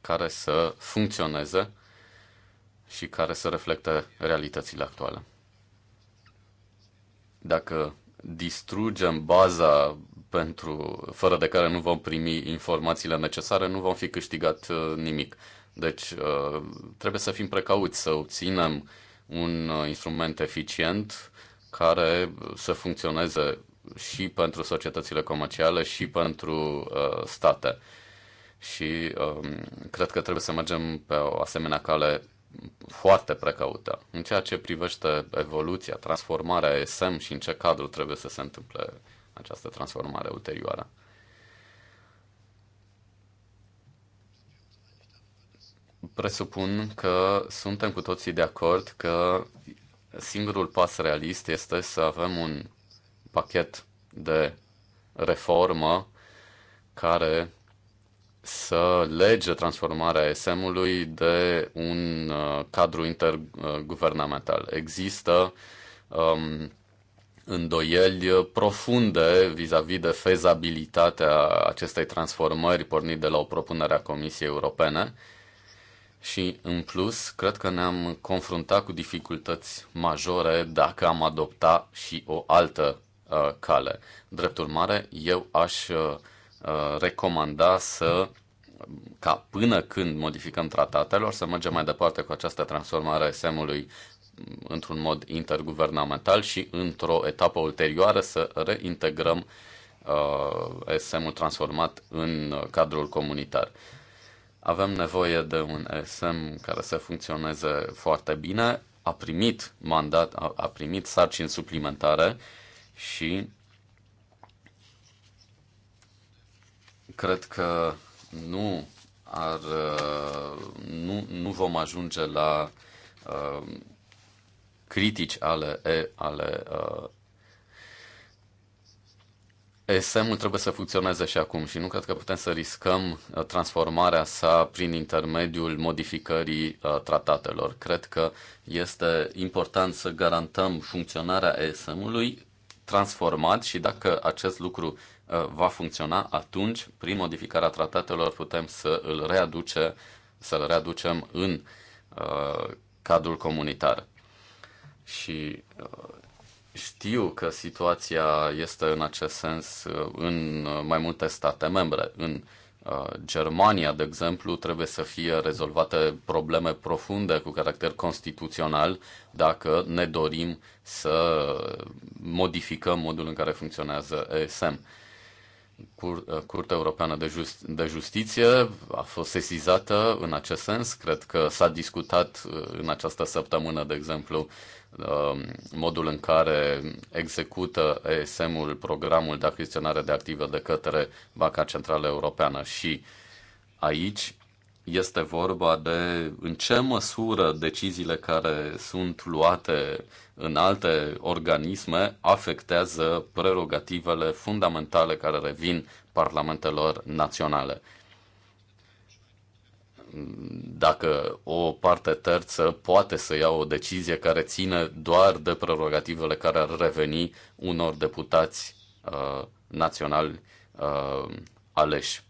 care să funcționeze și care să reflecte realitățile actuale. Dacă distrugem baza pentru, fără de care nu vom primi informațiile necesare, nu vom fi câștigat uh, nimic. Deci uh, trebuie să fim precauți, să obținem un uh, instrument eficient care să funcționeze și pentru societățile comerciale și pentru uh, state. Și um, cred că trebuie să mergem pe o asemenea cale foarte precaută. În ceea ce privește evoluția, transformarea SM și în ce cadru trebuie să se întâmple această transformare ulterioară. Presupun că suntem cu toții de acord că singurul pas realist este să avem un pachet de reformă care să lege transformarea SM-ului de un uh, cadru interguvernamental. Există um, îndoieli profunde vis-a-vis -vis de fezabilitatea acestei transformări pornit de la o propunere a Comisiei Europene și, în plus, cred că ne-am confruntat cu dificultăți majore dacă am adopta și o altă Uh, cale. Drept urmare, eu aș uh, uh, recomanda să ca până când modificăm tratatelor să mergem mai departe cu această transformare a SM-ului într-un mod interguvernamental și într-o etapă ulterioară să reintegrăm uh, SM-ul transformat în cadrul comunitar. Avem nevoie de un SM care să funcționeze foarte bine, a primit mandat, a, a primit sarcini suplimentare uh, și cred că nu ar uh, nu, nu vom ajunge la uh, critici ale ale uh, SM-ul trebuie să funcționeze și acum și nu cred că putem să riscăm uh, transformarea sa prin intermediul modificării uh, tratatelor. Cred că este important să garantăm funcționarea sm ului transformat și dacă acest lucru uh, va funcționa, atunci, prin modificarea tratatelor, putem să îl readuce, să-l readucem în uh, cadrul comunitar. Și uh, știu că situația este în acest sens în mai multe state membre. În uh, Uh, Germania, de exemplu, trebuie să fie rezolvate probleme profunde cu caracter constituțional dacă ne dorim să modificăm modul în care funcționează ESM. Cur- uh, Curtea Europeană de, Just- de Justiție a fost sesizată în acest sens. Cred că s-a discutat uh, în această săptămână, de exemplu, Um, modul în care execută ESM-ul programul de achiziționare de active de către Banca Centrală Europeană și aici este vorba de în ce măsură deciziile care sunt luate în alte organisme afectează prerogativele fundamentale care revin parlamentelor naționale dacă o parte terță poate să ia o decizie care ține doar de prerogativele care ar reveni unor deputați uh, naționali uh, aleși.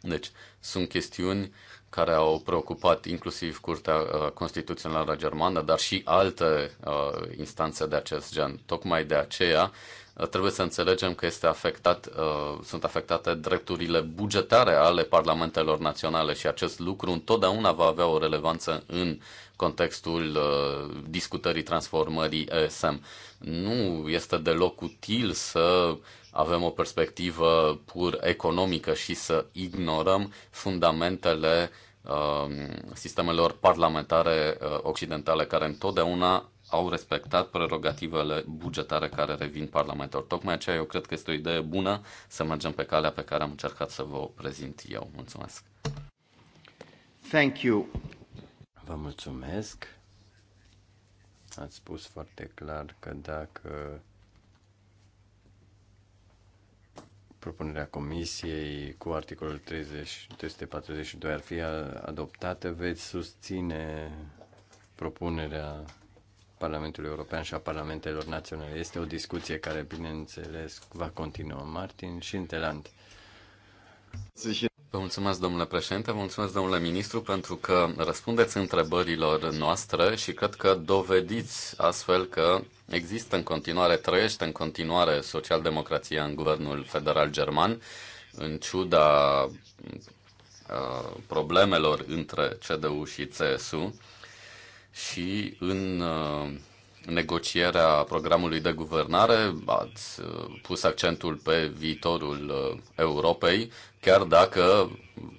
Deci, sunt chestiuni care au preocupat inclusiv Curtea uh, Constituțională Germană, dar și alte uh, instanțe de acest gen. Tocmai de aceea, uh, trebuie să înțelegem că este afectat, uh, sunt afectate drepturile bugetare ale parlamentelor naționale și acest lucru întotdeauna va avea o relevanță în contextul uh, discutării transformării ESM. Nu este deloc util să avem o perspectivă pur economică și să ignorăm fundamentele uh, sistemelor parlamentare occidentale care întotdeauna au respectat prerogativele bugetare care revin parlamentar. Tocmai aceea eu cred că este o idee bună să mergem pe calea pe care am încercat să vă o prezint eu. Mulțumesc! Thank you! Vă mulțumesc! Ați spus foarte clar că dacă propunerea comisiei cu articolul 30, 342 ar fi adoptată, veți susține propunerea Parlamentului European și a Parlamentelor Naționale. Este o discuție care, bineînțeles, va continua. Martin și Inteland. Vă mulțumesc, domnule președinte, vă mulțumesc, domnule ministru, pentru că răspundeți întrebărilor noastre și cred că dovediți astfel că există în continuare, trăiește în continuare socialdemocrația în guvernul federal german, în ciuda uh, problemelor între CDU și CSU și în uh, negocierea programului de guvernare ați uh, pus accentul pe viitorul uh, Europei, chiar dacă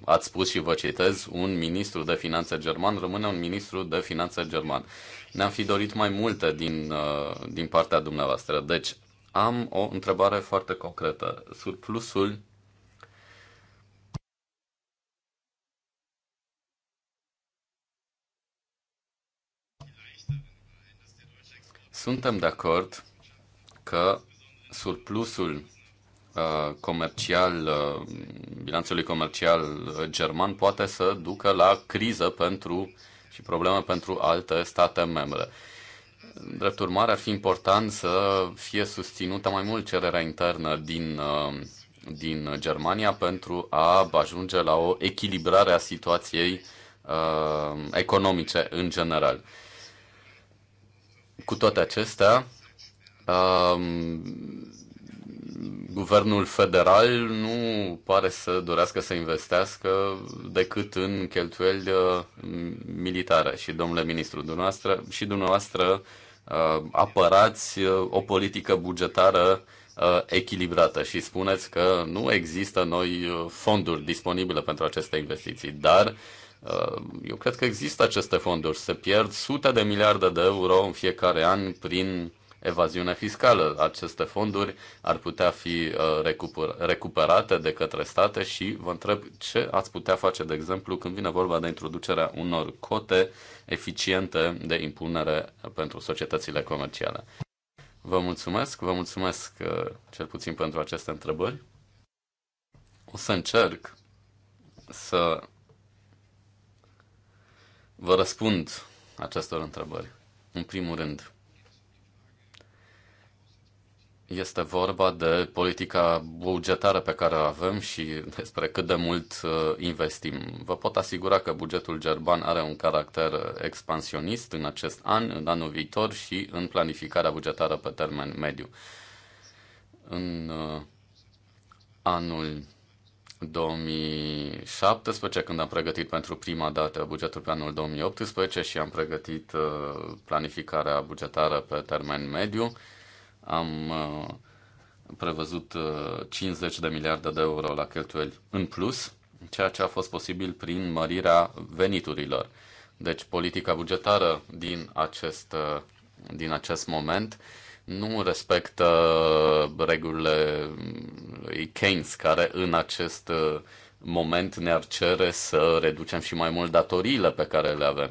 ați spus și vă citez, un ministru de finanțe german rămâne un ministru de finanțe german. Ne-am fi dorit mai multe din, din partea dumneavoastră. Deci, am o întrebare foarte concretă. Surplusul Suntem de acord că surplusul uh, comercial, uh, bilanțului comercial uh, german poate să ducă la criză pentru și probleme pentru alte state membre. Drept urmare, ar fi important să fie susținută mai mult cererea internă din, din Germania pentru a ajunge la o echilibrare a situației economice în general. Cu toate acestea, um, guvernul federal nu pare să dorească să investească decât în cheltuieli uh, militare. Și domnule ministru, dumneavoastră și dumneavoastră uh, apărați uh, o politică bugetară echilibrată și spuneți că nu există noi fonduri disponibile pentru aceste investiții, dar uh, Uh, eu cred că există aceste fonduri. Se pierd sute de miliarde de euro în fiecare an prin evaziune fiscală. Aceste fonduri ar putea fi uh, recuperate de către state și vă întreb ce ați putea face, de exemplu, când vine vorba de introducerea unor cote eficiente de impunere pentru societățile comerciale. Vă mulțumesc, vă mulțumesc uh, cel puțin pentru aceste întrebări. O să încerc să vă răspund acestor întrebări. În primul rând, este vorba de politica bugetară pe care o avem și despre cât de mult uh, investim. Vă pot asigura că bugetul german are un caracter expansionist în acest an, în anul viitor și în planificarea bugetară pe termen mediu. În uh, anul 2017, când am pregătit pentru prima dată bugetul pe anul 2018 și am pregătit uh, planificarea bugetară pe termen mediu, am uh, prevăzut 50 uh, de miliarde de euro la cheltuieli în plus, ceea ce a fost posibil prin mărirea veniturilor. Deci politica bugetară din acest, din acest moment nu respectă uh, regulile mm, lui Keynes, care în acest uh, moment ne-ar cere să reducem și mai mult datoriile pe care le avem.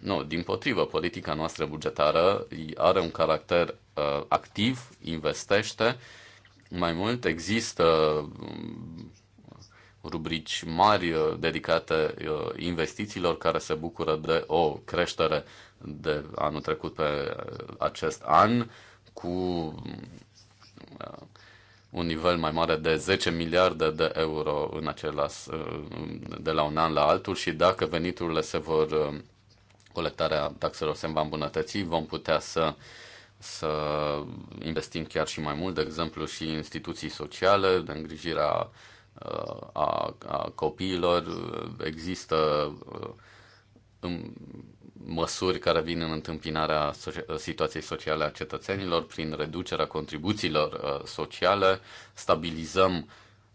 Nu, din potrivă, politica noastră bugetară are un caracter uh, activ, investește. Mai mult există mm, rubrici mari uh, dedicate investițiilor care se bucură de o creștere de anul trecut pe acest an cu uh, un nivel mai mare de 10 miliarde de euro în același, uh, de la un an la altul și dacă veniturile se vor, uh, colectarea taxelor se va îmbunătăți, vom putea să să investim chiar și mai mult, de exemplu, și instituții sociale, de îngrijirea a, a copiilor. Există măsuri care vin în întâmpinarea situației sociale a cetățenilor prin reducerea contribuțiilor uh, sociale, stabilizăm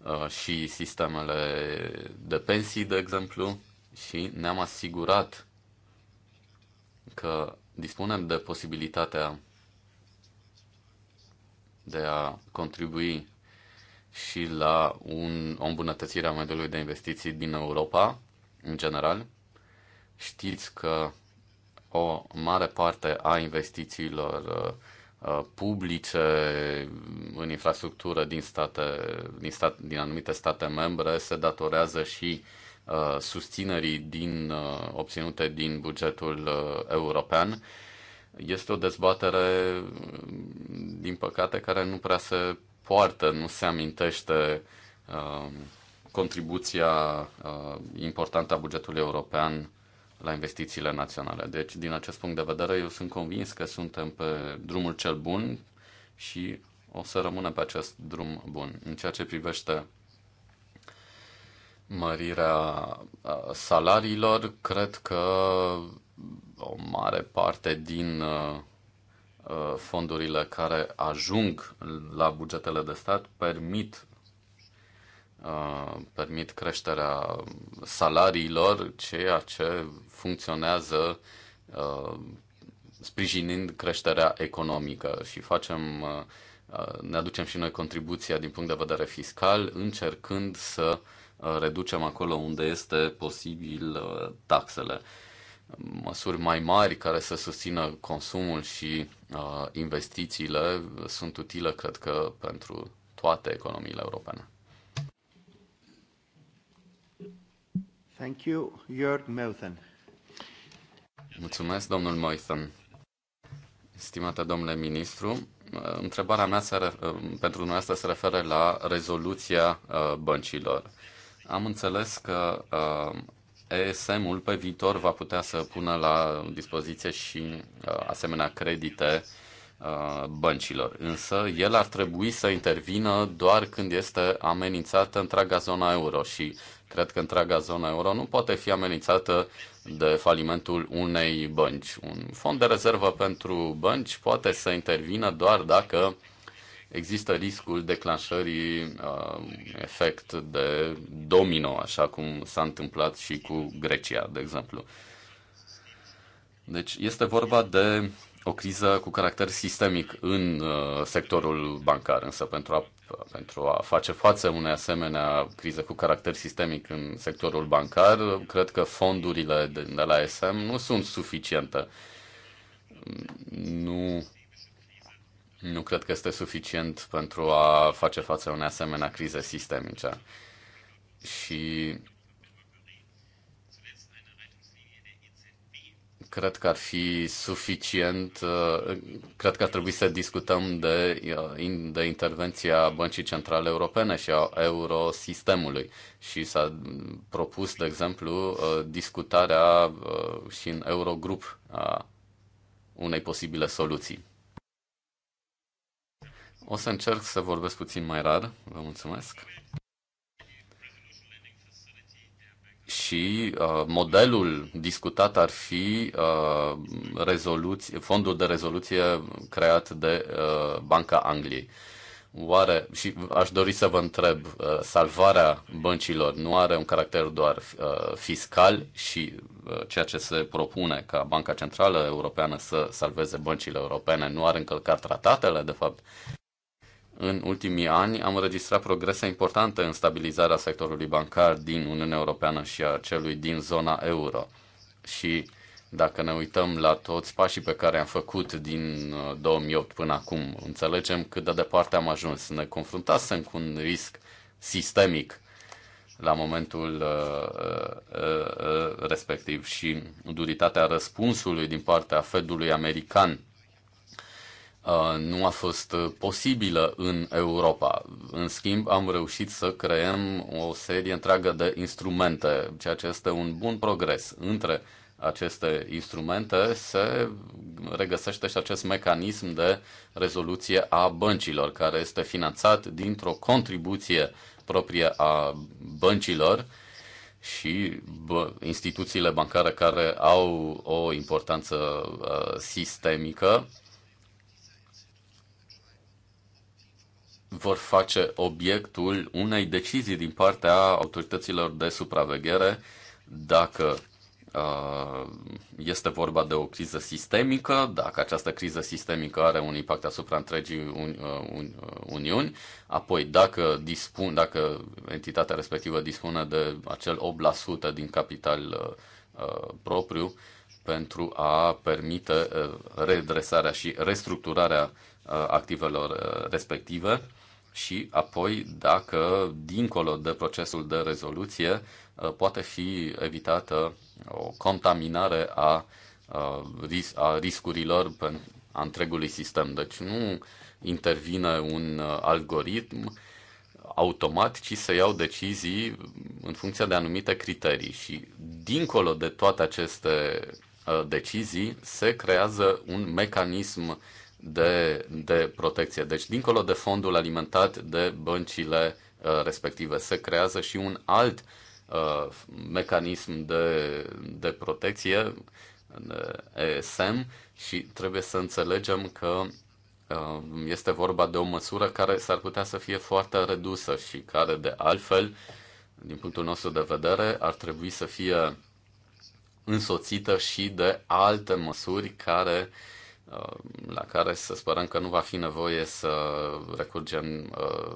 uh, și sistemele de pensii, de exemplu, și ne-am asigurat că dispunem de posibilitatea de a contribui și la un, o îmbunătățire a mediului de investiții din Europa, în general. Știți că o mare parte a investițiilor uh, publice în infrastructură din, state, din, stat, din anumite state membre se datorează și uh, susținerii din, uh, obținute din bugetul european. Este o dezbatere, din păcate, care nu prea se poartă, nu se amintește contribuția importantă a bugetului european la investițiile naționale. Deci, din acest punct de vedere, eu sunt convins că suntem pe drumul cel bun și o să rămână pe acest drum bun. În ceea ce privește mărirea salariilor, cred că o mare parte din fondurile care ajung la bugetele de stat permit Uh, permit creșterea salariilor, ceea ce funcționează uh, sprijinind creșterea economică și facem, uh, ne aducem și noi contribuția din punct de vedere fiscal, încercând să reducem acolo unde este posibil taxele. Măsuri mai mari care să susțină consumul și investițiile sunt utile, cred că, pentru toate economiile europene. Thank you, Jörg Mulțumesc, domnul Moithan. Stimate domnule ministru, întrebarea mea se ref- pentru dumneavoastră se referă la rezoluția uh, băncilor. Am înțeles că uh, ESM-ul pe viitor va putea să pună la dispoziție și uh, asemenea credite băncilor. Însă el ar trebui să intervină doar când este amenințată întreaga zona euro și Cred că întreaga zonă euro nu poate fi amenințată de falimentul unei bănci. Un fond de rezervă pentru bănci poate să intervină doar dacă există riscul declanșării uh, efect de domino, așa cum s-a întâmplat și cu Grecia, de exemplu. Deci este vorba de o criză cu caracter sistemic în uh, sectorul bancar, însă pentru a pentru a face față unei asemenea crize cu caracter sistemic în sectorul bancar, cred că fondurile de, de la SM nu sunt suficiente. Nu, nu cred că este suficient pentru a face față unei asemenea crize sistemice. Și cred că ar fi suficient, uh, cred că ar trebui să discutăm de, uh, de intervenția Băncii Centrale Europene și a eurosistemului. Și s-a propus, de exemplu, uh, discutarea și în Eurogrup a unei posibile soluții. O să încerc să vorbesc puțin mai rar. Vă mulțumesc. și uh, modelul discutat ar fi uh, rezoluți, fondul de rezoluție creat de uh, Banca Angliei. Oare, și aș dori să vă întreb, uh, salvarea băncilor nu are un caracter doar uh, fiscal și uh, ceea ce se propune ca Banca Centrală Europeană să salveze băncile europene nu ar încălca tratatele, de fapt? În ultimii ani am înregistrat progrese importante în stabilizarea sectorului bancar din Uniunea Europeană și a celui din zona euro. Și dacă ne uităm la toți pașii pe care am făcut din 2008 uh, până acum, înțelegem cât de departe am ajuns. Ne confruntasem cu un risc sistemic la momentul uh, uh, uh, uh respectiv și duritatea răspunsului din partea Fedului american Uh, nu a fost uh, posibilă în Europa. În schimb, am reușit să creăm o serie întreagă de instrumente, ceea ce este un bun progres. Între aceste instrumente se regăsește și acest mecanism de rezoluție a băncilor, care este finanțat dintr-o contribuție proprie a băncilor și bă, instituțiile bancare care au o importanță uh, sistemică vor face obiectul unei decizii din partea autorităților de supraveghere dacă uh, este vorba de o criză sistemică, dacă această criză sistemică are un impact asupra întregii uh, uh, Uniuni, apoi dacă, dispun, dacă entitatea respectivă dispune de acel 8% din capital propriu pentru a permite redresarea și restructurarea Uh, activelor uh, respective și apoi dacă, dincolo de procesul de rezoluție, uh, poate fi evitată o contaminare a, a riscurilor a întregului sistem. Deci nu intervine un algoritm automat, ci să iau decizii în funcție de anumite criterii. Și dincolo de toate aceste decizii, se creează un mecanism de, de protecție. Deci, dincolo de fondul alimentat de băncile uh, respective, se creează și un alt uh, mecanism de, de protecție, uh, ESM, și trebuie să înțelegem că uh, este vorba de o măsură care s-ar putea să fie foarte redusă și care, de altfel, din punctul nostru de vedere, ar trebui să fie însoțită și de alte măsuri care uh, Uh, la care să sperăm că nu va fi nevoie să recurgem uh,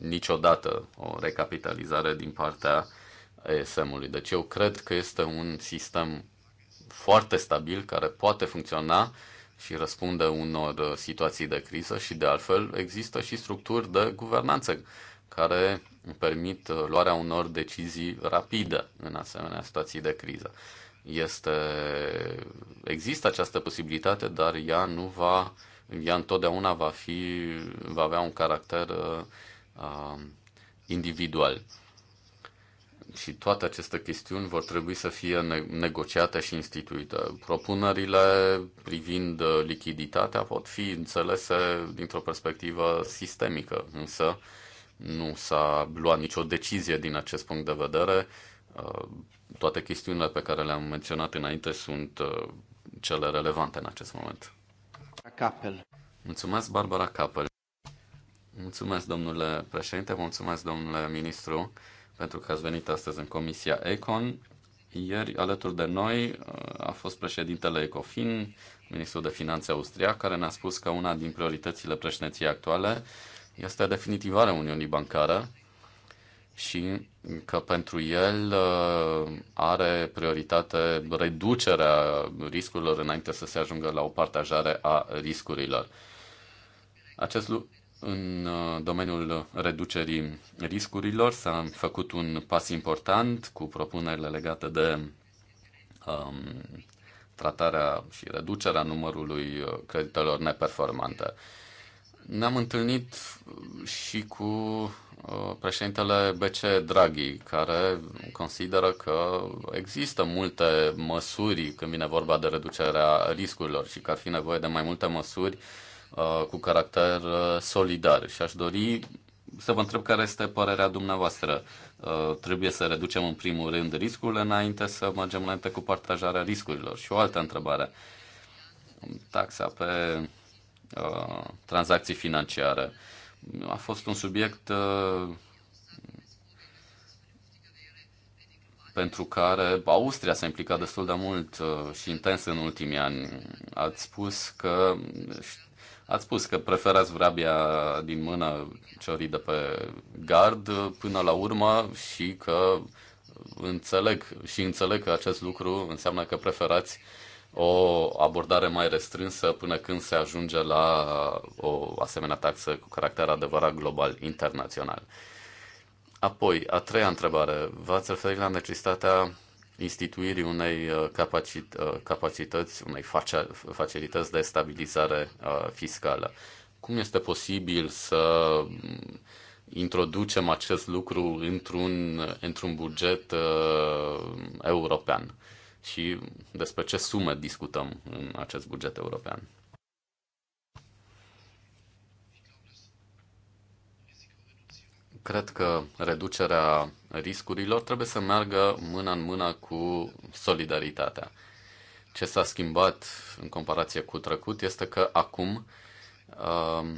niciodată o recapitalizare din partea ESM-ului. Deci eu cred că este un sistem foarte stabil care poate funcționa și răspunde unor situații de criză și de altfel există și structuri de guvernanță care permit luarea unor decizii rapide în asemenea situații de criză. Este, există această posibilitate, dar ea nu va, ea întotdeauna va fi, va avea un caracter uh, um, individual și toate aceste chestiuni vor trebui să fie negociate și instituite. Propunerile privind uh, lichiditatea pot fi înțelese dintr-o perspectivă sistemică, însă nu s-a luat nicio decizie din acest punct de vedere Uh, toate chestiunile pe care le-am menționat înainte sunt uh, cele relevante în acest moment. Capel. Mulțumesc, Barbara Capel. Mulțumesc, domnule președinte, mulțumesc, domnule ministru, pentru că ați venit astăzi în Comisia Econ. Ieri, alături de noi, uh, a fost președintele Ecofin, ministrul de finanțe austriac, care ne-a spus că una din prioritățile președinției actuale este definitivarea Uniunii Bancare și că pentru el uh, are prioritate reducerea riscurilor înainte să se ajungă la o partajare a riscurilor. Acest lucru în uh, domeniul reducerii riscurilor s-a făcut un pas important cu propunerile legate de um, tratarea și reducerea numărului uh, creditelor neperformante. Ne-am întâlnit și cu Uh, președintele BC Draghi, care consideră că există multe măsuri când vine vorba de reducerea riscurilor și că ar fi nevoie de mai multe măsuri uh, cu caracter uh, solidar. Și aș dori să vă întreb care este părerea dumneavoastră. Trebuie să reducem în primul rând riscurile înainte să mergem înainte cu partajarea riscurilor. Și o altă întrebare. Taxa pe uh, tranzacții financiare. Uh, a fost un subiect uh, pentru care Austria s-a implicat destul de mult uh, și intens în ultimii ani. Ați spus că ați spus că preferați vrabia din mână ciorii de pe gard uh, până la urmă și că înțeleg și înțeleg că acest lucru înseamnă că preferați uh, o abordare mai restrânsă până când se ajunge la o asemenea taxă cu caracter adevărat global internațional. Apoi, a treia întrebare. V-ați referit la necesitatea instituirii unei uh, capacit- uh, capacități, unei facilități de stabilizare uh, fiscală. Cum este posibil să mm, introducem acest lucru într-un, într-un buget european? Uh, și despre ce sume discutăm în acest buget european. Cred că reducerea riscurilor trebuie să meargă mână în mână cu solidaritatea. Ce s-a schimbat în comparație cu trecut este că acum uh,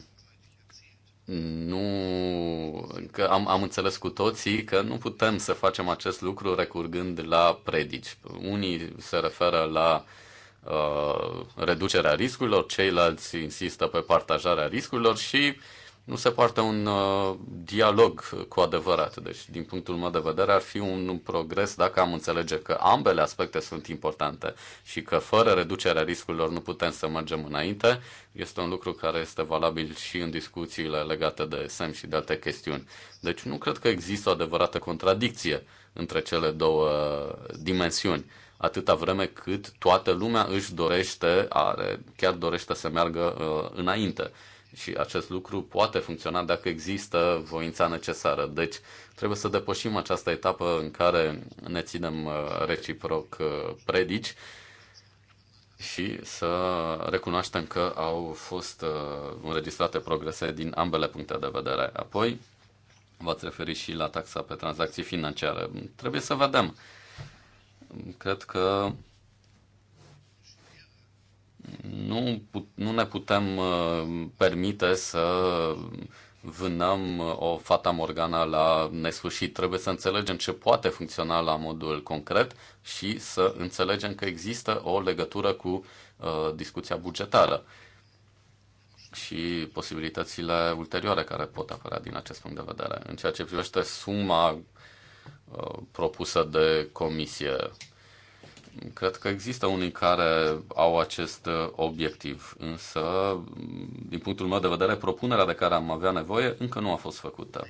nu, că am, am înțeles cu toții că nu putem să facem acest lucru recurgând la predici. Unii se referă la uh, reducerea riscurilor, ceilalți insistă pe partajarea riscurilor și uh, nu se poartă un uh, dialog cu adevărat. Deci, din punctul meu de vedere, ar fi un, un progres dacă am înțelege că ambele aspecte sunt importante și că fără reducerea riscurilor nu putem să mergem înainte. Este un lucru care este valabil și în discuțiile legate de SEM și de alte chestiuni. Deci, nu cred că există o adevărată contradicție între cele două uh, dimensiuni atâta vreme cât toată lumea își dorește, are, chiar dorește să meargă uh, înainte și acest lucru poate funcționa dacă există voința necesară. Deci trebuie să depășim această etapă în care ne ținem uh, reciproc uh, predici și să recunoaștem că au fost uh, înregistrate progrese din ambele puncte de vedere. Apoi v-ați referit și la taxa pe tranzacții financiare. Trebuie să vedem. Cred că nu, nu ne putem uh, permite să vânăm uh, o fata morgana la nesfârșit. Trebuie să înțelegem ce poate funcționa la modul concret și să înțelegem că există o legătură cu uh, discuția bugetară și posibilitățile ulterioare care pot apărea din acest punct de vedere. În ceea ce privește suma uh, propusă de comisie, Cred că există unii care au acest uh, obiectiv, însă, mm, din punctul meu de vedere, propunerea de care am avea nevoie încă nu a fost făcută.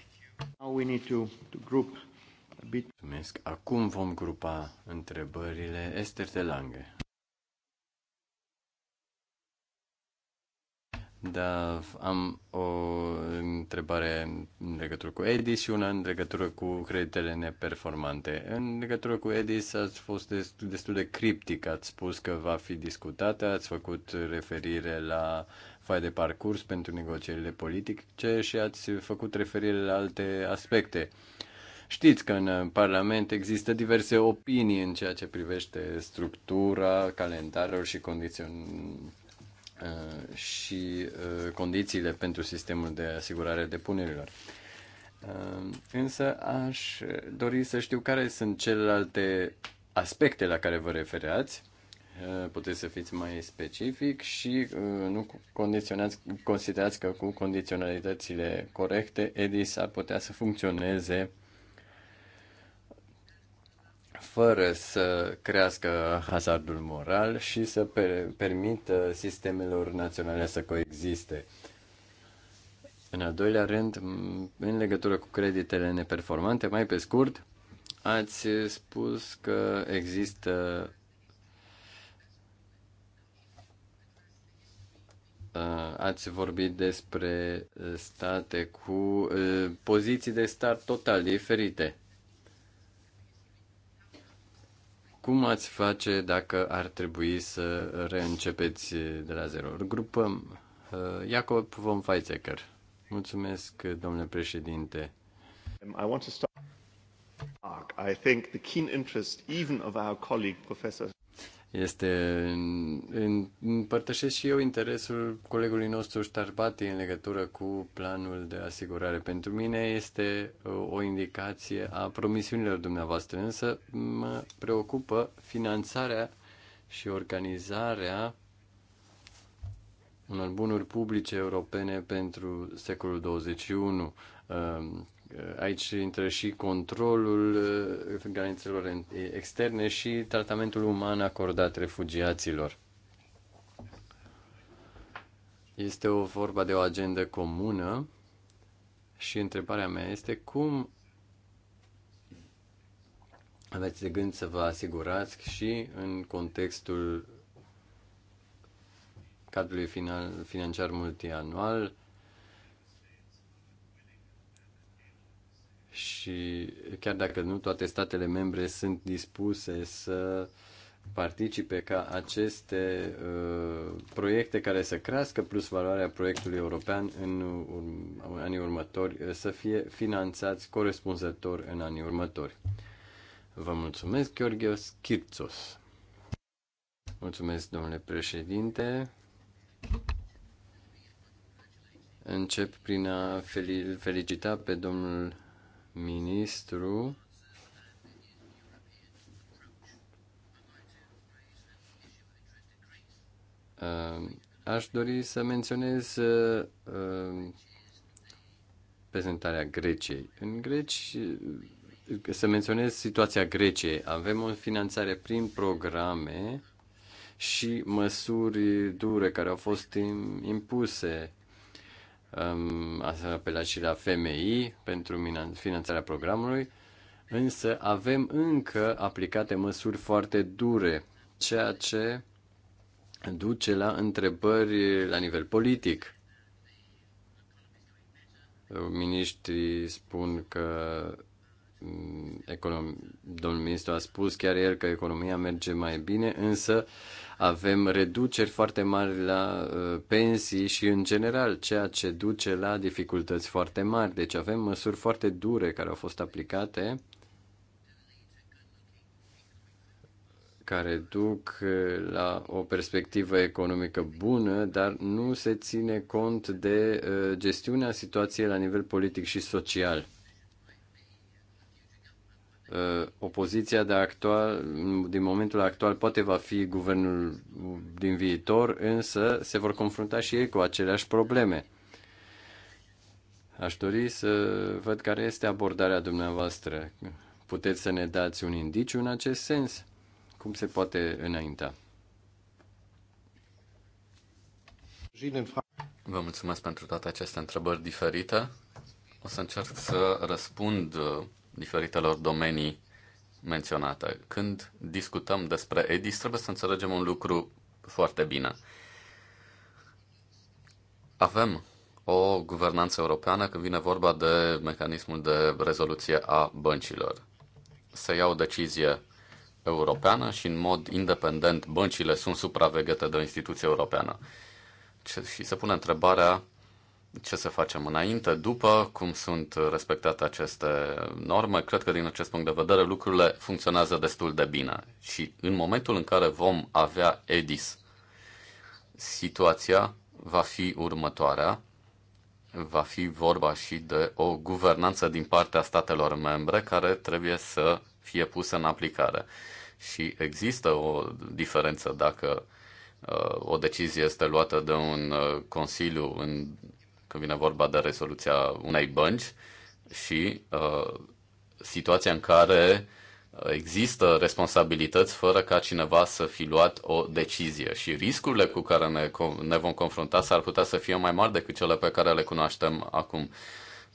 Acum vom grupa întrebările Esther de Lange. Da, am o întrebare în legătură cu EDIS și una în legătură cu creditele neperformante. În legătură cu EDIS ați fost destul, destul de criptic, ați spus că va fi discutată, ați făcut referire la fai de parcurs pentru negocierile politice și ați făcut referire la alte aspecte. Știți că în Parlament există diverse opinii în ceea ce privește structura, calendarul și condițion- Uh, și uh, condițiile pentru sistemul de asigurare depunerilor. Uh, însă aș dori să știu care sunt celelalte aspecte la care vă refereați. Puteți să fiți mai specific și nu condiționați, considerați că cu condiționalitățile corecte EDIS ar putea să funcționeze fără să crească hazardul moral și să per- permită sistemelor naționale să coexiste. În al doilea rând, în legătură cu creditele neperformante, mai pe scurt, ați spus că există ați vorbit despre state cu poziții de stat total diferite. cum ați face dacă ar trebui să reîncepeți de la zero? Grupăm uh, Iacob von Weizsäcker. Mulțumesc, domnule președinte. Um, I want to start. I think the keen interest even of our colleague professor este, în împărtășesc și eu interesul colegului nostru starbati în legătură cu planul de asigurare. Pentru mine este uh, o indicație a promisiunilor dumneavoastră, însă mă preocupă finanțarea și organizarea unor bunuri publice europene pentru secolul 21 Aici intră și controlul uh, granițelor externe și tratamentul uman acordat refugiaților. Este o vorba de o agendă comună și întrebarea mea este cum aveți de gând să vă asigurați și în contextul cadrului final, financiar multianual și chiar dacă nu toate statele membre sunt dispuse să participe ca aceste uh, proiecte care să crească plus valoarea proiectului european în, în anii următori uh, să fie finanțați corespunzător în anii următori. Vă mulțumesc, Georgios Kirtsos. Mulțumesc, domnule președinte. Încep prin a felicita pe domnul ministru uh, aș dori să menționez uh, uh, prezentarea Greciei. În Greci, să menționez situația Greciei. Avem o finanțare prin programe și măsuri dure care au fost impuse a apelat și la FMI pentru finanțarea programului, însă avem încă aplicate măsuri foarte dure, ceea ce duce la întrebări la nivel politic. Ministrii spun că Mm, econom, domnul ministru a spus chiar el că economia merge mai bine, însă avem reduceri foarte mari la uh, pensii și în general, ceea ce duce la dificultăți foarte mari. Deci avem măsuri foarte dure care au fost aplicate care duc uh, la o perspectivă economică bună, dar nu se ține cont de uh, gestiunea situației la nivel politic și social. Uh, opoziția de actual, din momentul actual poate va fi guvernul din viitor, însă se vor confrunta și ei cu aceleași probleme. Aș dori să văd care este abordarea dumneavoastră. Puteți să ne dați un indiciu în acest sens? Cum se poate înainta? Vă mulțumesc pentru toate aceste întrebări diferite. O să încerc să răspund uh, diferitelor domenii menționate. Când discutăm despre EDIS, trebuie să înțelegem un lucru foarte bine. Avem o guvernanță europeană când vine vorba de mecanismul de rezoluție a băncilor. Se ia o decizie europeană și în mod independent băncile sunt supraveghete de o instituție europeană. Și se pune întrebarea ce să facem înainte, după, cum sunt respectate aceste norme. Cred că din acest punct de vedere lucrurile funcționează destul de bine. Și în momentul în care vom avea EDIS, situația va fi următoarea. Va fi vorba și de o guvernanță din partea statelor membre care trebuie să fie pusă în aplicare. Și există o diferență dacă uh, o decizie este luată de un uh, consiliu în când vine vorba de rezoluția unei bănci și uh, situația în care există responsabilități fără ca cineva să fi luat o decizie și riscurile cu care ne, ne vom confrunta s-ar putea să fie mai mari decât cele pe care le cunoaștem acum.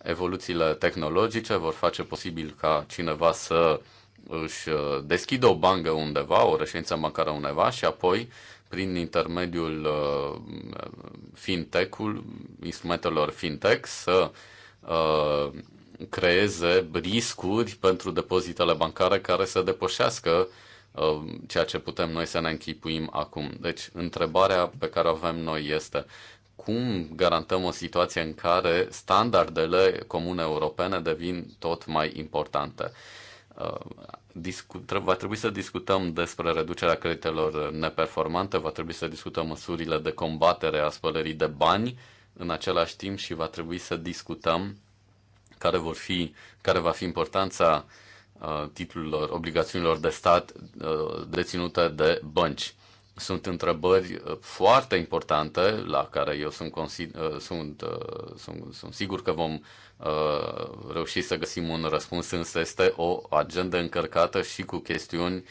Evoluțiile tehnologice vor face posibil ca cineva să își uh, deschidă o bancă undeva, o reședință bancară undeva și apoi prin intermediul uh, fintech-ul, instrumentelor fintech, să uh, creeze riscuri pentru depozitele bancare care să depășească uh, ceea ce putem noi să ne închipuim acum. Deci, întrebarea pe care o avem noi este cum garantăm o situație în care standardele comune europene devin tot mai importante? Uh, va trebui să discutăm despre reducerea creditelor neperformante, va trebui să discutăm măsurile de combatere a spălării de bani în același timp și va trebui să discutăm care, vor fi, care va fi importanța uh, titlurilor, obligațiunilor de stat uh, deținute de bănci. Sunt întrebări uh, foarte importante la care eu sunt, consid- uh, sunt, uh, sunt, sunt sigur că vom reuși să găsim un răspuns, însă este o agendă încărcată și cu chestiuni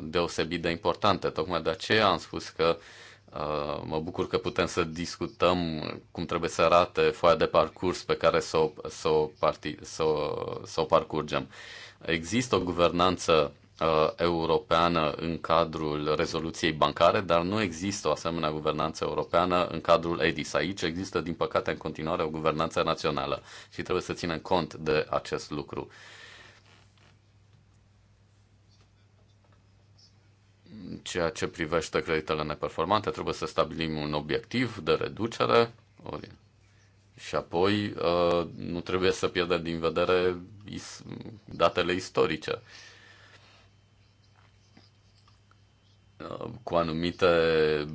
deosebit de importante. Tocmai de aceea am spus că mă bucur că putem să discutăm cum trebuie să arate foaia de parcurs pe care să o, să o, parti- să o, să o parcurgem. Există o guvernanță Uh, europeană în cadrul rezoluției bancare, dar nu există o asemenea guvernanță europeană în cadrul EDIS. Aici există, din păcate, în continuare o guvernanță națională și trebuie să ținem cont de acest lucru. ceea ce privește creditele neperformante, trebuie să stabilim un obiectiv de reducere ori. și apoi uh, nu trebuie să pierdem din vedere datele istorice. Uh, cu anumite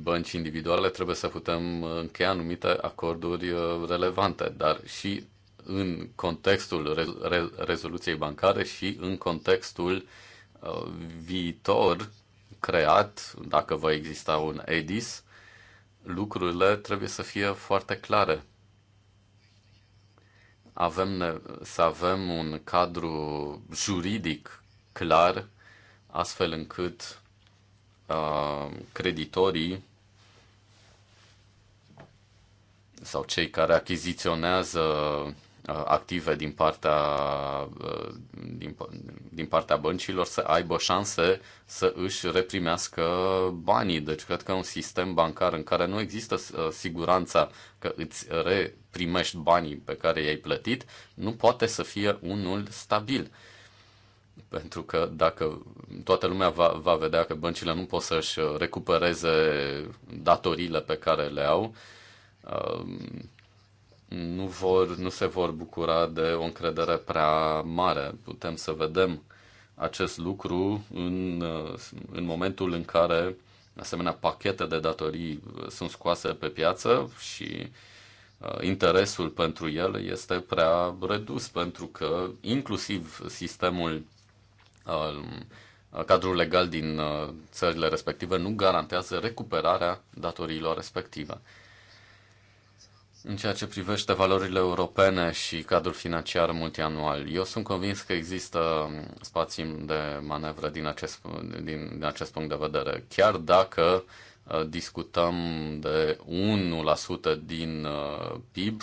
bănci individuale trebuie să putem încheia anumite acorduri uh, relevante, dar și în contextul re- rezoluției bancare și în contextul uh, viitor creat, dacă va exista un EDIS, lucrurile trebuie să fie foarte clare. Avem să avem un cadru juridic clar, astfel încât Uh, creditorii sau cei care achiziționează uh, active din partea, uh, din, din partea băncilor să aibă șanse să își reprimească banii. Deci cred că un sistem bancar în care nu există siguranța că îți reprimești banii pe care i-ai plătit nu poate să fie unul stabil. Pentru că dacă toată lumea va, va vedea că băncile nu pot să-și uh, recupereze datoriile pe care le au, um, nu, vor, nu se vor bucura de o încredere prea mare. Putem să vedem acest lucru în, uh, în momentul în care asemenea pachete de datorii uh, sunt scoase pe piață și interesul pentru ele este prea redus pentru că inclusiv sistemul Uh, cadrul legal din uh, țările respective nu garantează recuperarea datoriilor respective. În ceea ce privește valorile europene și cadrul financiar multianual, eu sunt convins că există spații de manevră din acest, din, din acest punct de vedere. Chiar dacă uh, discutăm de 1% din PIB,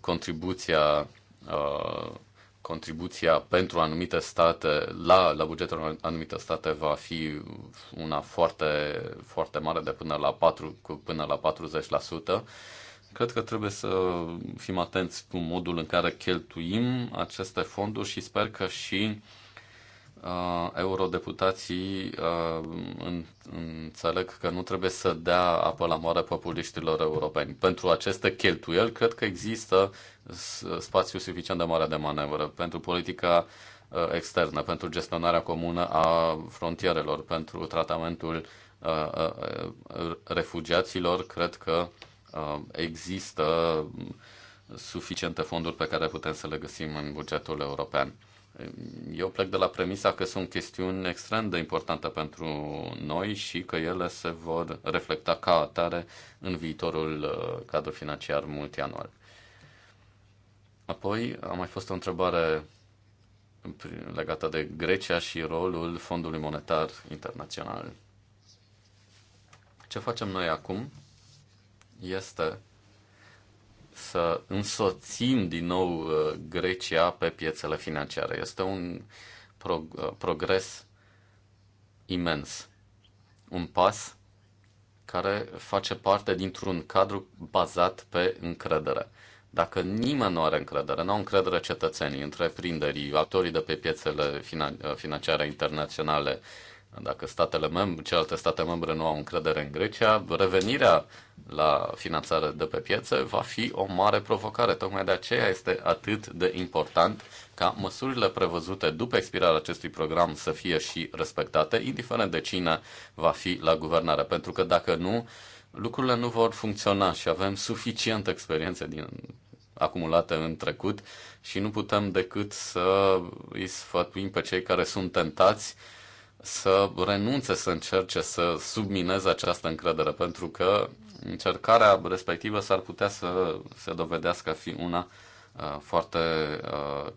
contribuția contribuția pentru anumite state la, la bugetul anumite state va fi una foarte, foarte mare de până la 4, cu până la 40%. Cred că trebuie să fim atenți cu modul în care cheltuim aceste fonduri și sper că și uh, uh, eurodeputații uh, în, înțeleg că nu trebuie să dea apă la moare populiștilor europeni. Pentru aceste cheltuieli, cred că există spațiu suficient de mare de manevră pentru politica uh, externă, pentru gestionarea comună a frontierelor, pentru tratamentul uh, uh, refugiaților. Cred că există suficiente fonduri pe care putem să le găsim în bugetul european. Eu plec de la premisa că sunt chestiuni extrem de importante pentru noi și că ele se vor reflecta ca atare în viitorul uh, cadru financiar multianual. Apoi a mai fost o întrebare legată de Grecia și rolul Fondului Monetar Internațional. Ce facem noi acum este să însoțim din nou uh, Grecia pe piețele financiare. Este un uh, progres imens, un pas care face parte dintr-un cadru bazat pe încredere. Dacă nimeni nu are încredere, nu au încredere cetățenii, întreprinderii, actorii de pe piețele finan- uh, financiare internaționale, dacă statele membre, celelalte state membre nu au încredere în Grecia, revenirea la finanțare de pe piețe va fi o mare provocare. Tocmai de aceea este atât de important ca măsurile prevăzute după expirarea acestui program să fie și respectate, indiferent de cine va fi la guvernare. Pentru că dacă nu, lucrurile nu vor funcționa și avem suficientă experiență din acumulate în trecut și nu putem decât să îi sfătuim pe cei care sunt tentați să renunțe să încerce să submineze această încredere, pentru că încercarea respectivă s-ar putea să se dovedească a fi una uh, foarte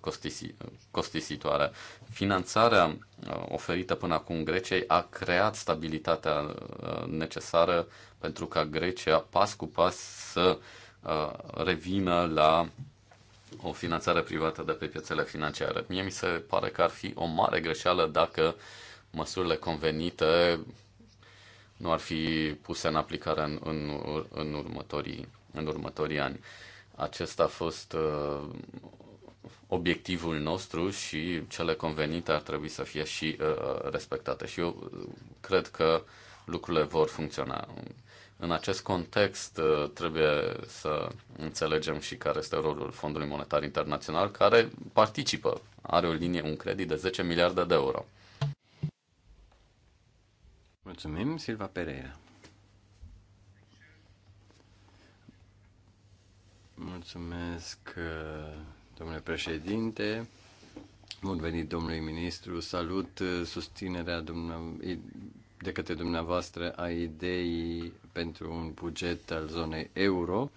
uh, costisitoare. Finanțarea uh, oferită până acum Greciei a creat stabilitatea necesară pentru ca Grecia pas cu pas să revină la o finanțare privată de pe piețele financiare. Mie mi se pare că ar fi o mare greșeală dacă uh, măsurile convenite nu ar fi puse în aplicare în, în, în, următorii, în următorii ani. Acesta a fost uh, obiectivul nostru și cele convenite ar trebui să fie și uh, respectate. Și eu uh, cred că lucrurile vor funcționa. În acest context uh, trebuie să înțelegem și care este rolul Fondului Monetar Internațional, care participă, are o linie, un credit de 10 miliarde de euro. Mulțumim, Silva Pereira. Mulțumesc, uh, domnule președinte. Bun venit, domnului ministru. Salut uh, susținerea de către dumneavoastră a ideii pentru un buget al zonei euro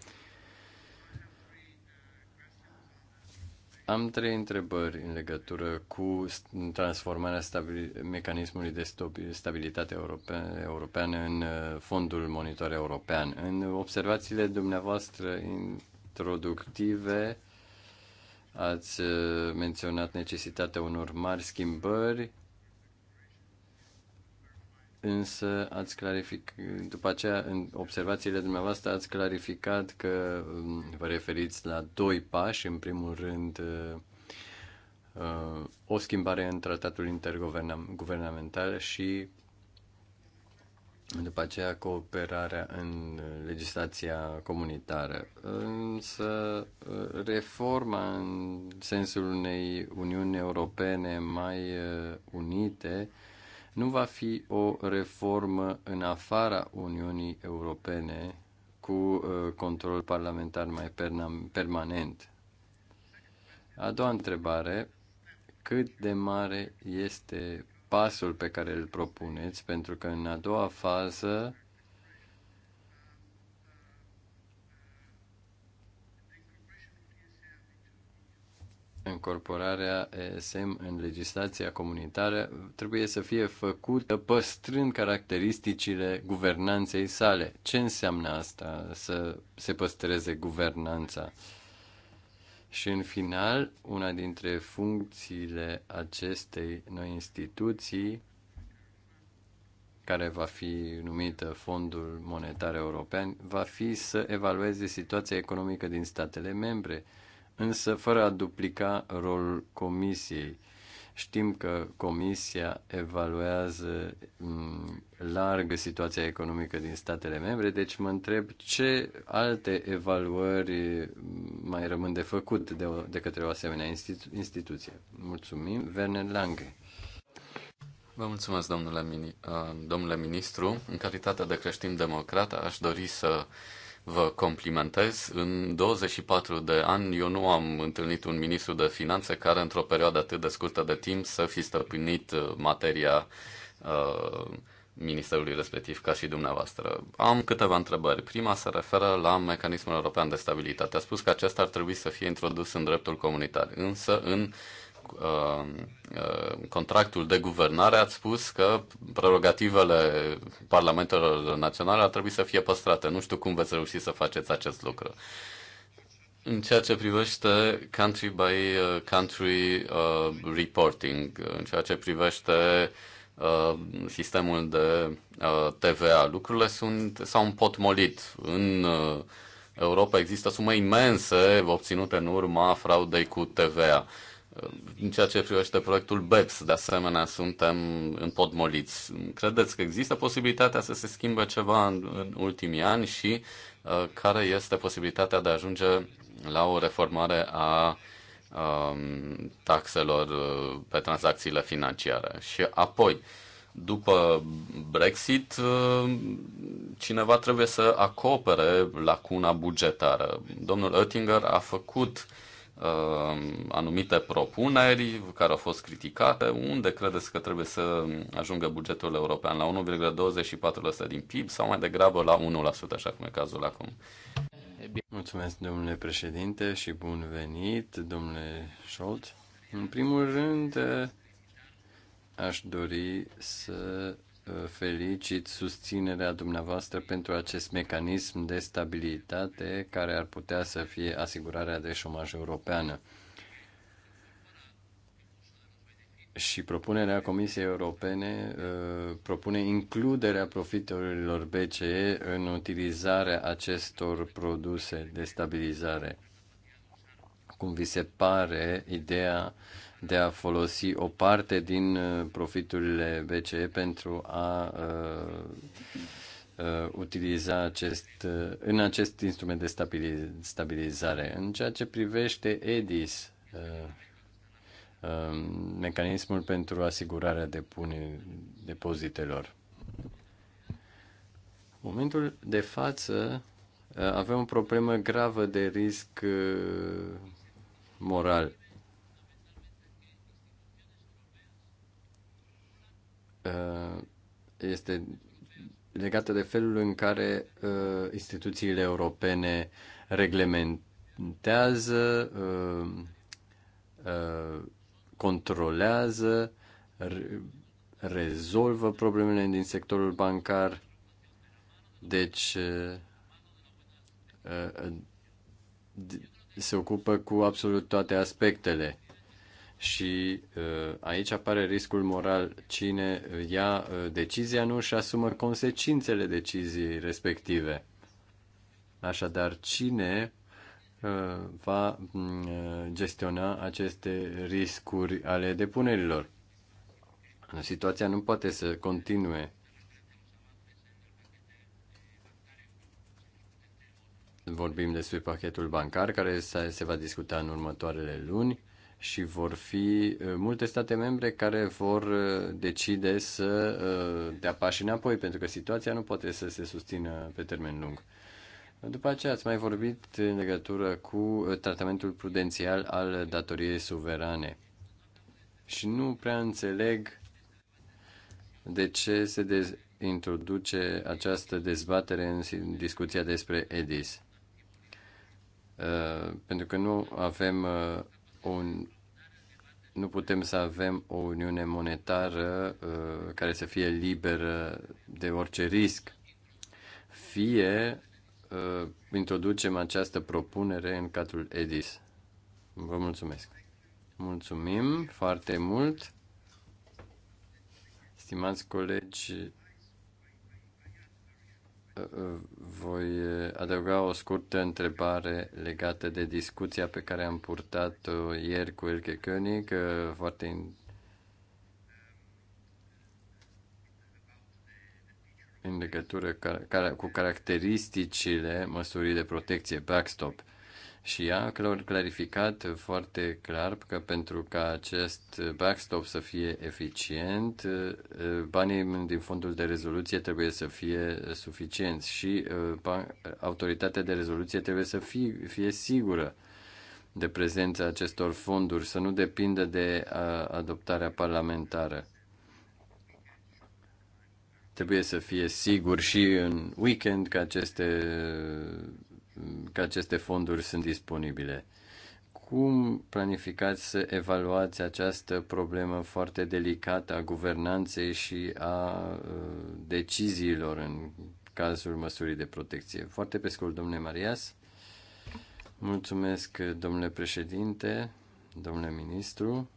Am trei întrebări în legătură cu transformarea stabil- mecanismului de stabilitate europe- europeană în uh, fondul monitor european. În observațiile dumneavoastră introductive ați uh, menționat necesitatea unor mari schimbări însă ați clarificat, după aceea, în observațiile dumneavoastră, ați clarificat că um, vă referiți la doi pași, în primul rând uh, o schimbare în tratatul interguvernamental și după aceea cooperarea în legislația comunitară. Însă reforma în sensul unei Uniuni Europene mai uh, unite nu va fi o reformă în afara Uniunii Europene cu uh, control parlamentar mai permanent. A doua întrebare, cât de mare este pasul pe care îl propuneți? Pentru că în a doua fază incorporarea ESM în legislația comunitară trebuie să fie făcută păstrând caracteristicile guvernanței sale. Ce înseamnă asta, să se păstreze guvernanța? Și în final, una dintre funcțiile acestei noi instituții, care va fi numită Fondul Monetar European, va fi să evalueze situația economică din statele membre, însă fără a duplica rolul comisiei. Știm că comisia evaluează larg situația economică din statele membre, deci mă întreb ce alte evaluări mai rămân de făcut de, o, de către o asemenea institu- instituție. Mulțumim, Werner Lange. Vă mulțumesc, domnule, mini, uh, domnule ministru. În calitate de creștin democrat, aș dori să vă complimentez. În 24 de ani eu nu am întâlnit un ministru de finanțe care într-o perioadă atât de scurtă de timp să fi stăpânit uh, materia uh, ministerului respectiv ca și dumneavoastră. Am câteva întrebări. Prima se referă la mecanismul european de stabilitate. A spus că acesta ar trebui să fie introdus în dreptul comunitar, însă în Uh, uh, contractul de guvernare ați spus că prerogativele parlamentelor naționale ar trebui să fie păstrate. Nu știu cum veți reuși să faceți acest lucru. În ceea ce privește country by uh, country uh, reporting, în ceea ce privește uh, sistemul de uh, TVA, lucrurile sunt, s-au împotmolit. În uh, Europa există sume imense obținute în urma fraudei cu TVA. Uh, în ceea ce privește proiectul BEPS, de asemenea, suntem împodmoliți. Credeți că există posibilitatea să se schimbe ceva în, în ultimii ani și uh, care este posibilitatea de a ajunge la o reformare a um, uh, taxelor pe tranzacțiile financiare? Și apoi, după Brexit, uh, cineva trebuie să acopere lacuna bugetară. Domnul Oettinger a făcut uh, Um, anumite propuneri care au fost criticate. Unde credeți că trebuie să ajungă bugetul european? La 1,24% din PIB sau mai degrabă la 1%, așa cum e cazul acum? Mulțumesc, domnule președinte, și bun venit, domnule Scholz. În primul rând, eh, aș dori să felicit susținerea dumneavoastră pentru acest mecanism de stabilitate care ar putea să fie asigurarea de șomaj europeană. Și propunerea Comisiei Europene uh, propune includerea profitorilor BCE în utilizarea acestor produse de stabilizare. Cum vi se pare ideea de a folosi o parte din uh, profiturile BCE pentru a uh, uh, utiliza acest, în acest instrument de stabilizare. În ceea ce privește EDIS, um, mecanismul pentru asigurarea depunerii depozitelor. În momentul de față avem o problemă gravă de risc moral. Uh, este legată de felul în care uh, instituțiile europene reglementează, uh, controlează, rezolvă problemele din sectorul bancar. Deci, se ocupă cu absolut toate aspectele. Și uh, aici apare riscul moral. Cine uh, ia uh, decizia nu și asumă consecințele deciziei respective. Așadar, cine va mm, gestiona aceste riscuri ale depunerilor? Situația nu poate să continue. Vorbim despre pachetul bancar care se va discuta în următoarele luni și vor fi uh, multe state membre care vor uh, decide să uh, dea pași înapoi, pentru că situația nu poate să se susțină pe termen lung. După aceea ați mai vorbit în legătură cu tratamentul prudențial al datoriei suverane. Și nu prea înțeleg de ce se dez- introduce această dezbatere în discuția despre EDIS. pentru că nu avem o, nu putem să avem o uniune monetară uh, care să fie liberă de orice risc. Fie uh, introducem această propunere în cadrul EDIS. Vă mulțumesc. Mulțumim foarte mult. Stimați colegi, voi adăuga o scurtă întrebare legată de discuția pe care am purtat-o ieri cu Elke König, uh, foarte în legătură cu caracteristicile măsurii de protecție backstop și ea a clarificat foarte clar că pentru ca acest backstop să fie eficient, uh, uh, banii din fondul de rezoluție trebuie să fie uh, suficienți și autoritatea de rezoluție trebuie să fie, fie sigură de prezența acestor fonduri, să nu depindă de adoptarea parlamentară trebuie să fie sigur și în weekend că aceste că aceste fonduri sunt disponibile. Cum planificați să evaluați această problemă foarte delicată a guvernanței și a uh, deciziilor în cazul măsurii de protecție? Foarte pe scurt, domnule Marias. Mulțumesc, domnule președinte, domnule ministru.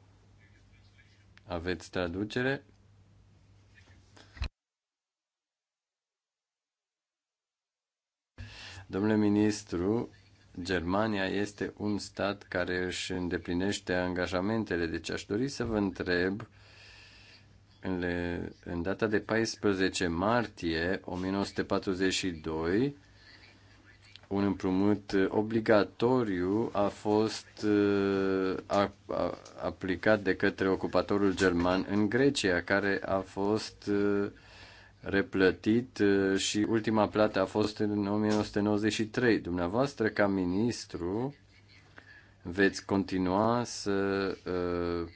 Aveți traducere? Domnule ministru, Germania este un stat care își îndeplinește angajamentele, deci aș dori să vă întreb în data de 14 martie 1942 un împrumut obligatoriu a fost uh, a, a, aplicat de către ocupatorul german în Grecia, care a fost uh, replătit uh, și ultima plată a fost în 1993. Dumneavoastră, ca ministru, veți continua să uh,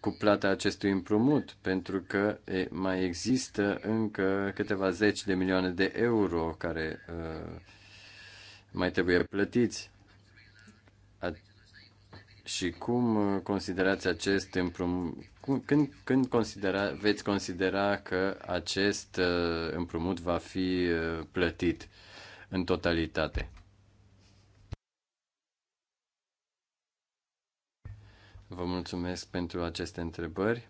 cu plata acestui împrumut, pentru că mai există încă câteva zeci de milioane de euro care uh, mai trebuie plătiți. și cum considerați acest împrum- când, când considera, veți considera că acest uh, împrumut va fi uh, plătit în totalitate? Vă mulțumesc pentru aceste întrebări.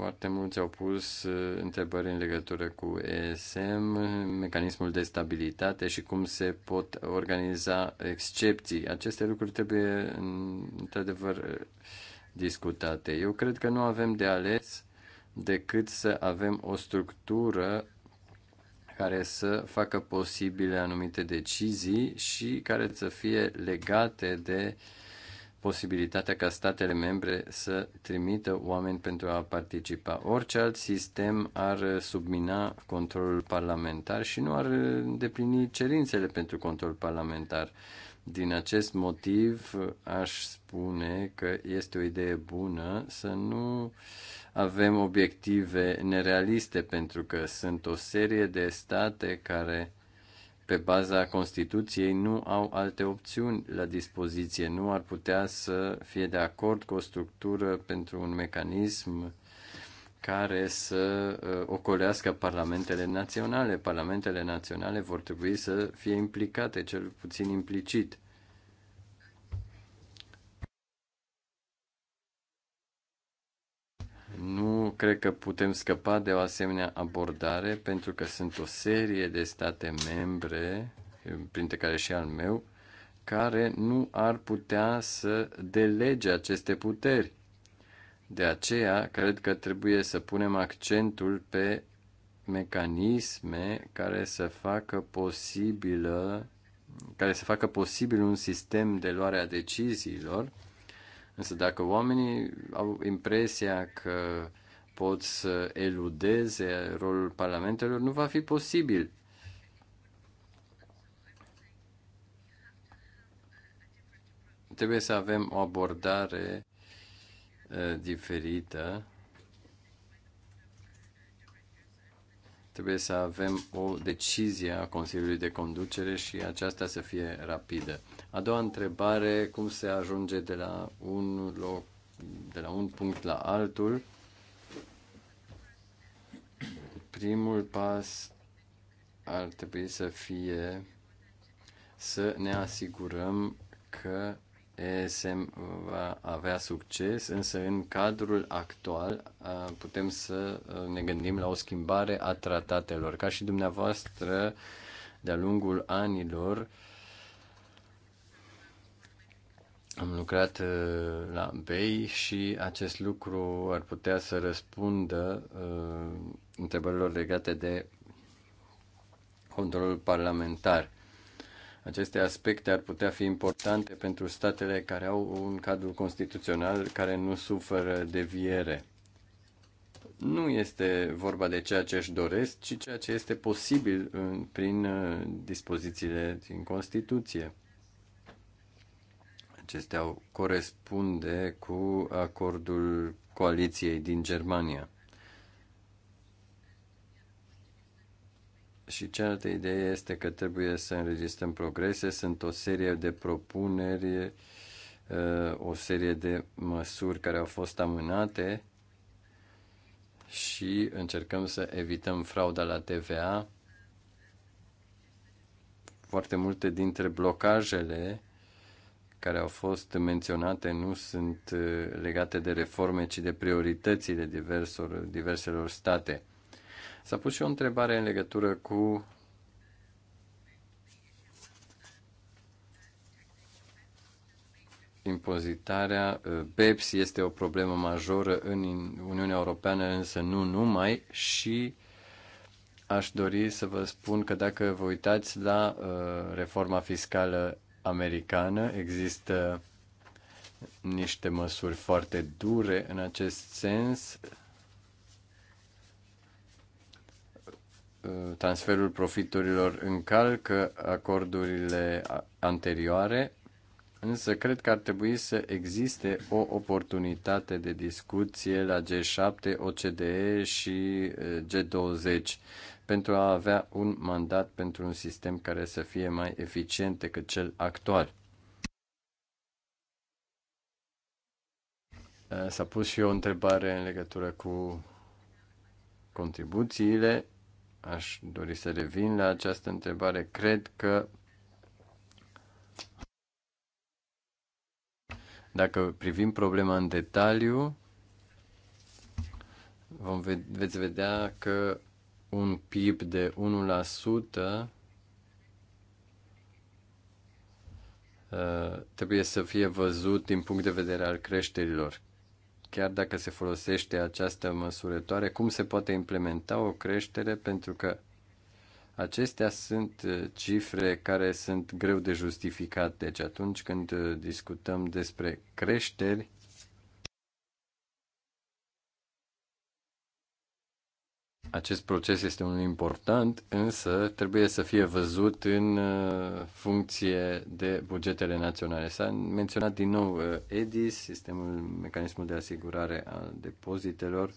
Foarte mulți au pus uh, întrebări în legătură cu ESM, mecanismul de stabilitate și cum se pot organiza excepții. Aceste lucruri trebuie într-adevăr discutate. Eu cred că nu avem de ales decât să avem o structură care să facă posibile anumite decizii și care să fie legate de uh, posibilitatea ca statele membre să trimită oameni pentru a participa. Orice alt sistem ar submina controlul parlamentar și nu ar îndeplini cerințele pentru control parlamentar. Din acest motiv, aș spune că este o idee bună să nu avem obiective nerealiste, pentru că sunt o serie de state care pe baza Constituției nu au alte opțiuni la dispoziție, nu ar putea să fie de acord cu o structură pentru un mecanism care să uh, ocolească parlamentele naționale. Parlamentele naționale vor trebui să fie implicate, cel puțin implicit. Nu cred că putem scăpa de o asemenea abordare, pentru că sunt o serie de state membre, printre care și al meu, care nu ar putea să delege aceste puteri. De aceea, cred că trebuie să punem accentul pe mecanisme care să facă posibilă care să facă posibil un sistem de luare a deciziilor Însă dacă oamenii au impresia că pot să eludeze rolul parlamentelor, nu va fi posibil. Trebuie să avem o abordare ă, diferită. Trebuie să avem o decizie a Consiliului de Conducere și aceasta să fie rapidă. A doua întrebare, cum se ajunge de la un loc, de la un punct la altul? Primul pas ar trebui să fie să ne asigurăm că ESM va avea succes, însă în cadrul actual putem să ne gândim la o schimbare a tratatelor. Ca și dumneavoastră, de-a lungul anilor, Am lucrat uh, la BEI și acest lucru ar putea să răspundă uh, întrebărilor legate de controlul parlamentar. Aceste aspecte ar putea fi importante pentru statele care au un cadru constituțional care nu suferă deviere. Nu este vorba de ceea ce își doresc, ci ceea ce este posibil prin uh, dispozițiile din Constituție. Acestea corespunde cu acordul coaliției din Germania. Și cealaltă idee este că trebuie să înregistrăm progrese. Sunt o serie de propuneri, uh, o serie de măsuri care au fost amânate și încercăm să evităm frauda la TVA. Foarte multe dintre blocajele care au fost menționate nu sunt uh, legate de reforme, ci de prioritățile diversor, diverselor state. S-a pus și o întrebare în legătură cu impozitarea. BEPS uh, este o problemă majoră în Uniunea Europeană, însă nu numai și aș dori să vă spun că dacă vă uitați la uh, reforma fiscală americană există niște măsuri foarte dure în acest sens. Transferul profiturilor încalcă acordurile anterioare Însă cred că ar trebui să existe o oportunitate de discuție la G7, OCDE și eh, G20 pentru a avea un mandat pentru un sistem care să fie mai eficient decât cel actual. Eh, s-a pus și o întrebare în legătură cu contribuțiile. Aș dori să revin la această întrebare. Cred că dacă privim problema în detaliu, vom ve- veți vedea că un PIB de 1% uh, trebuie să fie văzut din punct de vedere al creșterilor. Chiar dacă se folosește această măsurătoare, cum se poate implementa o creștere pentru că Acestea sunt uh, cifre care sunt greu de justificat. Deci atunci când uh, discutăm despre creșteri, acest proces este unul important, însă trebuie să fie văzut în uh, funcție de bugetele naționale. S-a menționat din nou EDIS, sistemul mecanismul de asigurare a depozitelor,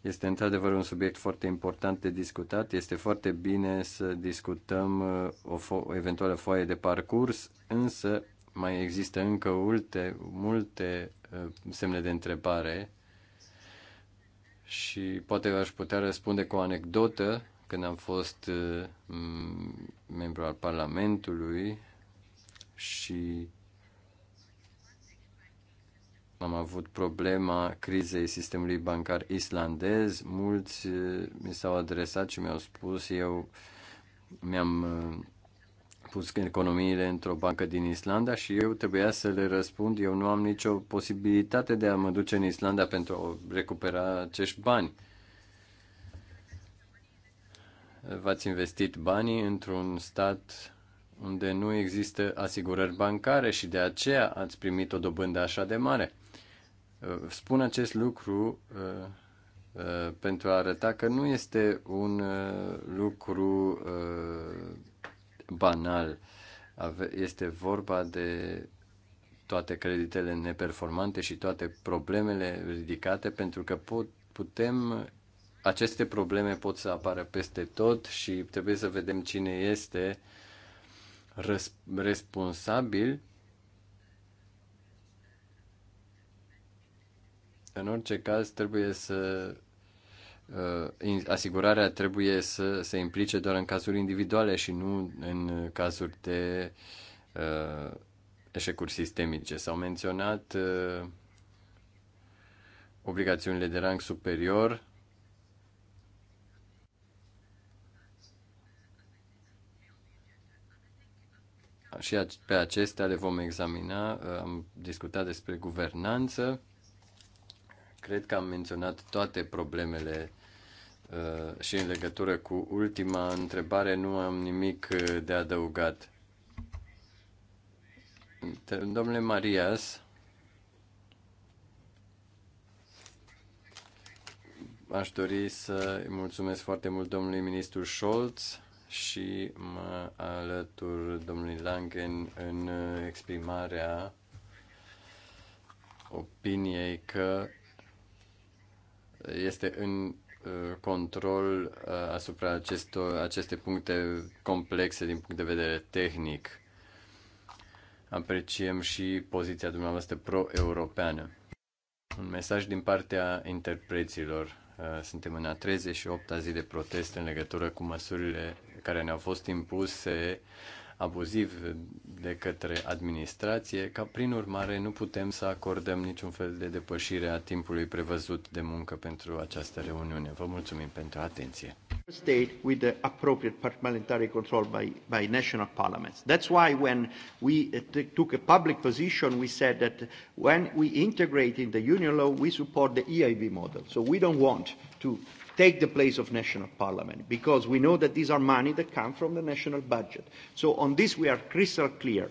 este într-adevăr un subiect foarte important de discutat. Este foarte bine să discutăm uh, o, fo- o eventuală foaie de parcurs, însă mai există încă multe, multe uh, semne de întrebare și poate aș putea răspunde cu o anecdotă când am fost uh, membru al Parlamentului și am avut problema crizei sistemului bancar islandez. Mulți eh, mi s-au adresat și mi-au spus eu mi-am eh, pus economiile într-o bancă din Islanda și eu trebuia să le răspund, eu nu am nicio posibilitate de a mă duce în Islanda pentru a recupera acești bani. V-ați investit banii într-un stat unde nu există asigurări bancare și de aceea ați primit o dobândă așa de mare. Uh, spun acest lucru uh, uh, pentru a arăta că nu este un lucru banal. Este vorba de toate creditele neperformante și toate problemele ridicate, pentru că pot, putem, aceste probleme pot să apară peste tot și trebuie să vedem cine este responsabil În orice caz, trebuie să uh, asigurarea trebuie să se implice doar în cazuri individuale și nu în cazuri de uh, eșecuri sistemice. S-au menționat uh, obligațiunile de rang superior. Și pe acestea le vom examina. Uh, am discutat despre guvernanță. Cred că am menționat toate problemele uh, și în legătură cu ultima întrebare nu am nimic uh, de adăugat. Domnule Marias, aș dori să mulțumesc foarte mult domnului ministru Scholz și mă alătur domnului Langen în uh, exprimarea opiniei că este în uh, control uh, asupra acestor, aceste puncte complexe din punct de vedere tehnic. Apreciem și poziția dumneavoastră pro-europeană. Un mesaj din partea interpreților. Uh, suntem în a 38-a zi de protest în legătură cu măsurile care ne-au fost impuse uh, abuziv de către administrație, ca prin urmare nu putem să acordăm niciun fel de depășire a timpului prevăzut de muncă pentru această reuniune. Vă mulțumim pentru atenție. State with the appropriate parliamentary control by, by national parliaments. That's why when we uh, took a public position, we said that when we integrate in the union law, we support the EIB model. So we don't want to take the place of national parliament because we know that these are money that come from the national budget. So on this we are crystal clear.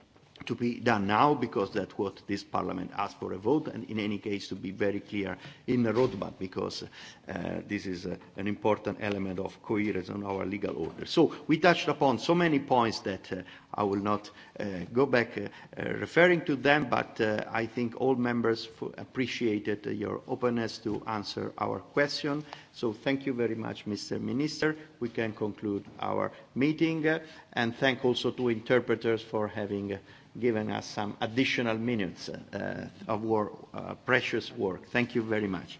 to be done now because that's what this parliament asked for a vote and in any case to be very clear in the roadmap because uh, this is a, uh, an important element of coherence on our legal order. So we touched upon so many points that uh, I will not uh, go back uh, uh, referring to them but uh, I think all members appreciated uh, your openness to answer our question. So thank you very much Mr. Minister. We can conclude our meeting uh, and thank also to interpreters for having uh, given us some additional minutes uh, of work, uh, precious work. Thank you very much.